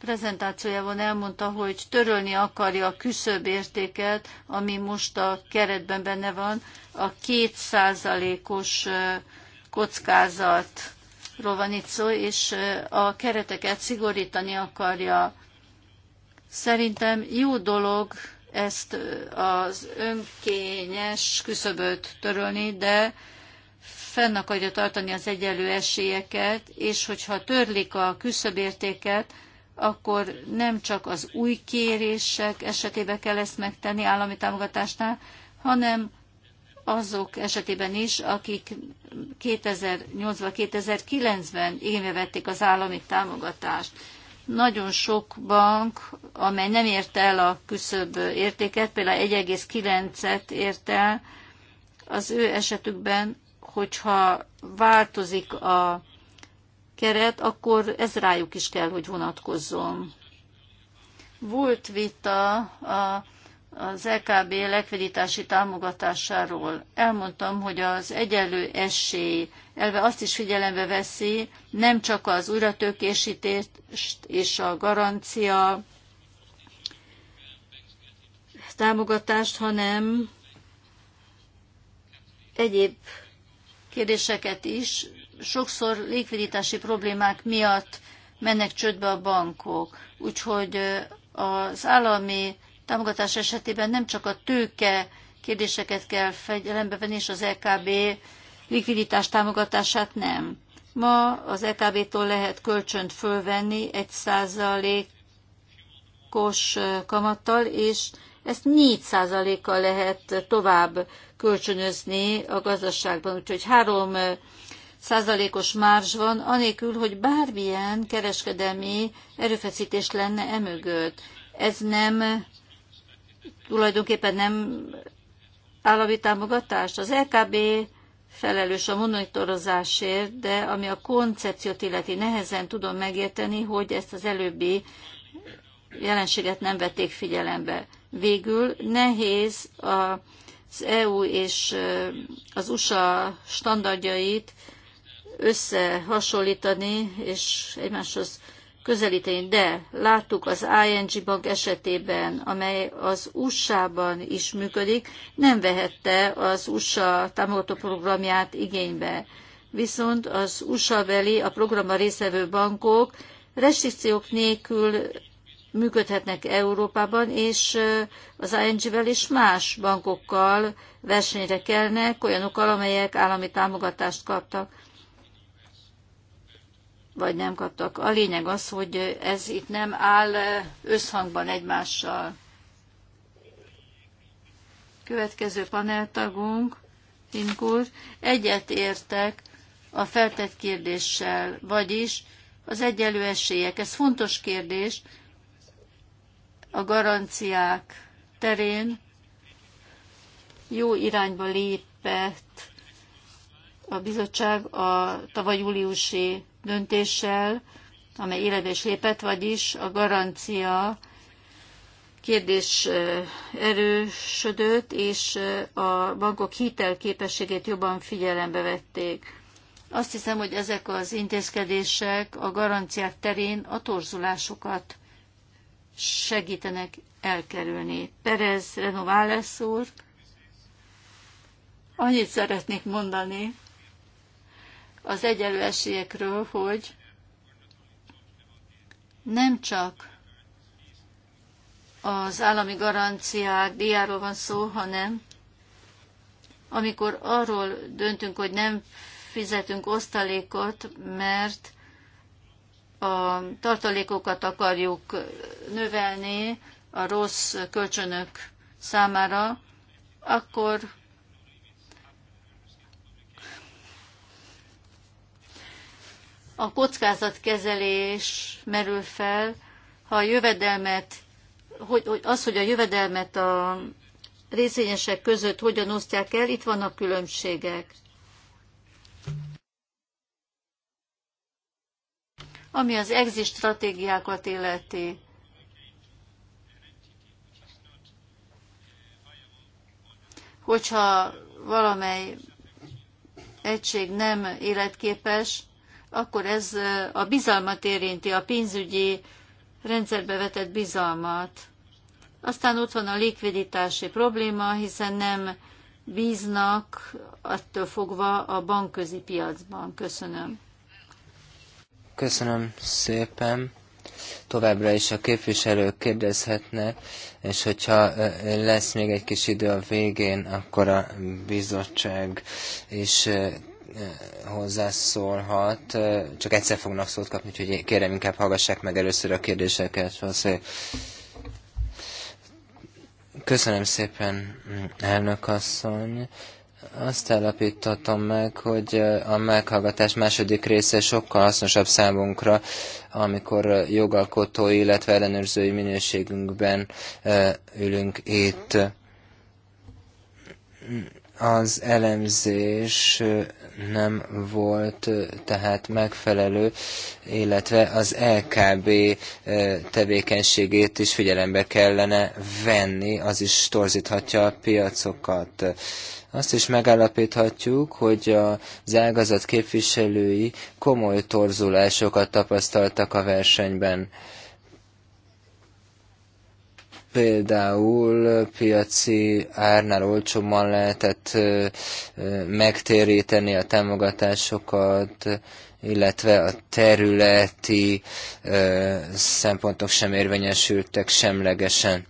prezentációjában elmondta, hogy törölni akarja a küszöbb értéket, ami most a keretben benne van, a kétszázalékos kockázatról van itt szó, és a kereteket szigorítani akarja Szerintem jó dolog ezt az önkényes küszöböt törölni, de fenn akarja tartani az egyenlő esélyeket, és hogyha törlik a küszöbértéket, akkor nem csak az új kérések esetében kell ezt megtenni állami támogatásnál, hanem azok esetében is, akik 2008-ban, 2009-ben igénybe vették az állami támogatást. Nagyon sok bank, amely nem ért el a küszöbb értéket, például 1,9-et ért el, az ő esetükben, hogyha változik a keret, akkor ez rájuk is kell, hogy vonatkozzon. Volt vita a, az LKB lekviditási támogatásáról. Elmondtam, hogy az egyenlő esély elve azt is figyelembe veszi, nem csak az újratőkésítést és a garancia támogatást, hanem egyéb kérdéseket is. Sokszor likviditási problémák miatt mennek csődbe a bankok, úgyhogy az állami támogatás esetében nem csak a tőke kérdéseket kell fegyelembe venni, és az LKB e likviditás támogatását nem. Ma az EKB-tól lehet kölcsönt fölvenni egy os kamattal, és ezt 4%-kal lehet tovább kölcsönözni a gazdaságban. Úgyhogy 3 százalékos márzs van, anélkül, hogy bármilyen kereskedelmi erőfeszítés lenne emögött. Ez nem tulajdonképpen nem állami támogatást. Az LKB e felelős a monitorozásért, de ami a koncepciót illeti, nehezen tudom megérteni, hogy ezt az előbbi jelenséget nem vették figyelembe. Végül nehéz az EU és az USA standardjait összehasonlítani és egymáshoz közelíteni, de láttuk az ING bank esetében, amely az USA-ban is működik, nem vehette az USA támogató programját igénybe. Viszont az USA-beli, a programban részvevő bankok restrikciók nélkül működhetnek Európában, és az ING-vel és más bankokkal versenyre kelnek, olyanokkal, amelyek állami támogatást kaptak vagy nem kaptak. A lényeg az, hogy ez itt nem áll összhangban egymással. Következő paneltagunk, Timkur, egyet értek a feltett kérdéssel, vagyis az egyenlő esélyek. Ez fontos kérdés a garanciák terén jó irányba lépett a bizottság a tavaly júliusi döntéssel, amely életbe is lépett, vagyis a garancia kérdés erősödött, és a bankok hitelképességét jobban figyelembe vették. Azt hiszem, hogy ezek az intézkedések a garanciák terén a torzulásokat segítenek elkerülni. Perez Renovales úr, annyit szeretnék mondani, az egyenlő esélyekről, hogy nem csak az állami garanciák diáról van szó, hanem amikor arról döntünk, hogy nem fizetünk osztalékot, mert a tartalékokat akarjuk növelni a rossz kölcsönök számára, akkor a kockázatkezelés merül fel, ha a jövedelmet, hogy, hogy az, hogy a jövedelmet a részvényesek között hogyan osztják el, itt vannak különbségek. Ami az exit stratégiákat illeti, hogyha valamely egység nem életképes, akkor ez a bizalmat érinti, a pénzügyi rendszerbe vetett bizalmat. Aztán ott van a likviditási probléma, hiszen nem bíznak attól fogva a bankközi piacban. Köszönöm. Köszönöm szépen. Továbbra is a képviselők kérdezhetne, és hogyha lesz még egy kis idő a végén, akkor a bizottság is Eh, hozzászólhat, eh, csak egyszer fognak szót kapni, úgyhogy kérem inkább hallgassák meg először a kérdéseket. Köszönöm szépen, elnök asszony. Azt állapítottam meg, hogy eh, a meghallgatás második része sokkal hasznosabb számunkra, amikor jogalkotói, illetve ellenőrzői minőségünkben ülünk itt. Az elemzés nem volt tehát megfelelő, illetve az LKB tevékenységét is figyelembe kellene venni, az is torzíthatja a piacokat. Azt is megállapíthatjuk, hogy az ágazat képviselői komoly torzulásokat tapasztaltak a versenyben például piaci árnál olcsóban lehetett megtéríteni a támogatásokat, illetve a területi szempontok sem érvényesültek semlegesen.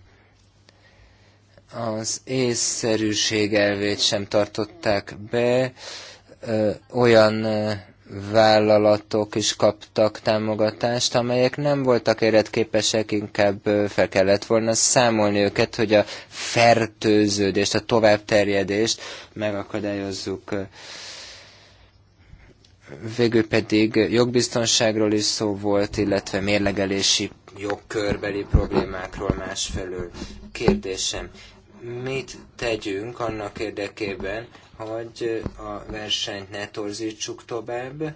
Az észszerűség elvét sem tartották be, olyan vállalatok is kaptak támogatást, amelyek nem voltak életképesek, inkább fel kellett volna számolni őket, hogy a fertőződést, a továbbterjedést megakadályozzuk. Végül pedig jogbiztonságról is szó volt, illetve mérlegelési jogkörbeli problémákról másfelől. Kérdésem, mit tegyünk annak érdekében, hogy a versenyt ne torzítsuk tovább,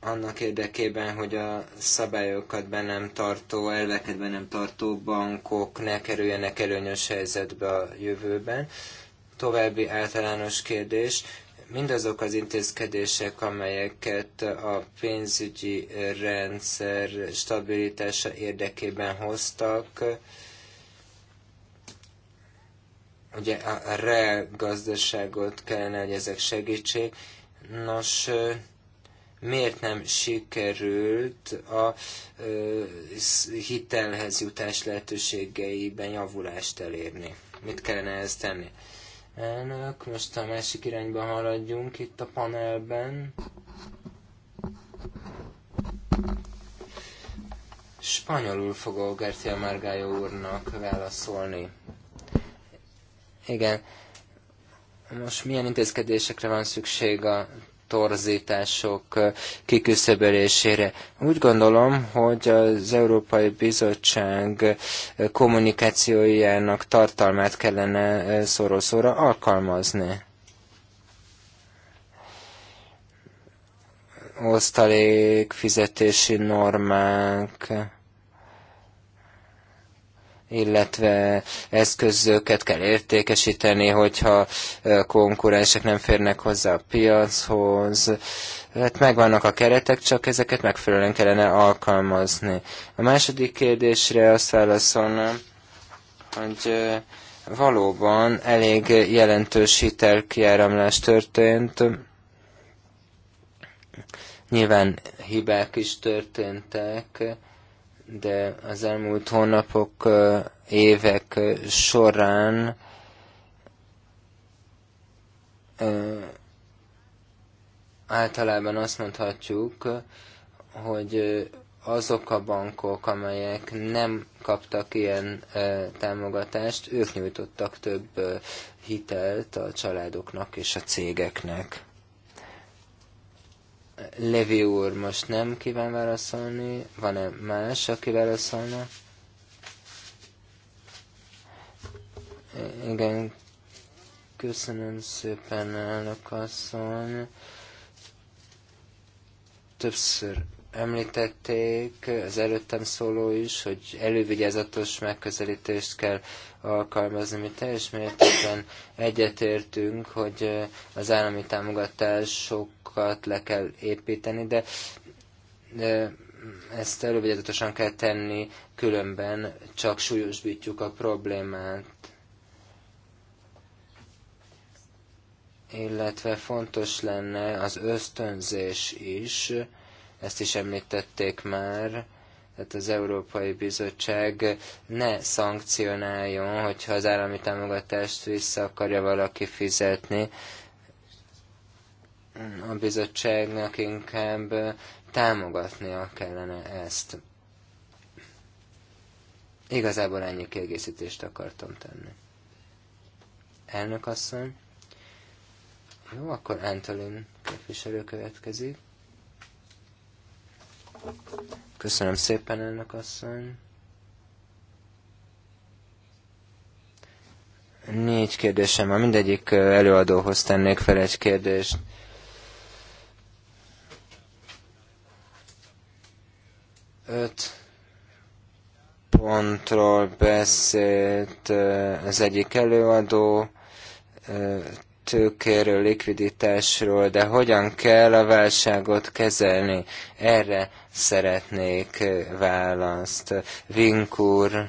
annak érdekében, hogy a szabályokat be nem tartó, elveket be nem tartó bankok ne kerüljenek előnyös helyzetbe a jövőben. További általános kérdés, mindazok az intézkedések, amelyeket a pénzügyi rendszer stabilitása érdekében hoztak, ugye a reál gazdaságot kellene, hogy ezek segítsék. Nos, miért nem sikerült a hitelhez jutás lehetőségeiben javulást elérni? Mit kellene ezt tenni? Elnök, most a másik irányba haladjunk itt a panelben. Spanyolul fogok Gertia Margája úrnak válaszolni. Igen. Most milyen intézkedésekre van szükség a torzítások kiküszöbölésére. Úgy gondolom, hogy az Európai Bizottság kommunikációjának tartalmát kellene szóró-szóra alkalmazni. Osztalék, fizetési normák, illetve eszközöket kell értékesíteni, hogyha konkurensek nem férnek hozzá a piachoz. Hát megvannak a keretek, csak ezeket megfelelően kellene alkalmazni. A második kérdésre azt válaszolnám, hogy valóban elég jelentős hitelkiáramlás történt. Nyilván hibák is történtek, de az elmúlt hónapok, évek során általában azt mondhatjuk, hogy azok a bankok, amelyek nem kaptak ilyen támogatást, ők nyújtottak több hitelt a családoknak és a cégeknek. Levi úr most nem kíván válaszolni, van-e más, aki válaszolna? Igen, köszönöm szépen, elnök asszony. Többször említették, az előttem szóló is, hogy elővigyázatos megközelítést kell alkalmazni. Mi teljes mértékben egyetértünk, hogy az állami támogatások hálózatokat le kell építeni, de, de ezt elővigyázatosan kell tenni, különben csak súlyosbítjuk a problémát. Illetve fontos lenne az ösztönzés is, ezt is említették már, tehát az Európai Bizottság ne szankcionáljon, hogyha az állami támogatást vissza akarja valaki fizetni, a bizottságnak inkább támogatnia kellene ezt. Igazából ennyi kiegészítést akartam tenni. Elnök asszony. Jó, akkor Antolin képviselő következik. Köszönöm szépen, elnök asszony. Négy kérdésem van, mindegyik előadóhoz tennék fel egy kérdést. Öt pontról beszélt az egyik előadó, tőkéről, likviditásról, de hogyan kell a válságot kezelni? Erre szeretnék választ. Vinkur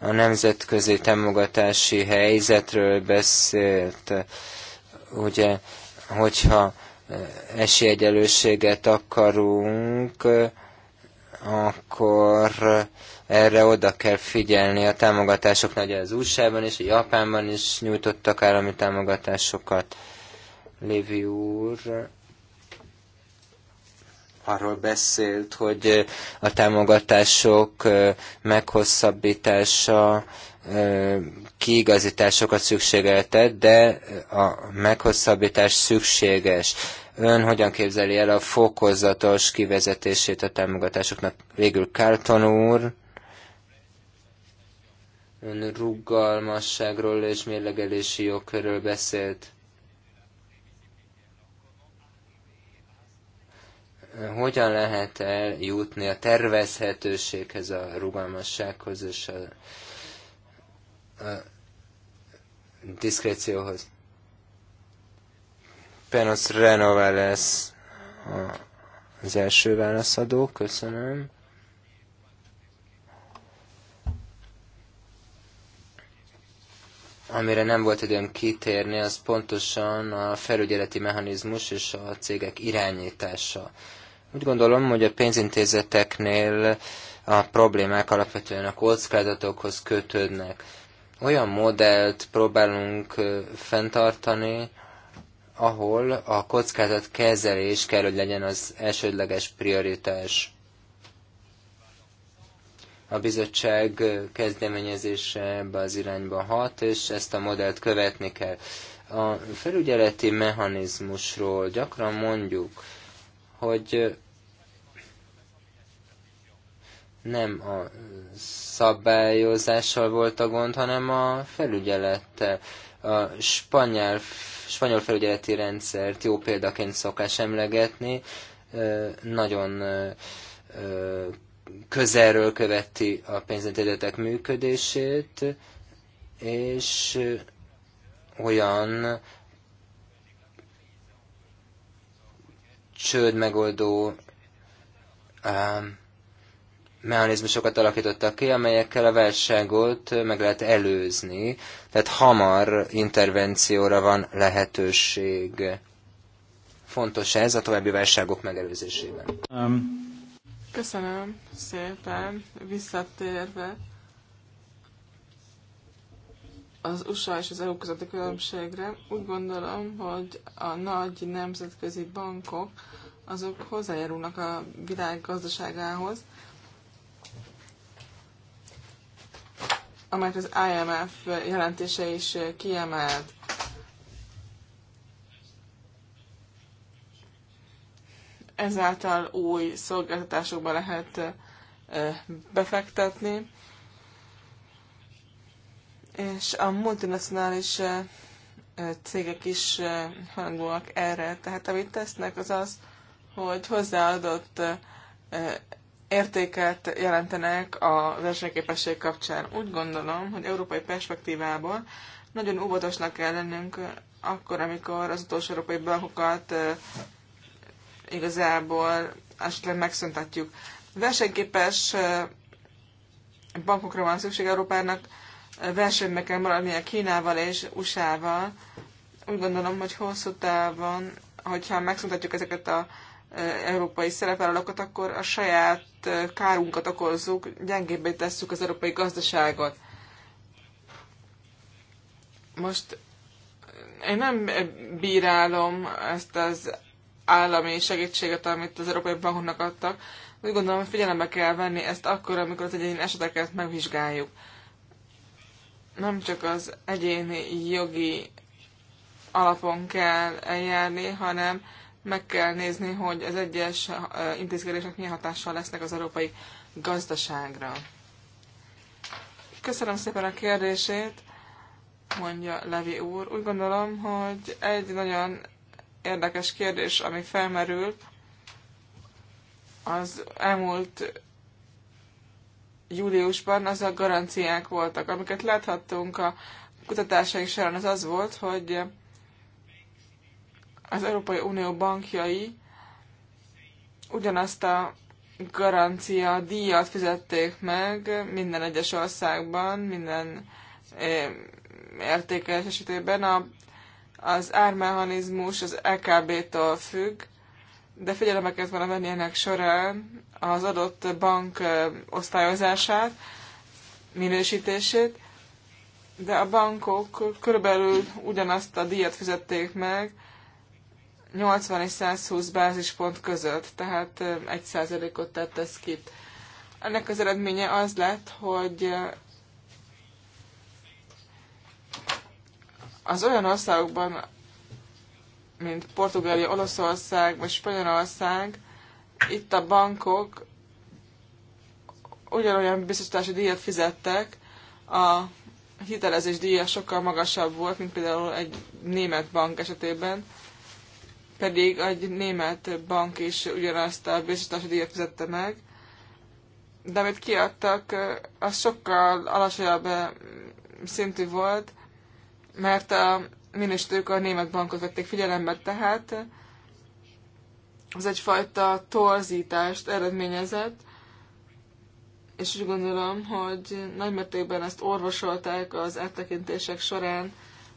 a nemzetközi támogatási helyzetről beszélt, ugye, hogyha esélyegyelőséget akarunk, akkor eh, erre oda kell figyelni a támogatások nagy az újságban is, és a Japánban is nyújtottak állami támogatásokat. Lévi úr arról beszélt, hogy eh, a támogatások eh, meghosszabbítása kiigazításokat szükségeltet, de a meghosszabbítás szükséges. Ön hogyan képzeli el a fokozatos kivezetését a támogatásoknak? Végül Carlton úr, ön rugalmasságról és mérlegelési jogkörről beszélt. Hogyan lehet eljutni a tervezhetőséghez, a rugalmassághoz és a, a diszkrécióhoz? Penos Renova lesz az első válaszadó. Köszönöm. amire nem volt időm kitérni, az pontosan a felügyeleti mechanizmus és a cégek irányítása. Úgy gondolom, hogy a pénzintézeteknél a problémák alapvetően a kockázatokhoz kötődnek. Olyan modellt próbálunk fenntartani, ahol a kockázatkezelés kell, hogy legyen az elsődleges prioritás. A bizottság kezdeményezése ebbe az irányba hat, és ezt a modellt követni kell. A felügyeleti mechanizmusról gyakran mondjuk, hogy nem a szabályozással volt a gond, hanem a felügyelettel. A spanyol spanyol felügyeleti rendszert jó példaként szokás emlegetni. Nagyon közelről követi a pénzintézetek működését, és olyan csőd megoldó mechanizmusokat alakítottak ki, amelyekkel a válságot meg lehet előzni, tehát hamar intervencióra van lehetőség. Fontos ez a további válságok megelőzésében. Um, Köszönöm szépen, visszatérve az USA és az EU közötti különbségre. Úgy gondolom, hogy a nagy nemzetközi bankok azok hozzájárulnak a világ gazdaságához, amelyet az IMF jelentése is kiemelt. Ezáltal új szolgáltatásokba lehet befektetni, és a multinacionális cégek is hangolnak erre. Tehát amit tesznek az az, hogy hozzáadott értéket jelentenek a versenyképesség kapcsán. Úgy gondolom, hogy európai perspektívából nagyon óvatosnak kell lennünk akkor, amikor az utolsó európai bankokat igazából esetleg megszüntetjük. Versenyképes bankokra van szükség Európának, versenyben kell maradnia Kínával és USA-val. Úgy gondolom, hogy hosszú távon, hogyha megszüntetjük ezeket a európai szerepvállalókat, akkor a saját kárunkat okozzuk, gyengébbé tesszük az európai gazdaságot. Most én nem bírálom ezt az állami segítséget, amit az Európai bankoknak adtak. Úgy gondolom, hogy figyelembe kell venni ezt akkor, amikor az egyéni eseteket megvizsgáljuk. Nem csak az egyéni jogi alapon kell eljárni, hanem meg kell nézni, hogy az egyes eh, intézkedések milyen hatással lesznek az európai gazdaságra. Köszönöm szépen a kérdését, mondja Levi úr. Úgy gondolom, hogy egy nagyon érdekes kérdés, ami felmerült, az elmúlt júliusban az a garanciák voltak. Amiket láthattunk a kutatásaink során, az az volt, hogy az Európai Unió bankjai ugyanazt a garancia díjat fizették meg minden egyes országban, minden eh, értékes esetében. A, az ármechanizmus az EKB-tól függ, de figyelemeket van venni ennek során az adott bank eh, osztályozását, minősítését, de a bankok körülbelül ugyanazt a díjat fizették meg, 80 és 120 bázispont között, tehát 1%-ot tett ez ki. Ennek az eredménye az lett, hogy az olyan országokban, mint Portugália, Olaszország vagy Spanyolország, itt a bankok ugyanolyan biztosítási díjat fizettek, a hitelezés díja sokkal magasabb volt, mint például egy német bank esetében, pedig egy német bank is ugyanazt a biztosítási díjat fizette meg, de amit kiadtak, az sokkal alacsonyabb szintű volt, mert a minősítők a német bankot vették figyelembe, tehát az egyfajta torzítást eredményezett, és úgy gondolom, hogy nagymértékben ezt orvosolták az áttekintések során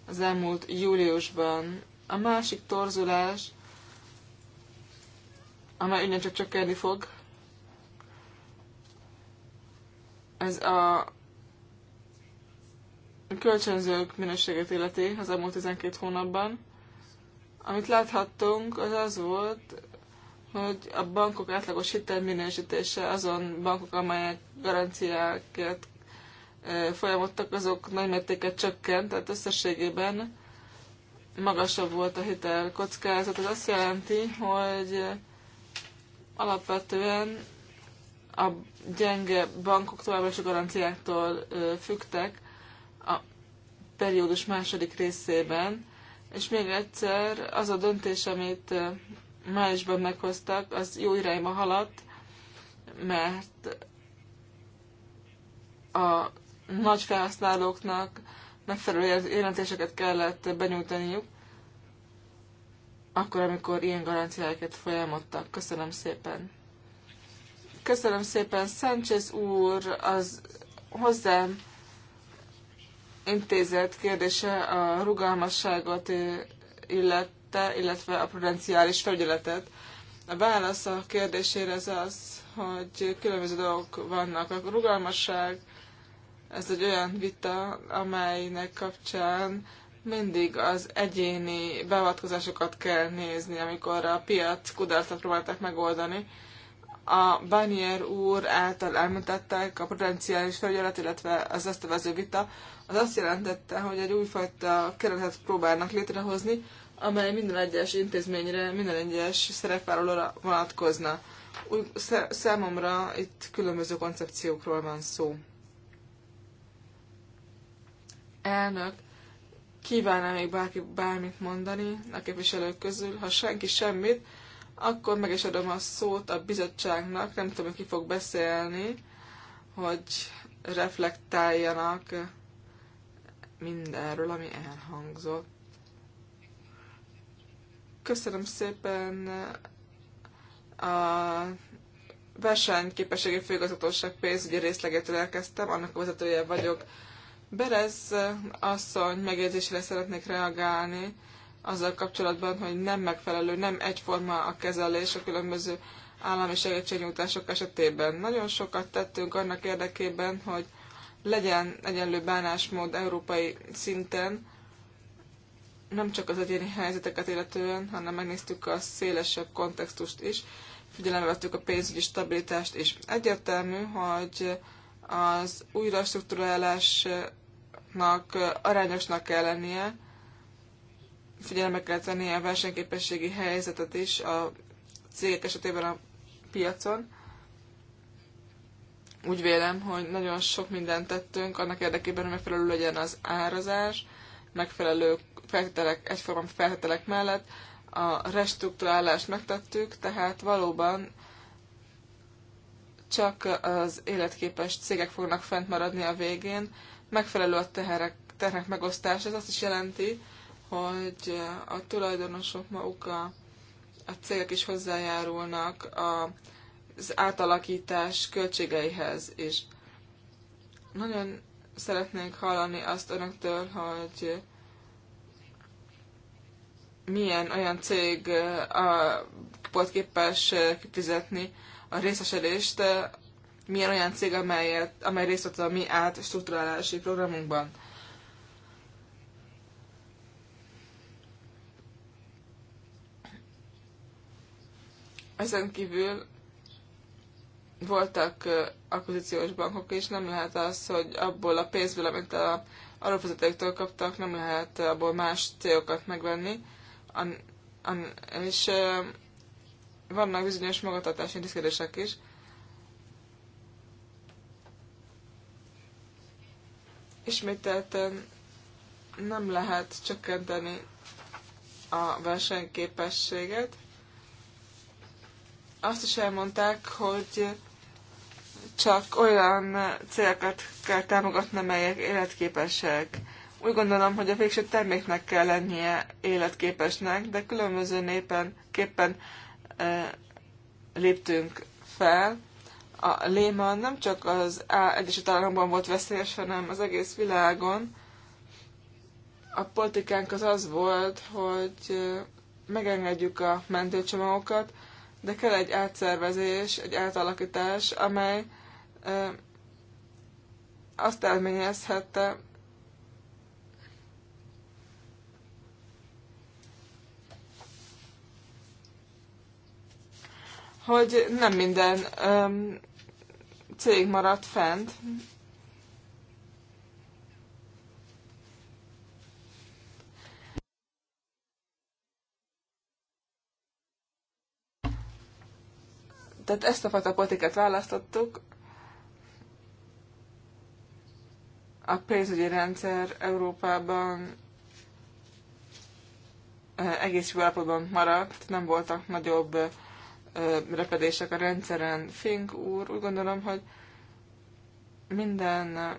az elmúlt júliusban. A másik torzulás amely csak csökkenni fog. Ez a kölcsönzők minőségét illeti az elmúlt 12 hónapban. Amit láthattunk, az az volt, hogy a bankok átlagos hitelminősítése azon bankok, amelyek garanciákat folyamodtak, azok mértéket csökkent, tehát összességében magasabb volt a hitel kockázat. Ez azt jelenti, hogy alapvetően a gyenge bankok továbbra is a garanciáktól fügtek a periódus második részében, és még egyszer az a döntés, amit májusban meghoztak, az jó irányba haladt, mert a nagy felhasználóknak megfelelő jelentéseket kellett benyújtaniuk, akkor, amikor ilyen garanciáikat folyamodtak. Köszönöm szépen. Köszönöm szépen, Sánchez úr, az hozzám intézett kérdése a rugalmasságot illette, illetve a prudenciális felügyeletet. A válasz a kérdésére az az, hogy különböző dolgok vannak. A rugalmasság, ez egy olyan vita, amelynek kapcsán mindig az egyéni beavatkozásokat kell nézni, amikor a piac kudarcot próbálták megoldani. A Banier úr által elmentettek a potenciális felügyelet, illetve az ezt a vita, az azt jelentette, hogy egy újfajta keretet próbálnak létrehozni, amely minden egyes intézményre, minden egyes szerepvállalóra vonatkozna. Úgy, számomra itt különböző koncepciókról van szó. Elnök, kívánná még bárki bármit mondani a képviselők közül. Ha senki semmit, akkor meg is adom a szót a bizottságnak, nem tudom, ki fog beszélni, hogy reflektáljanak mindenről, ami elhangzott. Köszönöm szépen a versenyképességi főigazgatóság pénzügyi részlegétől elkezdtem, annak a vezetője vagyok Berez asszony megjegyzésére szeretnék reagálni azzal kapcsolatban, hogy nem megfelelő, nem egyforma a kezelés a különböző állami segítségnyújtások esetében. Nagyon sokat tettünk annak érdekében, hogy legyen egyenlő bánásmód európai szinten, nem csak az egyéni helyzeteket illetően, hanem megnéztük a szélesebb kontextust is, figyelembe vettük a pénzügyi stabilitást is. Egyértelmű, hogy az újra struktúrálásnak arányosnak kell lennie, figyelembe kell tennie a versenyképességi helyzetet is a cégek esetében a piacon. Úgy vélem, hogy nagyon sok mindent tettünk annak érdekében, hogy megfelelő legyen az árazás, megfelelő feltételek, egyforma feltételek mellett. A restruktúrálást megtettük, tehát valóban csak az életképes cégek fognak fent maradni a végén. Megfelelő a teherek, terhek megosztás. Ez azt is jelenti, hogy a tulajdonosok maguk a, a cégek is hozzájárulnak a, az átalakítás költségeihez is. Nagyon szeretnénk hallani azt önöktől, hogy milyen olyan cég a, volt képes kifizetni a részesedést milyen olyan cég, amelyet, amely részt vett a mi át strukturálási programunkban. Ezen kívül voltak akvizíciós bankok, és nem lehet az, hogy abból a pénzből, amit a alapvezetőktől kaptak, nem lehet abból más célokat megvenni. An, an, és vannak bizonyos magatartási intézkedések is. Ismételten nem lehet csökkenteni a versenyképességet. Azt is elmondták, hogy csak olyan célokat kell támogatni, amelyek életképesek. Úgy gondolom, hogy a végső terméknek kell lennie életképesnek, de különböző népen, képpen E, léptünk fel. A léma nem csak az Egyesült Államokban volt veszélyes, hanem az egész világon. A politikánk az az volt, hogy e, megengedjük a mentőcsomagokat, de kell egy átszervezés, egy átalakítás, amely e, azt eredményezhette, hogy nem minden öm, cég maradt fent. Tehát ezt a fajta politikát választottuk. A pénzügyi rendszer Európában egész jó maradt, nem voltak nagyobb repedések a rendszeren. Fink úr, úgy gondolom, hogy minden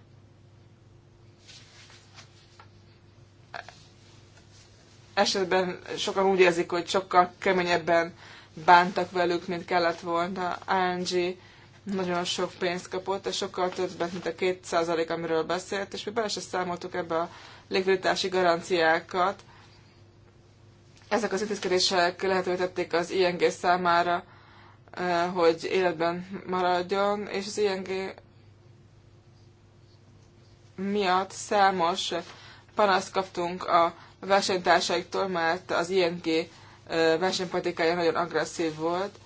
esetben sokan úgy érzik, hogy sokkal keményebben bántak velük, mint kellett volna. ANG nagyon sok pénzt kapott, és sokkal többet, mint a 2%, amiről beszélt, és mi bele se számoltuk ebbe a likviditási garanciákat, ezek az intézkedések lehetővé tették az ING számára, eh, hogy életben maradjon, és az ING miatt számos panaszt kaptunk a versenytársaiktól, mert az ING eh, versenypolitikája nagyon agresszív volt.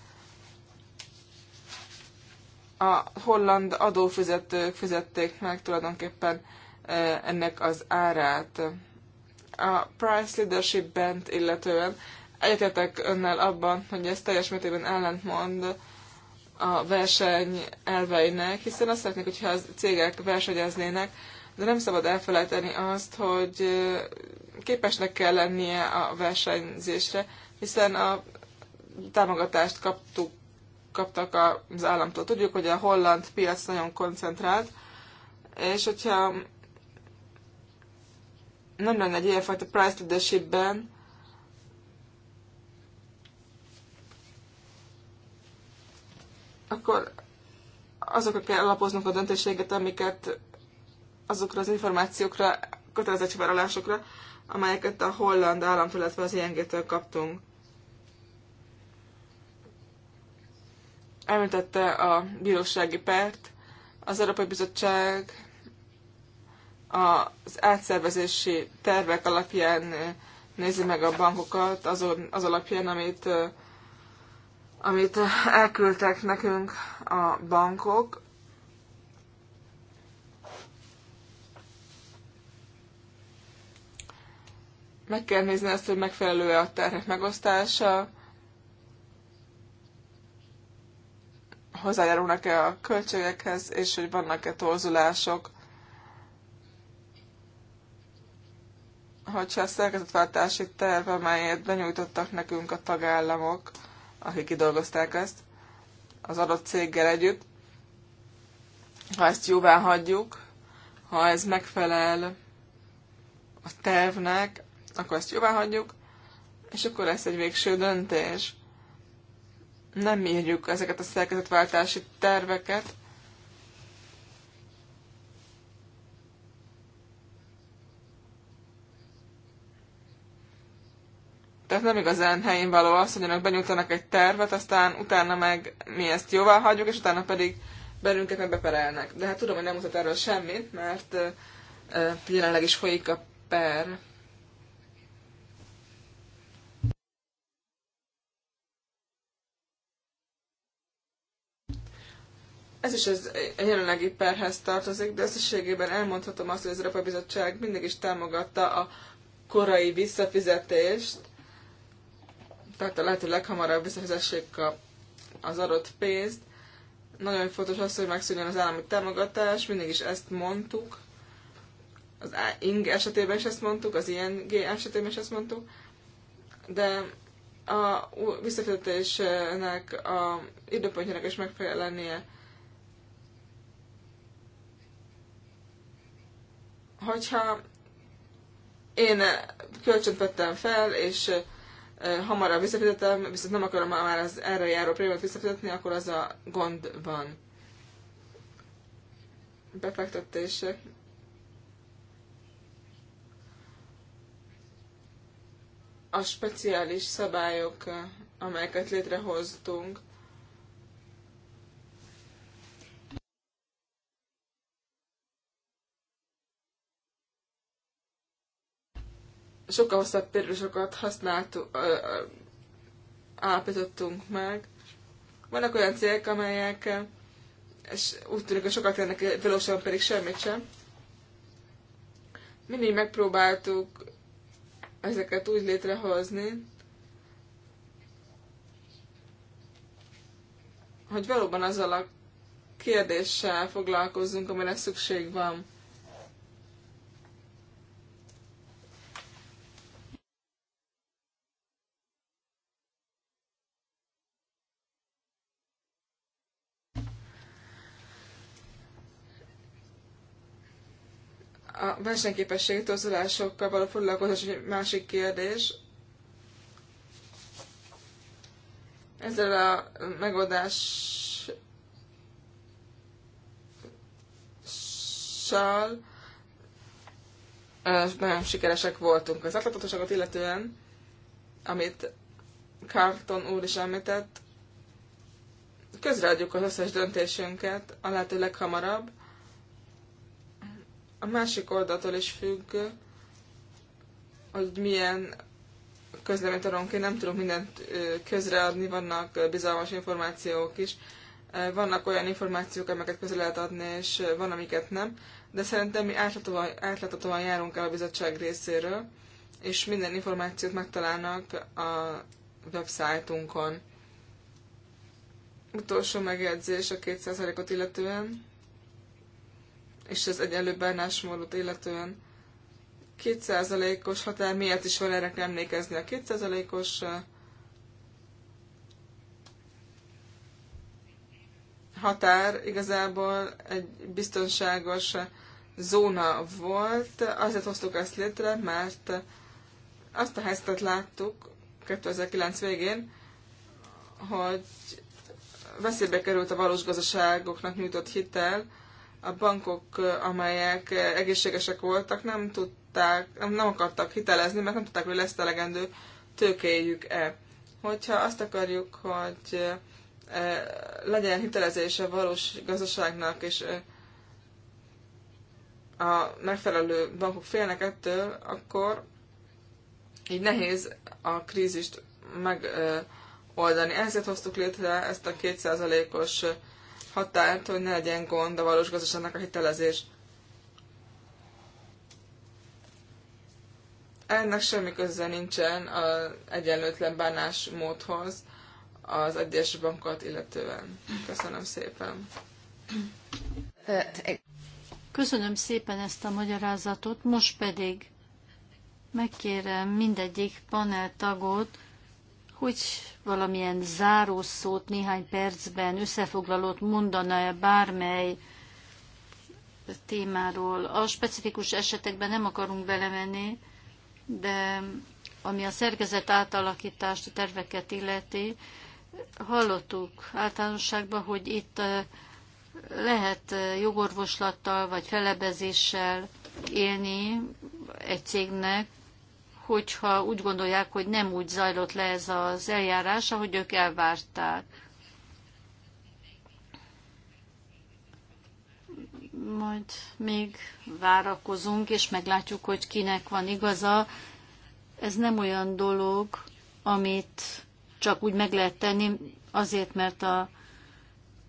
A holland adófizetők fizették meg tulajdonképpen eh, ennek az árát a price leadership bent illetően egyetetek önnel abban, hogy ez teljes mértékben ellentmond a verseny elveinek, hiszen azt szeretnék, hogyha a cégek versenyeznének, de nem szabad elfelejteni azt, hogy képesnek kell lennie a versenyzésre, hiszen a támogatást kaptuk, kaptak az államtól. Tudjuk, hogy a holland piac nagyon koncentrált, és hogyha nem lenne egy ilyenfajta price leadershipben, akkor azokra kell alapoznunk a döntéseket, amiket azokra az információkra, kötelezettségvállalásokra, amelyeket a holland államtól, illetve az ING-től kaptunk. Említette a bírósági pert, az Európai Bizottság az átszervezési tervek alapján nézi meg a bankokat, azon, az alapján, amit, amit elküldtek nekünk a bankok. Meg kell nézni azt, hogy megfelelő-e a terhek megosztása, hozzájárulnak-e a költségekhez, és hogy vannak-e torzulások hogyha a szerkezetváltási terv, amelyet benyújtottak nekünk a tagállamok, akik kidolgozták ezt, az adott céggel együtt, ha ezt jóvá hagyjuk, ha ez megfelel a tervnek, akkor ezt jóvá hagyjuk, és akkor lesz egy végső döntés. Nem írjuk ezeket a szerkezetváltási terveket, Tehát nem igazán helyén való az, hogy önök benyújtanak egy tervet, aztán utána meg mi ezt jóvá hagyjuk, és utána pedig belünket meg beperelnek. De hát tudom, hogy nem mutat erről semmit, mert uh, jelenleg is folyik a per. Ez is az a jelenlegi perhez tartozik, de összességében elmondhatom azt, hogy az Európai Bizottság mindig is támogatta a korai visszafizetést, tehát a lehető leghamarabb visszafizessék a, az adott pénzt. Nagyon fontos az, hogy megszűnjön az állami támogatás, mindig is ezt mondtuk. Az ING esetében is ezt mondtuk, az ING esetében is ezt mondtuk. De a visszafizetésnek a időpontjának is meg kell lennie. Hogyha én kölcsönt vettem fel, és hamarabb visszafizetem, viszont nem akarom már az erre járó prémiumot visszafizetni, akkor az a gond van. Befektetések. A speciális szabályok, amelyeket létrehoztunk, sokkal hosszabb periódusokat használtuk, állapítottunk meg. Vannak olyan cégek, amelyek és úgy tűnik, hogy sokat lennek valósan pedig semmit sem. Mindig megpróbáltuk ezeket úgy létrehozni, hogy valóban azzal a kérdéssel foglalkozzunk, amire szükség van. A versenyképességi torzulásokkal való foglalkozás egy másik kérdés. Ezzel a megoldással nagyon sikeresek voltunk. Az átláthatóságot illetően, amit Carton úr is említett, közreadjuk az összes döntésünket a lehető leghamarabb, a másik oldaltól is függ, hogy milyen közleményt adunk. Én nem tudok mindent közreadni, vannak bizalmas információk is, vannak olyan információk, amiket közre lehet adni, és van, amiket nem, de szerintem mi átláthatóan, átláthatóan járunk el a bizottság részéről, és minden információt megtalálnak a websájtunkon. Utolsó megjegyzés a 200 ot illetően és az egyenlő bánásmódot illetően 2%-os határ miért is van erre emlékezni. A 2%-os határ igazából egy biztonságos zóna volt, azért hoztuk ezt létre, mert azt a helyzetet láttuk 2009 végén, hogy veszélybe került a valós gazdaságoknak nyújtott hitel, a bankok, amelyek egészségesek voltak, nem tudták, nem akartak hitelezni, mert nem tudták, hogy lesz elegendő tőkéjük-e. Hogyha azt akarjuk, hogy eh, legyen hitelezése valós gazdaságnak, és eh, a megfelelő bankok félnek ettől, akkor így nehéz a krízist megoldani. Ezért hoztuk létre ezt a kétszázalékos os határt, hogy ne legyen gond a valós gazdaságnak a hitelezés. Ennek semmi köze nincsen az egyenlőtlen bánásmódhoz az egyes bankot illetően. Köszönöm szépen. Köszönöm szépen ezt a magyarázatot, most pedig megkérem mindegyik panel tagot, hogy valamilyen zárószót néhány percben összefoglalót mondana -e bármely témáról. A specifikus esetekben nem akarunk belemenni, de ami a szerkezet átalakítást, a terveket illeti, hallottuk általánosságban, hogy itt eh, lehet eh, jogorvoslattal vagy felebezéssel élni egy cégnek, hogyha úgy gondolják, hogy nem úgy zajlott le ez az eljárás, ahogy ők elvárták. Majd még várakozunk, és meglátjuk, hogy kinek van igaza. Ez nem olyan dolog, amit csak úgy meg lehet tenni, azért, mert a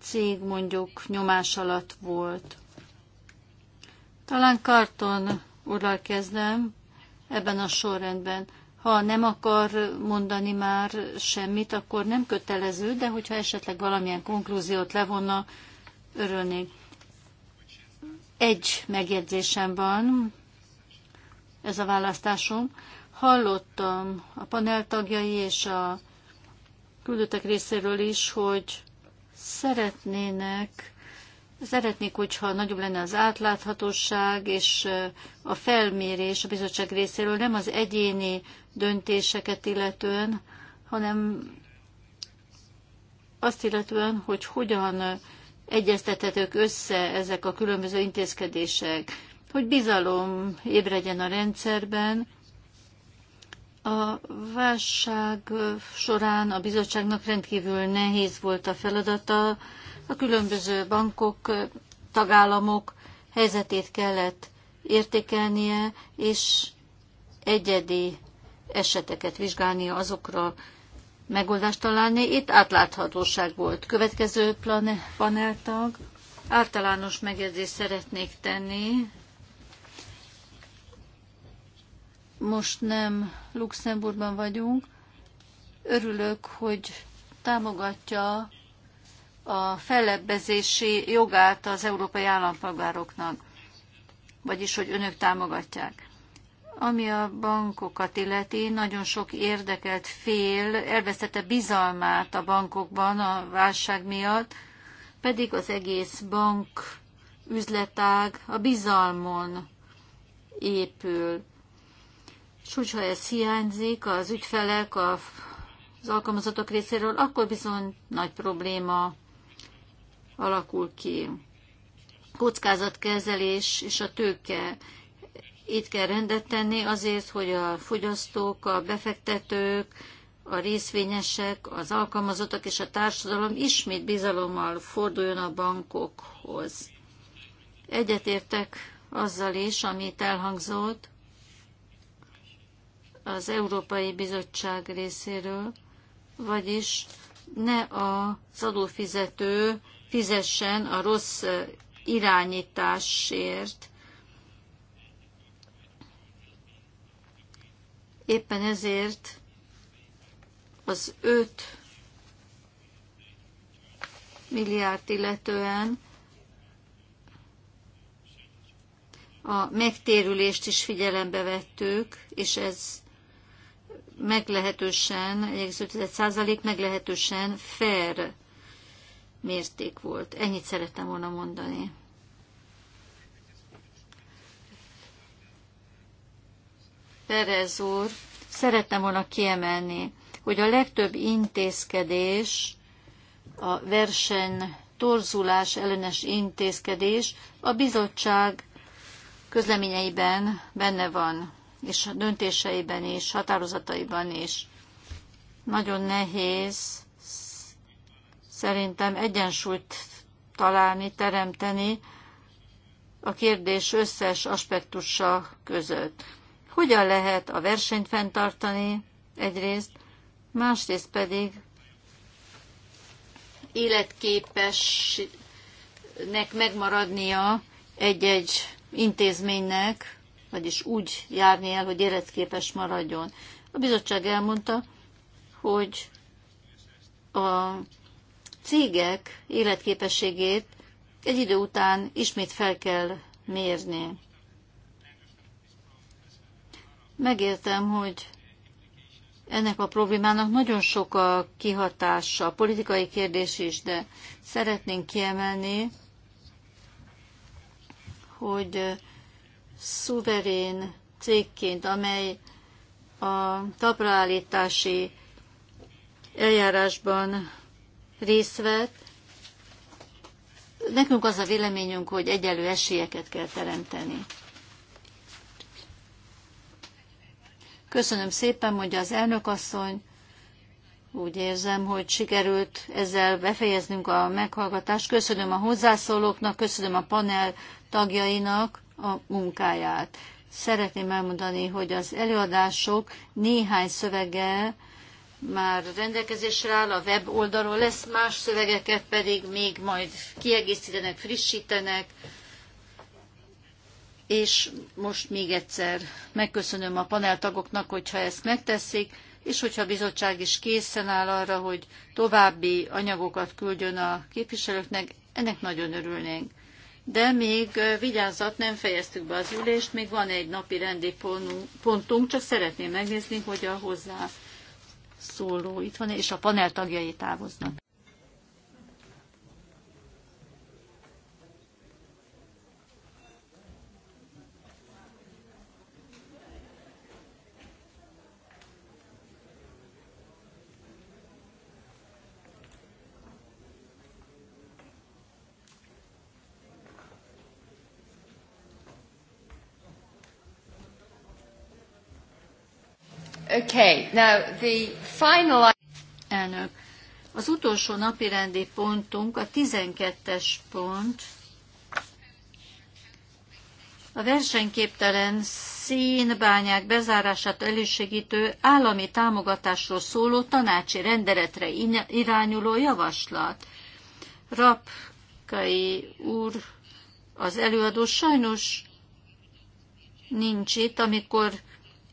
cég mondjuk nyomás alatt volt. Talán karton urral kezdem ebben a sorrendben. Ha nem akar mondani már semmit, akkor nem kötelező, de hogyha esetleg valamilyen konklúziót levonna, örülnék. Egy megjegyzésem van, ez a választásom. Hallottam a panel tagjai és a küldöttek részéről is, hogy szeretnének Szeretnék, hogyha nagyobb lenne az átláthatóság és a felmérés a bizottság részéről nem az egyéni döntéseket illetően, hanem azt illetően, hogy hogyan egyeztethetők össze ezek a különböző intézkedések, hogy bizalom ébredjen a rendszerben. A válság során a bizottságnak rendkívül nehéz volt a feladata, a különböző bankok, tagállamok helyzetét kellett értékelnie, és egyedi eseteket vizsgálnia azokra, megoldást találni. Itt átláthatóság volt. Következő paneltag. Általános megjegyzést szeretnék tenni. Most nem Luxemburgban vagyunk. Örülök, hogy támogatja a fellebbezési jogát az európai állampolgároknak, vagyis hogy önök támogatják. Ami a bankokat illeti, nagyon sok érdekelt fél elvesztette bizalmát a bankokban a válság miatt, pedig az egész bank üzletág a bizalmon épül. És hogyha ez hiányzik az ügyfelek, az alkalmazottak részéről, akkor bizony nagy probléma alakul ki. Kockázatkezelés és a tőke. Itt kell rendet tenni azért, hogy a fogyasztók, a befektetők, a részvényesek, az alkalmazottak és a társadalom ismét bizalommal forduljon a bankokhoz. Egyetértek azzal is, amit elhangzott az Európai Bizottság részéről, vagyis ne az adófizető fizessen a rossz irányításért. Éppen ezért az 5 milliárd illetően a megtérülést is figyelembe vettük, és ez meglehetősen, egy százalék meglehetősen fair mérték volt. Ennyit szerettem volna mondani. Perez úr, szerettem volna kiemelni, hogy a legtöbb intézkedés, a verseny torzulás ellenes intézkedés a bizottság közleményeiben benne van, és döntéseiben is, határozataiban is. Nagyon nehéz szerintem egyensúlyt találni, teremteni a kérdés összes aspektusa között. Hogyan lehet a versenyt fenntartani egyrészt, másrészt pedig életképesnek megmaradnia egy-egy intézménynek, vagyis úgy járni el, hogy életképes maradjon. A bizottság elmondta, hogy a cégek életképességét egy idő után ismét fel kell mérni. Megértem, hogy ennek a problémának nagyon sok a kihatása, a politikai kérdés is, de szeretnénk kiemelni, hogy szuverén cégként, amely a tapraállítási eljárásban részt vett. Nekünk az a véleményünk, hogy egyelő esélyeket kell teremteni. Köszönöm szépen, mondja az elnök asszony. Úgy érzem, hogy sikerült ezzel befejeznünk a meghallgatást. Köszönöm a hozzászólóknak, köszönöm a panel tagjainak a munkáját. Szeretném elmondani, hogy az előadások néhány szövege már rendelkezésre áll, a web oldalról lesz, más szövegeket pedig még majd kiegészítenek, frissítenek. És most még egyszer megköszönöm a paneltagoknak, hogyha ezt megteszik, és hogyha a bizottság is készen áll arra, hogy további anyagokat küldjön a képviselőknek, ennek nagyon örülnénk. De még vigyázat, nem fejeztük be az ülést, még van egy napi rendi pontunk, csak szeretném megnézni, hogy a hozzá szóló itt van, és a panel tagjai távoznak. Okay, now the final... Elnök, az utolsó napirendi pontunk, a 12-es pont, a versenyképtelen színbányák bezárását elősegítő állami támogatásról szóló tanácsi rendeletre irányuló javaslat. Rapkai úr, az előadó sajnos nincs itt, amikor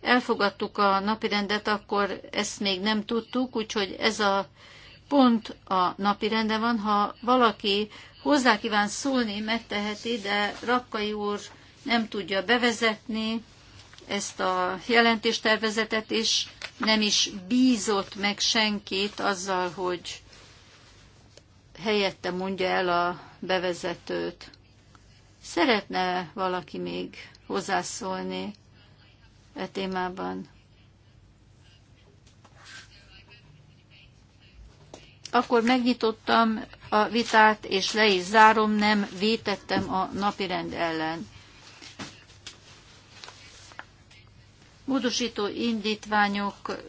elfogadtuk a napirendet, akkor ezt még nem tudtuk, úgyhogy ez a pont a napirende van. Ha valaki hozzá kíván szólni, megteheti, de Rakkai úr nem tudja bevezetni ezt a jelentéstervezetet, és nem is bízott meg senkit azzal, hogy helyette mondja el a bevezetőt. Szeretne valaki még hozzászólni? e témában. Akkor megnyitottam a vitát, és le is zárom, nem vétettem a napirend ellen. Módosító indítványok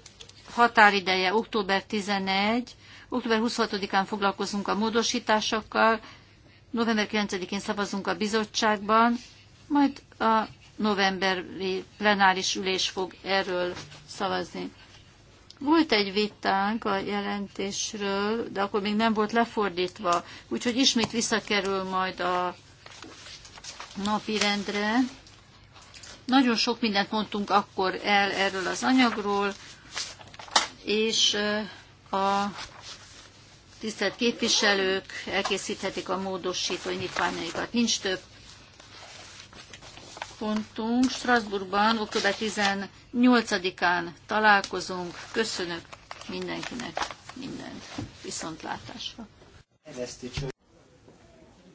határideje október 11, október 26-án foglalkozunk a módosításokkal, november 9-én szavazunk a bizottságban, majd a novemberi plenáris ülés fog erről szavazni. Volt egy vitánk a jelentésről, de akkor még nem volt lefordítva, úgyhogy ismét visszakerül majd a napirendre. Nagyon sok mindent mondtunk akkor el erről az anyagról, és a tisztelt képviselők elkészíthetik a módosító nyitványaikat. Nincs több pontunk. Strasbourgban október 18-án találkozunk. Köszönök mindenkinek mindent. Viszontlátásra.